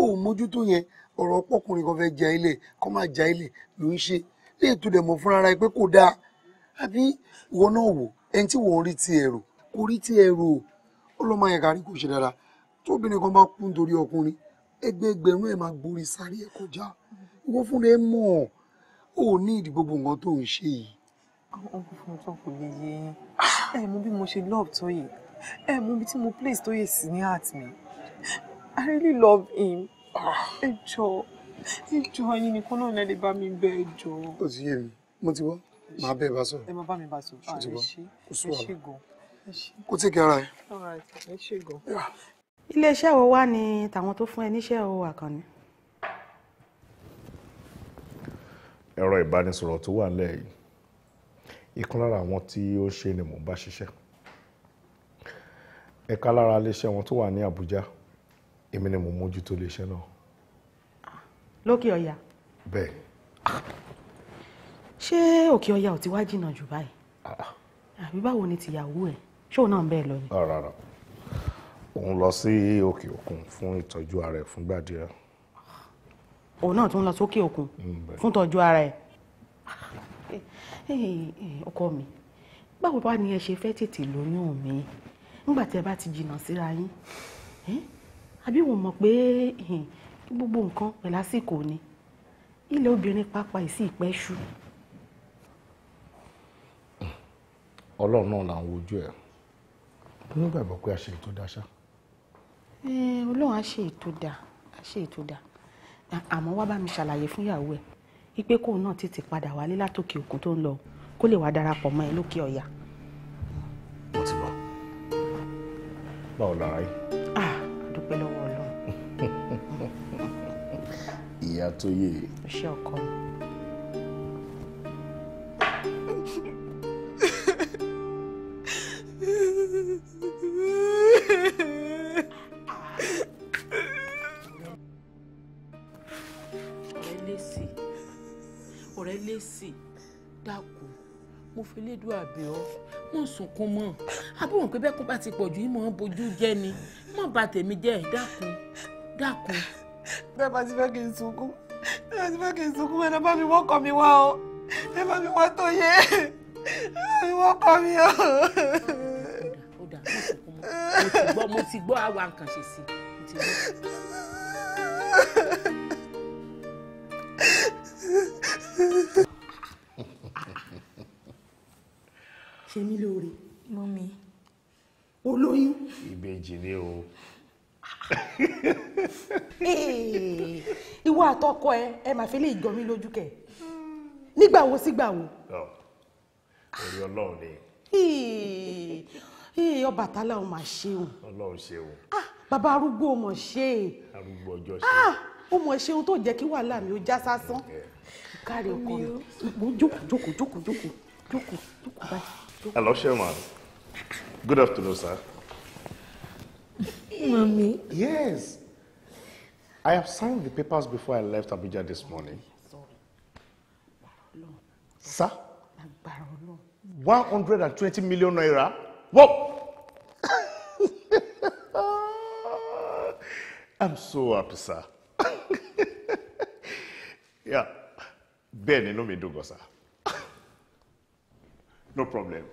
ó mójútó yẹn ọ̀rọ̀ ọpọkùnrin kan fẹ́ ja ilẹ̀ kó máa ja ilẹ̀ ló ń ṣe léè tó dẹ̀ mọ̀ fúnra ara ẹ pé kò dáa àbí ìwọ náà wò ẹni tí wọ́n rí ti ẹ̀rù kò rí ti ẹ̀rù ó lọ́ máa yẹ kárí kò ṣe dáadáa tóbìnrin kan bá kú nítorí ọkùnrin ẹgbẹẹgbẹ̀rún ẹ máa gborí sáré ẹ kọjá ìwọ fúnra ẹ mọ̀ ò ní ìdí gbogbo nǹkan tó ń ṣe yìí. àwọn ọkùnrin fún mi tó kò yé yé yín ẹ mú bí mo ṣe love tó yìí ẹ mú bí tí mo place tó yìí sí ní heart mi I really love him ẹ jọ ẹ jọ ẹyin nìkan náà lẹ́lẹ́ bá mi bẹ́ ẹ jọ. ó ti yé mi mo ti wọ́ màá bẹ́ẹ̀ bá sọ̀rọ̀. ẹ máa bá mi bá sọ̀rọ̀ ah, ẹ ṣe ẹ ṣe gan. kó tẹ̀kẹ́ ara ẹ. ẹ ṣe gan iléeṣẹ́ wo wá ni tàwọn tó fún ẹ níṣẹ́ o àkànní. ẹ̀rọ ìbánisọ̀rọ̀ tó wà nílẹ̀ yìí ìkan lára àwọn tí ó ṣe ni mò ń bá ṣiṣẹ́ ẹ̀ka lára iléeṣẹ́ wọn tó wà ní Àbújá èmi ni mò ń mójútó iléeṣẹ́ náà. lókè ọ̀yà. bẹ́ẹ̀. ṣé òkè ọ̀yà ò ti wá jìnnà jù báyìí ah. àbí báwo ni tìyàwó ẹ̀ ṣóun náà ń bẹ́ẹ̀ lọ ni. rárá òun lọ sí òkè òkun fún ìtọ́jú ara ẹ̀ fúngbà díẹ̀. òun náà tún lọ sókè òkun mm, fún ìtọ́jú ara ẹ̀. ọkọ mi báwo bá ni ẹ ṣe fẹ́ tètè lóyún mi nígbà tí ẹ bá ti jìnnà síra yín àbí wọn mọ̀ pé gbogbo nǹkan pẹ̀lú àsìkò ni ilẹ̀ obìnrin pápá ìsì ìpẹ́ṣù. ọlọ́run náà là ń wojú ẹ̀ nígbàgbọ́ pé a ṣe ètò dáṣá. Eh, ọlọ́run á ṣe ètò dà á ṣe ètò dà àmọ́ wá bá mi ṣàlàyé fún ìyàwó ẹ̀ wípé kóun náà tètè padà wálé látòkè òkun tó ń lọ kó lè wá darapọ̀ mọ́ ẹ lókè ọ̀yà. mo ti bọ̀ báwo lára yìí. ah dúpẹ́ lọ́wọ́ ọlọ́run. ìyá tó yé. iṣẹ́ ọkọ mi. fi lédùn àbẹ̀ ọ́ mọ̀ sunkún mọ́ àbúrò pé bẹ́ẹ̀ kó bá ti pọ̀ jù ìmọ̀ bojú jẹ́ ni mọ̀ bá tèmi jẹ́ dákun dákun. bẹ́ẹ̀ bá ti fẹ́ kí n sunkún bẹ́ẹ̀ bá ti fẹ́ kí n sunkún ẹ̀ bá mi wọ́kọ̀ mi wá o ẹ bá mi wá tó yẹ ẹ bá mi wọ́kọ̀ mi o. ó dà mọ̀ sunkún mo ti gbọ́ àwa nǹkan ṣe sí mo ti Ha ha ha. ṣe mí lóore. mọ́mí. olóyún. ìbejì ni o. ìwọ àtọkọ ẹ ẹ máa fi lè jọ mí lójú kẹ nígbà wo sígbà wo. orí ọlọ́run ni. Ọbàtálá ò máa ṣeun. ọlọ́run ṣeun. Ah! bàbá arúgbó ò mọ̀ ṣe. arúgbó ọjọ́ ṣe ó ah! mọ ṣe ohun tó jẹ́ kí wàhálà mi ó já sásán kárí ọkọ mi jókòó jókòó jókòó jókòó jókòó báyìí. Hello, Sherman. Good afternoon, sir. Mommy. Yes. I have signed the papers before I left Abuja this morning. Sir? 120 million naira? Whoa! I'm so happy, sir. yeah. Ben, you know me dùn gan, sir no problem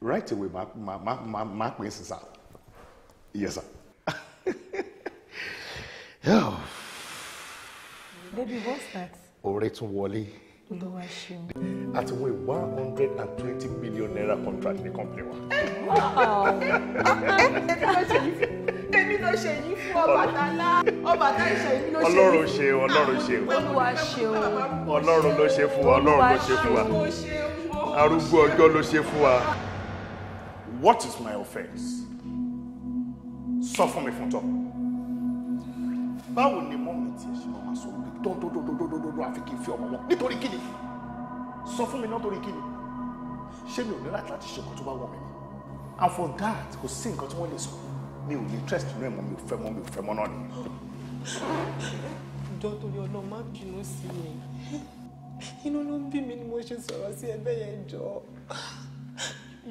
right away ma ma ma ma ma pè é sísá yes sir. oh. baby what's that. ọ̀rẹ́ tún wọlé. olúwa ṣeun. àti wọ́n one hundred and twenty million naira contract ní company wa. ẹni ló ṣe yìí fún ọbàtálá ọlọ́run ṣe ọlọ́run ṣe ah, ọlọ́run ló ṣe fún wa ọlọ́run ló ṣe fún wa arúgbó ọjọ́ ló ṣe fún wa. what is my offence? sọ fún mi fún tọ́ báwo ni mọ́mí tí ẹ ṣe ọmọ sọ pé dọ́ndọ́ndọ́ndọ́ndọ́ndọ́ àfi kì í fi ọmọ wọn nítorí kí ni sọ fún mi náà torí kí ni ṣé mi ò ní láti láti ṣe nǹkan tó bá wọ̀ mí ni and for that kò sí nǹkan tí wọ́n lè sọ mi ò lè trust inú ẹ̀ mọ́ mi ò fẹ́ mọ́ mi ò fẹ́ mọ́ náà nìyẹn jọ torí ọlọ́run má bínú sí mi inú ló ń bí mi ni mo ṣe sọ̀rọ̀ sí ẹgbẹ́ yẹn jọ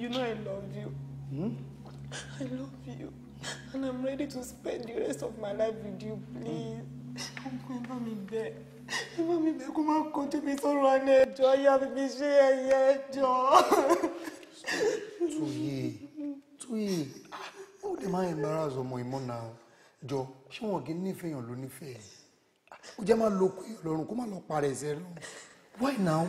you know I love you hmm? I love you and I'm ready to spend the rest of my life with you please ọkọ ẹ bá mi bẹ̀ ẹ bá mi bẹ̀ kó má kojú mi sọ̀rọ̀ ẹni ẹjọ́ yá mi ṣe ẹyẹ ẹjọ́. Tuyi Tuyi how dey man embarrass ọmọ ìmọ̀ náà jọ ṣé wọn kì í nífẹ̀ẹ́ yàn ló nífẹ̀ẹ́ yìí ó jẹ́ máa lo okùn yàn lọ́rùn kó má lọ parẹ́ ẹsẹ̀ lọ́rùn why now.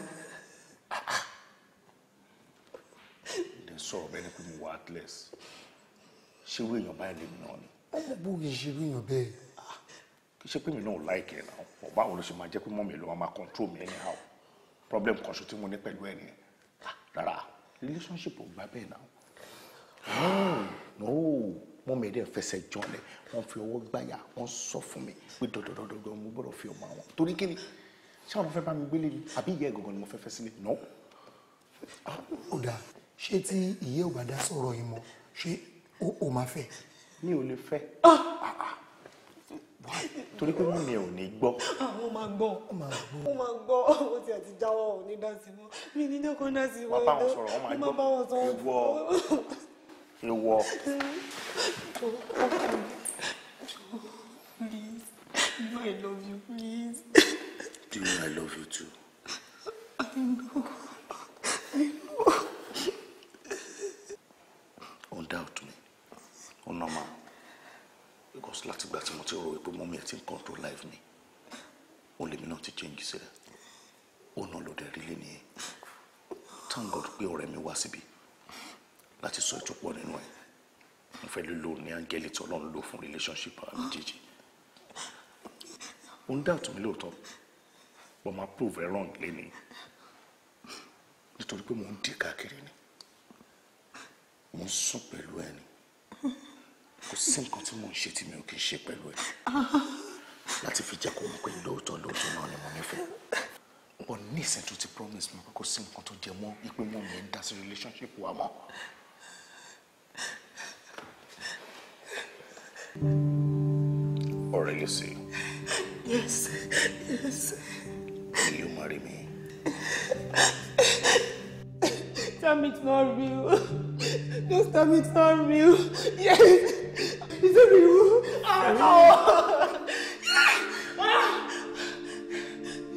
ilé sọ̀rọ̀ bẹ́ẹ̀ ni pé mo wà atlas ṣé wọ́n èèyàn báyìí lè mi náà ni. ọmọ bó yìí ṣe rí èèyàn bẹ́ẹ̀. kì í ṣe pé mi náà ò láìkẹ́ ẹ̀ náà mo báwo ló ṣe máa jẹ́ pé mọ́mí ló máa control mi anyhow problem kan ṣo tí mo ní pẹ̀lú ẹ̀ nìyẹn ah, rárá relationship ò gbà bẹ́ẹ̀ náà no no mọ́ mi rẹ̀ fẹsẹ̀ jọlẹ̀ wọ́n fi ọwọ́ gbáyà wọ́n sọ fún mi pé dọ̀dọ̀dọ̀dọ̀ mo gbọ́dọ̀ fi ọmọ àwọn torí kí ni ṣé àwọn fẹ́ bá mi gbélé ni àbí ìyá ẹ̀gọ̀gàn ni mo fẹ́ fẹ́ sílé nọ́. Ah, ó dà ṣé tí ìyá ò bá dá sọ̀rọ̀ yìí mọ́ ṣé o máa fẹ́. mi ò lè fẹ́ ah! torí pé mi ò ní gbọ́. àwọn ah, máa gbọ́ wọ́n máa gbọ́ ó ti àti jáwọ́ ò ní dá sí wọn mi ní dọ́kọ́ dá sí wọn. wọ́n bá wọn sọ̀rọ̀ walk. please you I love you please. do you know I love you too. I know. I know. Undoubt me. Unnormal. Because láti ìgbà tí mo ti rò wípé mọ́mí ẹ̀ ti ń control life me. Only me not to change sílẹ̀. Ó náà ló dẹ̀ really lé Thank God we ọ̀rẹ́ mi wá láti sọ ètò pọ̀ nínú ẹ̀ mo fẹ́ lè lò ní áńgẹ́lì tí ọlọ́run lò fún relationship àwọn méjèèjì ó ń dàtún mi lóòótọ́ but máa prove wrong lẹ́ni nítorí pé mo ń dì káàkiri ni mo ń sùn pẹ̀lú ẹ ni kò sí nǹkan tí mo ń ṣe tí mi ò kì í ṣe pẹ̀lú ẹ láti fi jẹ́ kó mọ̀ pé lóòótọ́ lóòótọ́ náà ni mo nífẹ̀ẹ́ but nísìnyí tó ti promise mi pé kò sí nǹkan tó jẹ mọ́ ìpínwọ́n mi ń dá sí relationship wa mọ́. Or you see? Yes, yes. Will you marry me? Damn it's not real. Just tell me it's not real. Yes, it's not real. Ah, oh, no.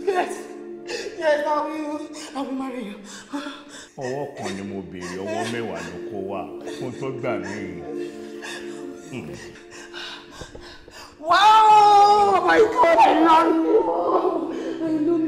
Yes, yes, I will. I will marry you. Ọwọ́ kan ni mo béèrè, ọwọ́ mẹ́wàá ló kó wá, mo tó gbà mí. Hmm. Wow! Oh my god, I love you! I love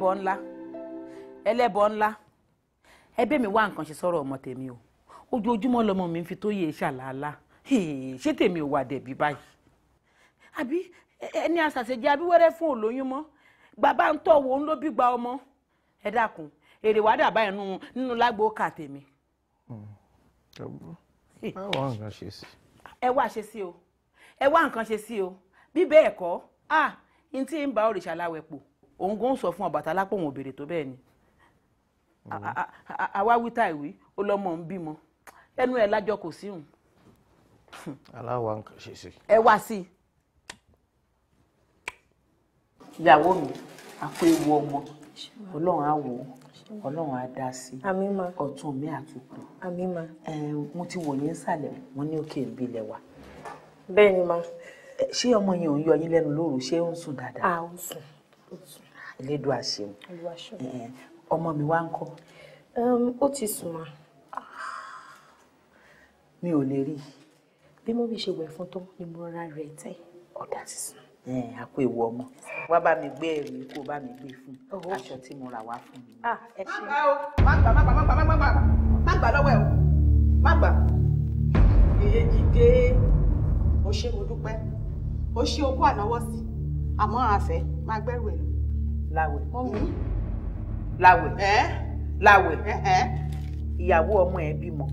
ẹlẹ́bọ ńlá ẹlẹ́bọ ńlá ẹbí mi wá nǹkan ṣe sọ̀rọ̀ ọmọ tèmi o ojoojúmọ́ lọmọ mi fi tó yẹ ṣàlàálá ṣé tèmi ò wà dẹ̀bi báyìí àbí ẹni àṣàṣejẹ abíwẹ́rẹ́ fún olóyún mọ́ bàbá ń tọ̀ wò ń ló bí gba ọmọ ẹ dákun èrè wàá dàbá ẹ̀ nínú lágbo kà tèmi. Hmm, ẹ wá nǹkan ṣe sí. ẹ wá ṣe sí o ẹ wá nǹkan ṣe sí o bí bẹ́ẹ̀ kọ́ ah n tí ń ba òrìṣà láwẹ̀ pọ̀ òun gan sọ fún Ọbàtálá pé òun ò béèrè tó bẹ́ẹ̀ ni àwa mm-hmm. wí tá ìwí ó lọ́mọ ń bímọ ẹnu ẹ̀ lájọ kò sí òun. aláwa ń ṣe sí. ẹ wá sí i. ìyàwó mi àpò ewu ọmọ ọlọ́run á wò ó ọlọ́run á dá sí i ọ̀tún mi àtúkù mo ti wò yín sàlẹ̀ wọn ní òkè ìbílẹ̀ wa. bẹ́ẹ̀ ni ma. ṣé ọmọ yẹn ò ń yọ yín lẹ́nu lóru ṣé ó ń sùn dáadáa. a ó sùn elédùn àṣeun ọmọ mi wá ń kọ́. ó ti sùn mà. mi ò lè rí i. bí mo bí ṣe wẹ̀ fún tó ni mo rọra rẹ̀ tẹ́ ọ̀dà ti sùn. a kó ewu ọmọ wá bá mi gbé ẹrù kó bá mi gbé e fún aṣọ tí mo rà wá fún mi. Ah, má gbà má gbà má gbà má gbà má gbà má gbà lọ́wọ́ ẹ̀ o má gbà. èyí jíde o ṣé mo dúpẹ́ o ṣé okó ànáwọ́ sí àmọ́ àfẹ́ máa gbẹ́rù ẹ̀ lọ láwẹ̀. mọ́mí. láwẹ̀. ẹ́ láwẹ̀. ẹ́ ìyàwó ọmọ ẹ bímọ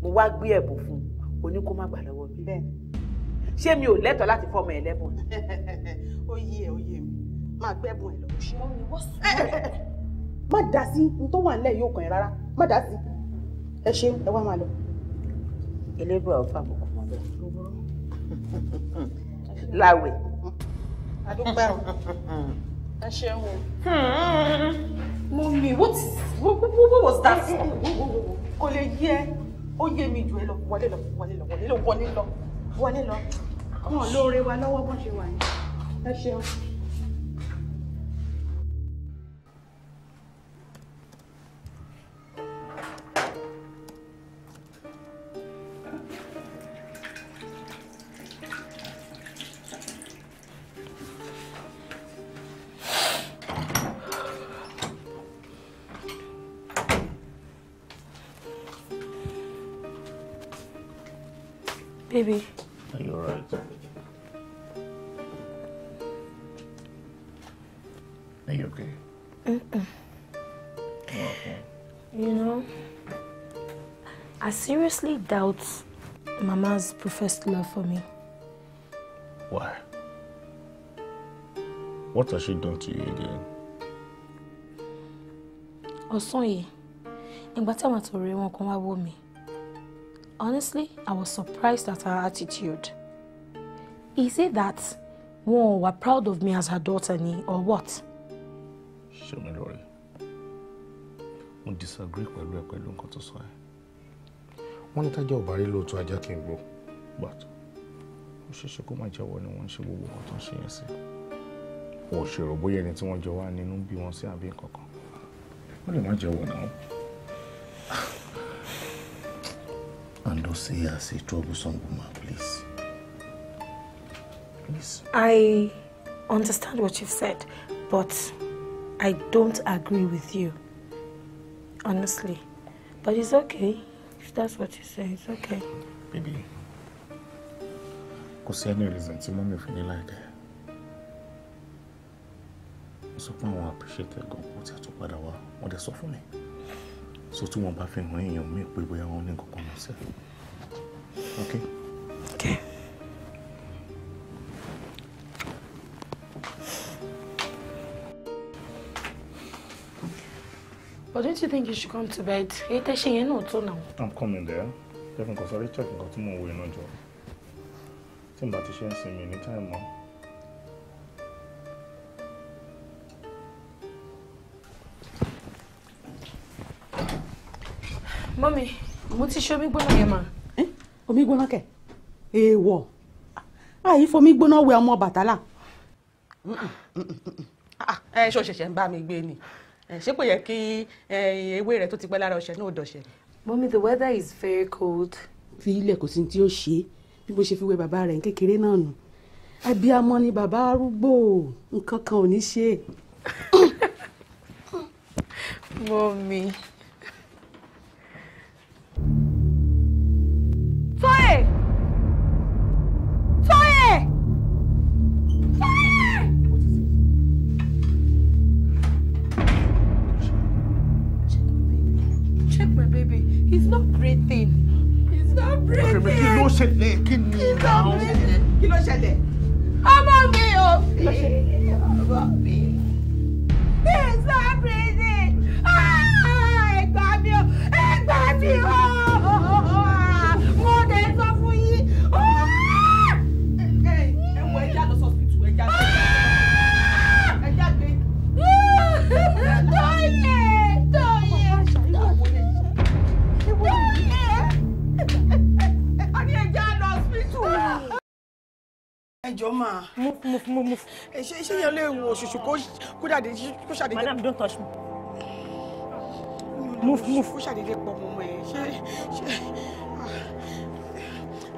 mo wá gbé ẹ̀bùn fún un o ní kó má gbà lọ́wọ́ mi. bẹ́ẹ̀ ṣé mi ò lẹ́tọ̀ọ́ láti fọmọ ẹ lẹ́bùn. ó yé ẹ ó yé mi máa gbẹ́bùn ẹ lọ́wọ́ ṣé. mọ́mí wọ́n sọ má dá sí n tó wà nílẹ̀ yóò kàn ẹ́ rárá má dá sí ẹ ṣeun ẹ wá máa lọ. elégbà ọ̀fà bùkún mọ́ bẹ́ẹ̀. láwẹ̀. adúpẹ́ ẹ ṣeun o. mummy what what was that. Hmm, hmm, hmm, kò lè yí ẹ ó yé mi jù ẹ lọ wọlé lọ wọlé lọ wọlé lọ wọlé lọ wọlé lọ wọn lóore wa lọ́wọ́ bọ́n ṣe wà ní ẹ ṣeun. seriously doubt Mama's professed love for me. Why? What has she done to you again? Ọ̀sán yìí, ìgbà tí àwọn àtọ̀rẹ́ wọn Honestly, I was surprised at her attitude. Is it that wọn were proud of me as her daughter ni or what? Show me, lórí? Mo disagree pẹ̀lú ẹ wọ́n ní tájà ò bá rí lóòótọ́ ajá kì í gbó gbàtọ́ ó ṣeéṣe kó má jẹ́wọ́ ni wọ́n ń ṣe gbogbo nǹkan tó ń ṣe yẹn sí wọn ò ṣèrò bóyá ẹni tí wọ́n jọ wá nínú bí wọ́n sí àbí nǹkan kan ó lè má jẹ́wọ́ náà. And don't see her as a troublesome woman, please. Please. I understand what you said, but I don't agree with you. Honestly. But it's okay. If that's what you say, it's okay. Baby, kò sí any reason tí mọ́mí fi ní láìka ẹ̀. Mo sọ pé àwọn appreciate ẹ̀ gan-an tí a tún padà wá, wọ́n dẹ̀ sọ fún mi. So tí wọ́n bá fi hàn èèyàn mí pé bóyá wọ́n ní nǹkan kan lọ́sẹ̀. Okay? Okay. But don't you think you should come to bed? Èyí tẹ́ ṣe yẹn náà tó náà. I'm coming there. Jẹ́ fún kọ́sọ́rí check nǹkan tí mò ń wo iná jọ. Tí n bá ti ṣe ń sinmi ní time mọ́. Mọ́mi, mo ti ṣe omi gbóná yẹn mà. Omi gbóná kẹ̀? Èèwọ̀. Àyí fomi gbóná wẹ ọmọ Bàtálá. Ah, ah, ẹ ṣó ṣẹ̀ṣẹ̀ ń bá mi gbé ni. Eh, ṣé yẹ kí eh, ewé rẹ tó ti pẹ́ lára ọṣẹ náà dọ̀ṣẹ̀. mọ́mí the weather is very cold. fi ilẹ̀ kò sí tí ó ṣe bí mo ṣe fi wé bàbá rẹ̀ kékeré náà nù abiyamọ ni bàbá arúgbó nǹkan kan ò ní ṣe. mọ́mí. ṣẹlẹ̀ ọmọ mi o. ẹjọ́ máa. move move move move. ṣé ṣé yẹn lè wo òṣùṣù kó ṣàdé kó ṣàdé. madam don't touch me. move move. kó ṣàdé lè pọ̀ mọ́ mọ́ ẹ̀ ṣé ṣé ah,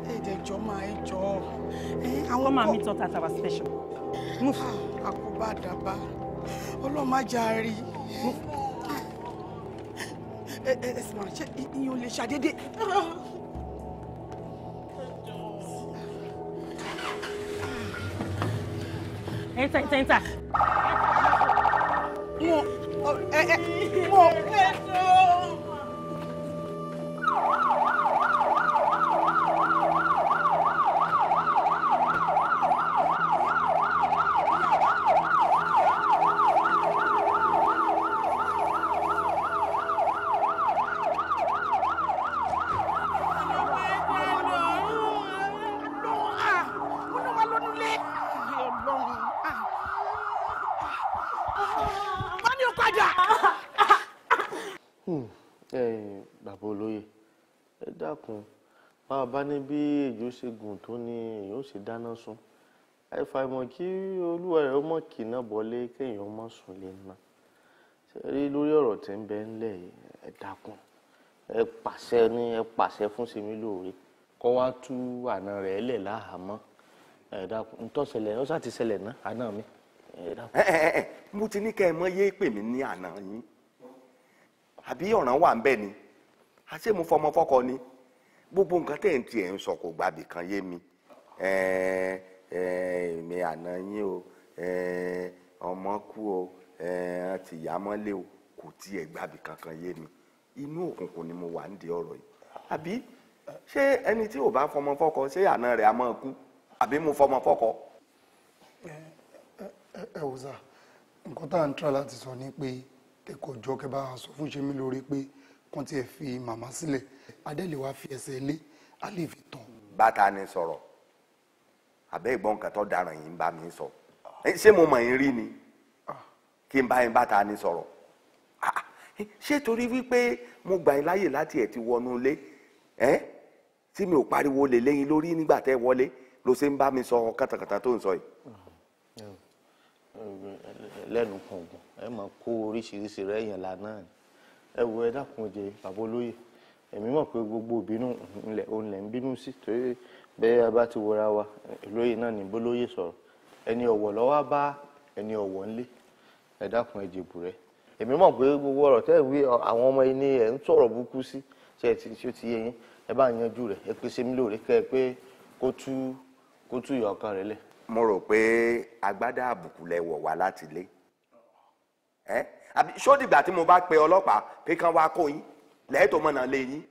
ẹ̀ẹ́dẹ̀ ẹjọ́ máa ẹjọ́. àwọn máa mi tán tàtàwà special. move. Ah, àkóbá dàbá ọlọ́run má jà rí. move ah. ẹ ẹ ẹ sì máa ṣe ìyẹn ò lè ṣàdédé. Entra, entra, entra. é, é, é, ní bí èjò ṣe gùn tó ni èèyàn ó ṣe dáná sun àìfàìmọ̀ kí olúwa rẹ̀ ọmọ kìnnà bọ́lé kéèyàn ọmọ sùn lè na rí lórí ọ̀rọ̀ tí ń bẹ ńlẹ̀ ẹ dákun ẹ pàṣẹ ní ẹ pàṣẹ fún sèmi lóore kọ́ wá tú àna rẹ̀ lẹ̀ láhàámọ́ ẹ dákun ntọ́sẹ̀lẹ̀ ọ sá ti ṣẹlẹ̀ ná àná mi ẹ dákun. ẹ ẹ mo ti ní kẹ́ ẹ mọ̀ yé pè mí ní àná yín àbí ọ̀ràn wà ń bẹ ni àṣé mo fọmọ fọkọ ni gbogbo nǹkan tẹ̀ ń tiẹ̀ ń sọ kò gbàbì kan yé mi èmi àná yín o ọmọ kú o àtìyámọ́lé o kò tiẹ̀ gbàbì kankan yé mi inú òkùnkùn ni mo wà ń di ọ̀rọ̀ yìí àbí ṣé ẹni tí ò bá fọmọ fọkọ ṣé àná rẹ̀ á máa kú àbí mo fọmọ fọkọ. ẹ wò sá nǹkan tá à ń tra láti sọ ni pé kẹkọọ jọ kẹ bá a sọ fún ṣe mí lórí pé kàn tiẹ̀ fi màmá sílẹ̀ adẹ́lẹ̀ wa fi ẹsẹ̀ lé a lè fi tàn. bàtà ni sọ̀rọ̀ àbẹ́ ìgbọ́n kan tó daràn yìí ń bá mi sọ ṣé mo mọ̀ yín rí ni ah. kí n bá yín bàtà ni sọ̀rọ̀ ah, ṣé torí wípé mo gbà yín láyè láti ẹ̀ ti wọnú ilé ẹ́ tí mi ò pariwo lè léyìn lórí nígbà tẹ́ wọlé ló ṣe ń bá mi sọ kàtàkàtà tó ń sọ yìí. lẹ́nu kọ̀ọ̀kan ẹ máa kó oríṣiríṣi rẹ̀ yẹn lánàá ni ẹ wo ẹ dákun jẹ bàbá olóyè èmi mọ̀ pé gbogbo ìbínú ńlẹ̀ òǹlẹ̀ ń bínú sí torí bẹ́ẹ̀ bá ti wọra wa olóyè náà ní bólóyè sọ̀rọ̀ ẹni ọ̀wọ̀ lọ́wọ́ bá ẹni ọ̀wọ̀ ńlé ẹ dákun ẹ jèbù rẹ èmi mọ̀ pé gbogbo ọ̀rọ̀ tẹ́ wí àwọn ọmọ ẹni ẹ̀ ń sọ̀rọ̀ burúkú sí ṣe ti ṣe ti yẹ yín ẹ bá yanjú rẹ ẹ pèsè mi lóore kẹ ẹ pé kó tú kó tú ìyá ọkàn rẹ lẹ. mo rò pé agbádá àbùkù lẹ wọ̀ wá láti lé ẹ́ eh? àbí sódìgbà tí mo bá pe ọlọ́pàá pé kán wá kó yín lẹ́ẹ̀tọ́ mọ̀nà lé yín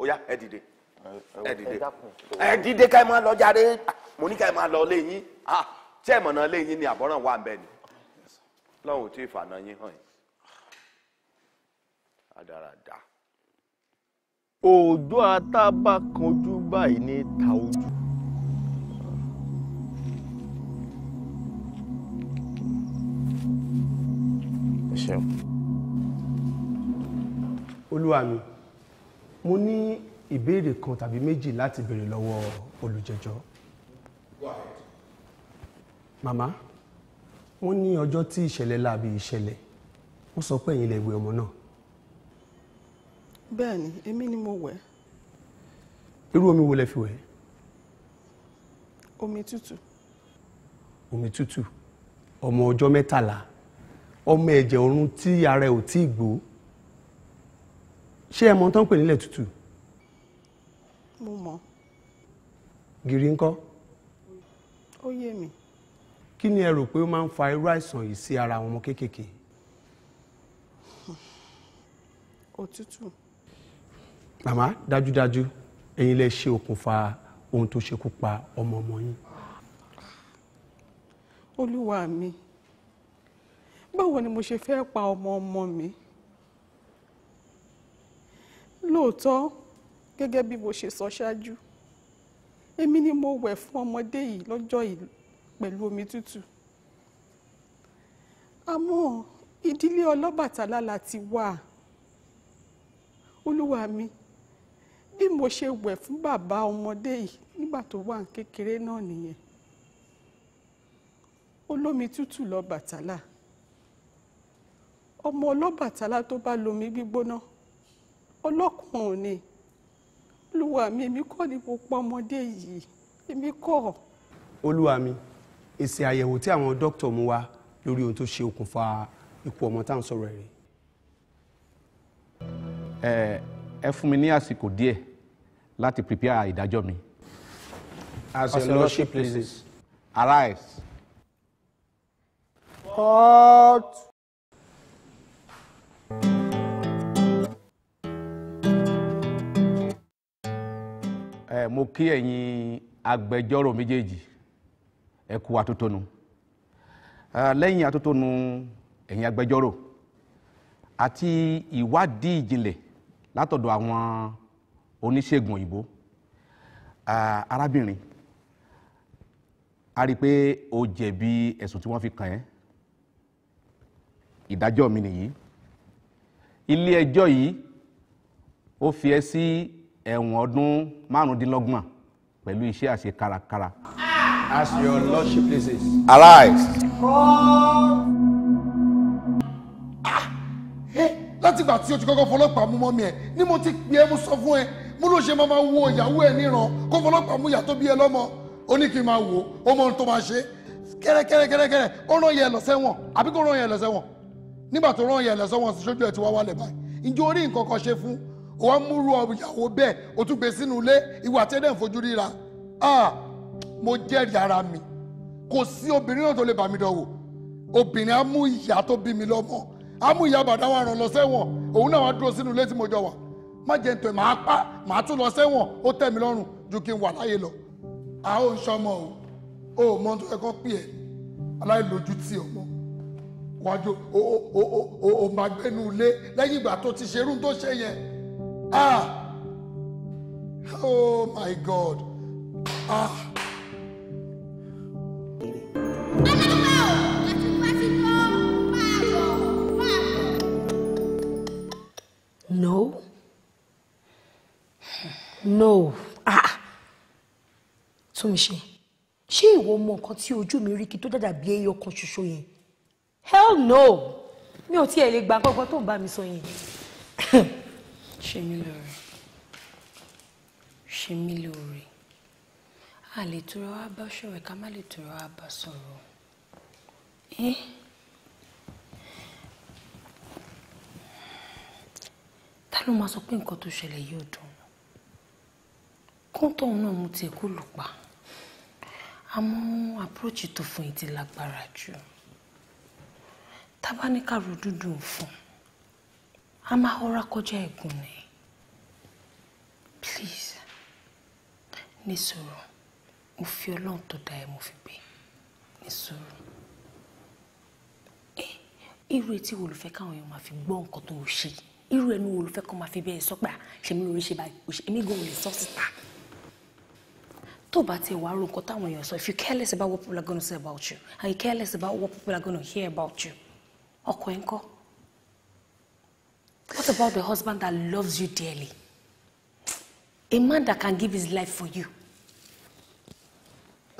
ó yá ẹ dìde ẹ dìde ẹ dìde ká ẹ máa lọ jáde mo ní ká ẹ máa lọ lé yín ah, tí ẹ mọ̀nà lé yín ni àbọ̀ràn wà bẹ́ẹ̀ ni lọ́hùn tí ìfànà yín hàn yín adarada. òòjọ́ atábà kanjú báyìí ní ta ojú. ṣeun. olúwa mi mo ní ìbéèrè kan tàbí méjì láti béèrè lọ́wọ́ olùjẹ́jọ́. màmá wọ́n ní ọjọ́ tí ìṣẹ̀lẹ̀ láabi ìṣẹ̀lẹ̀ wọ́n sọ pé ẹ̀yin lẹ wẹ̀ ọmọ náà. bẹ́ẹ̀ni èmi ni mo wẹ̀. irú omi wo lẹ fi wẹ̀. omi tútù. omi tútù ọmọ ọjọ́ mẹ́tàlá ọmọ ẹ̀jẹ̀ ọ̀run tí ara ẹ̀ ò tí ì gbó ṣé ẹ mọ tán pè nílẹ̀ tútù. mo mọ. gìrì ńkọ́. ó yé mi. kí ni ẹ rò pé ó máa ń fa irú àìsàn yìí sí ara àwọn ọmọ kéékèèké. òtútù. màmá dájúdájú ẹ̀yin lẹ ṣe okùnfà ohun tó ṣekú pa ọmọ ọmọ yín. olúwa mi báwo ni mo ṣe fẹ́ pa ọmọ ọmọ mi lóòótọ́ gẹ́gẹ́ bí mo ṣe sọ ṣáájú èmi ni mo wẹ̀ fún ọmọdé yìí lọ́jọ́ yìí pẹ̀lú omi tútù àmọ́ ìdílé ọlọ́bàtálá la ti wà olúwa mi bí mo ṣe wẹ̀ fún bàbá ọmọdé yìí nígbà tó wà ní kékeré náà nìyẹn olómi tútù lọ bàtálá ọmọ ọlọ́bàtálá tó bá lomi gbígbóná ọlọ́kùn ò ní olúwa mi èmi kọ́ ni mo pa ọmọdé yìí èmi kọ́. olúwa mi èsì àyẹ̀wò tí àwọn dókítà mú wá lórí ohun tó ṣe okùnfà ikú ọmọ tá à ń sọ̀rọ̀ rẹ̀. ẹ fún mi ní àsìkò díẹ̀ láti prepare ìdájọ́ mi. as your lordship pleases. arise. Court ẹ mo kí ẹ̀yin agbẹjọ́rò méjèèjì ẹ kú atótónu lẹ́yìn atótónu ẹ̀yin agbẹjọ́rò àti ìwádìí ìjìnlẹ̀ látọ̀dọ̀ àwọn oníṣègùn òyìnbó arábìnrin a rí i pé o jẹ̀bi ẹ̀sùn tí wọ́n fi kàn ẹ́ ìdájọ́ mi nìyí ilé ẹjọ́ yìí ó fi ẹ́ sí ẹ̀wọ̀n ọdún márùndínlọ́gbọ̀n pẹ̀lú iṣẹ́ àṣekárakára. As your lordship pleases. Arise. Ah! Eh, látìgbà tí o ti kọ́kọ́ fọlọ́pàá mú mọ́mí ẹ̀ ni mo ti pè é mo sọ fún ẹ mo ló ṣe máa ma wo ìyàwó ẹ níran kó fọlọ́pàá mú ìyá tó bí ẹ lọ́mọ ó ní kí n máa wò ó mọ ohun tó máa ṣe kẹ́rẹ́kẹ́rẹ́kẹ́rẹ́ ó rán yẹn lọ sẹ́wọ̀n àbí kó rán yẹn lọ sẹ́wọ̀n nígbà tó rán yẹn lẹ́sọ́ wọn sì sójú ẹ̀ tí wọ́n wálẹ̀ báyìí ǹjẹ́ orí nǹkan kan ṣe fún wọ́n múrú ìyàwó bẹ́ẹ̀ o tún gbé sínú ilé ìwà tẹ́lẹ̀ ń fojú ríra ah mo jẹ́rìí ara mi kò sí obìnrin náà tó lè bà mí dánwò obìnrin á mú ìyá tó bí mi lọ́mọ á mú ìyá bàdá wa ràn lọ sẹ́wọ̀n òun náà wá dúró sínú ilé tí mo jọ wà má jẹ́ ntọ́ màá pa màá tún lọ sẹ́wọ̀n ó tẹ́ mi lọ́rùn ju kí n wà láyé lọ a ó ń ṣọmọ o ò mọ tó ẹ̀kọ́ pè é aláìlójútì ọmọ wájú o o o o máa gbénu ilé lẹ́yìn ìgbà tó ti ṣerú tó ṣe yẹn ah oh my god ah. No. No. Ah. Túnmí ṣe. Ṣé ìwọ mọ nǹkan tí ojú mi rí kí tó dàdà bí ẹyọ kan ṣoṣo yẹn? hell no mi ò tiẹ̀ lè gba gbọ́gbọ́n tó ń bá mi sọ yẹn ṣe mí lóore ṣe mí lóore a lè tura wa bá ṣọ̀rẹ́ ká má lè tura wa bá sọ̀rọ̀ ta ló máa sọ pé nǹkan tó ṣẹlẹ̀ yóò dùn kóńtọ̀ náà mo tiẹ̀ kó lù pa àmọ́ àpúròchì tó fún yìí ti lágbára jù tábánikàrò dúdú fún a máa họra kọjá ẹ̀gùn ni please ní sùúrù mo fi ọlọ́run tó dá ẹ mo fi gbé ní sùúrù ẹ eh, irú etí wo ló fẹ́ káwọn èèyàn máa fi gbọ́ nǹkan tó o ṣe irú ẹnu wo ló fẹ́ kó máa fi bẹ́ẹ̀ sọ ṣèmi lórí ṣe báyìí èmi gan ò lè sọ síta ah, tó bá ti wàá ro nǹkan táwọn èèyàn sọ if you care less about what people are gonna say about you and you care less about what people are gonna hear about you ọkọ what about the husband that loves you dearly a man that can give his life for you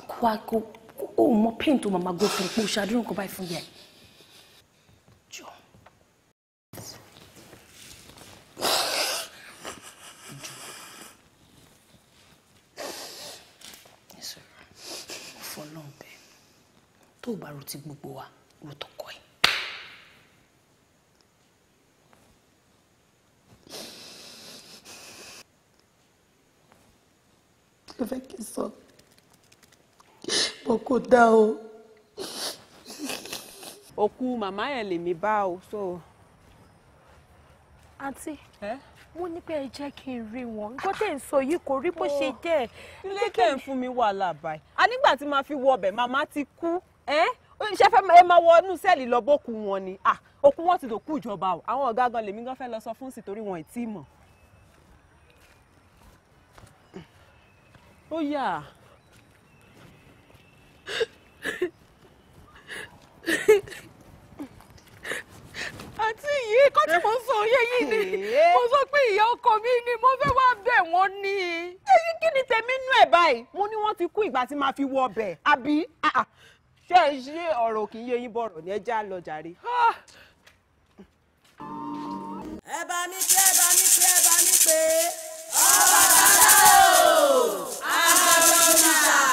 kó a kó o mọ pain tó màmá gbé fún un pé o ṣàdúrà nǹkan báyìí fún yẹn. tó bá ro ti gbogbo wa ro tọkọ ẹ ló fẹ́ kí n sọ bọ́ kò dá o. òkú màmá ẹ̀ lèmi bá o so. àǹtí mo ní pé ẹ jẹ́ kí n rí wọn gbọ́ tẹ̀ ń sọ yìí kò rí bó ṣe oh, jẹ́. ilé tẹ̀ ń fún mi wàhálà báyìí a nígbà tí màá fi wọ ọbẹ̀ màmá ti kú ṣe fẹ́ ẹ máa wọ inú sẹ́ẹ̀lì lọ bókun wọn ni òkú wọn ti dòkú ìjọba o àwọn ọ̀gá gan lèmi gan fẹ́ lọ sọ fún sí torí wọn ì tí mọ̀. ó yà. àti iye kan tí mo sọ oyè yìí ni mo sọ pé ìyá ọkọ mi ni mo fẹ́ wá bẹ̀ wọ́n ni. èyí kí ni tèmi nú ẹ̀ báyìí mo ní wọ́n ti kú ìgbà tí màá fi wọ ọbẹ̀ àbí ah, ah. ṣé ẹ ṣe ọ̀rọ̀ kì í yé yín bọ̀rọ̀ ni ẹ já lọ jàre. Ah. ẹ bá mi pé ẹ bá mi pé ẹ bá mi pé. Abandonado. Abandonado.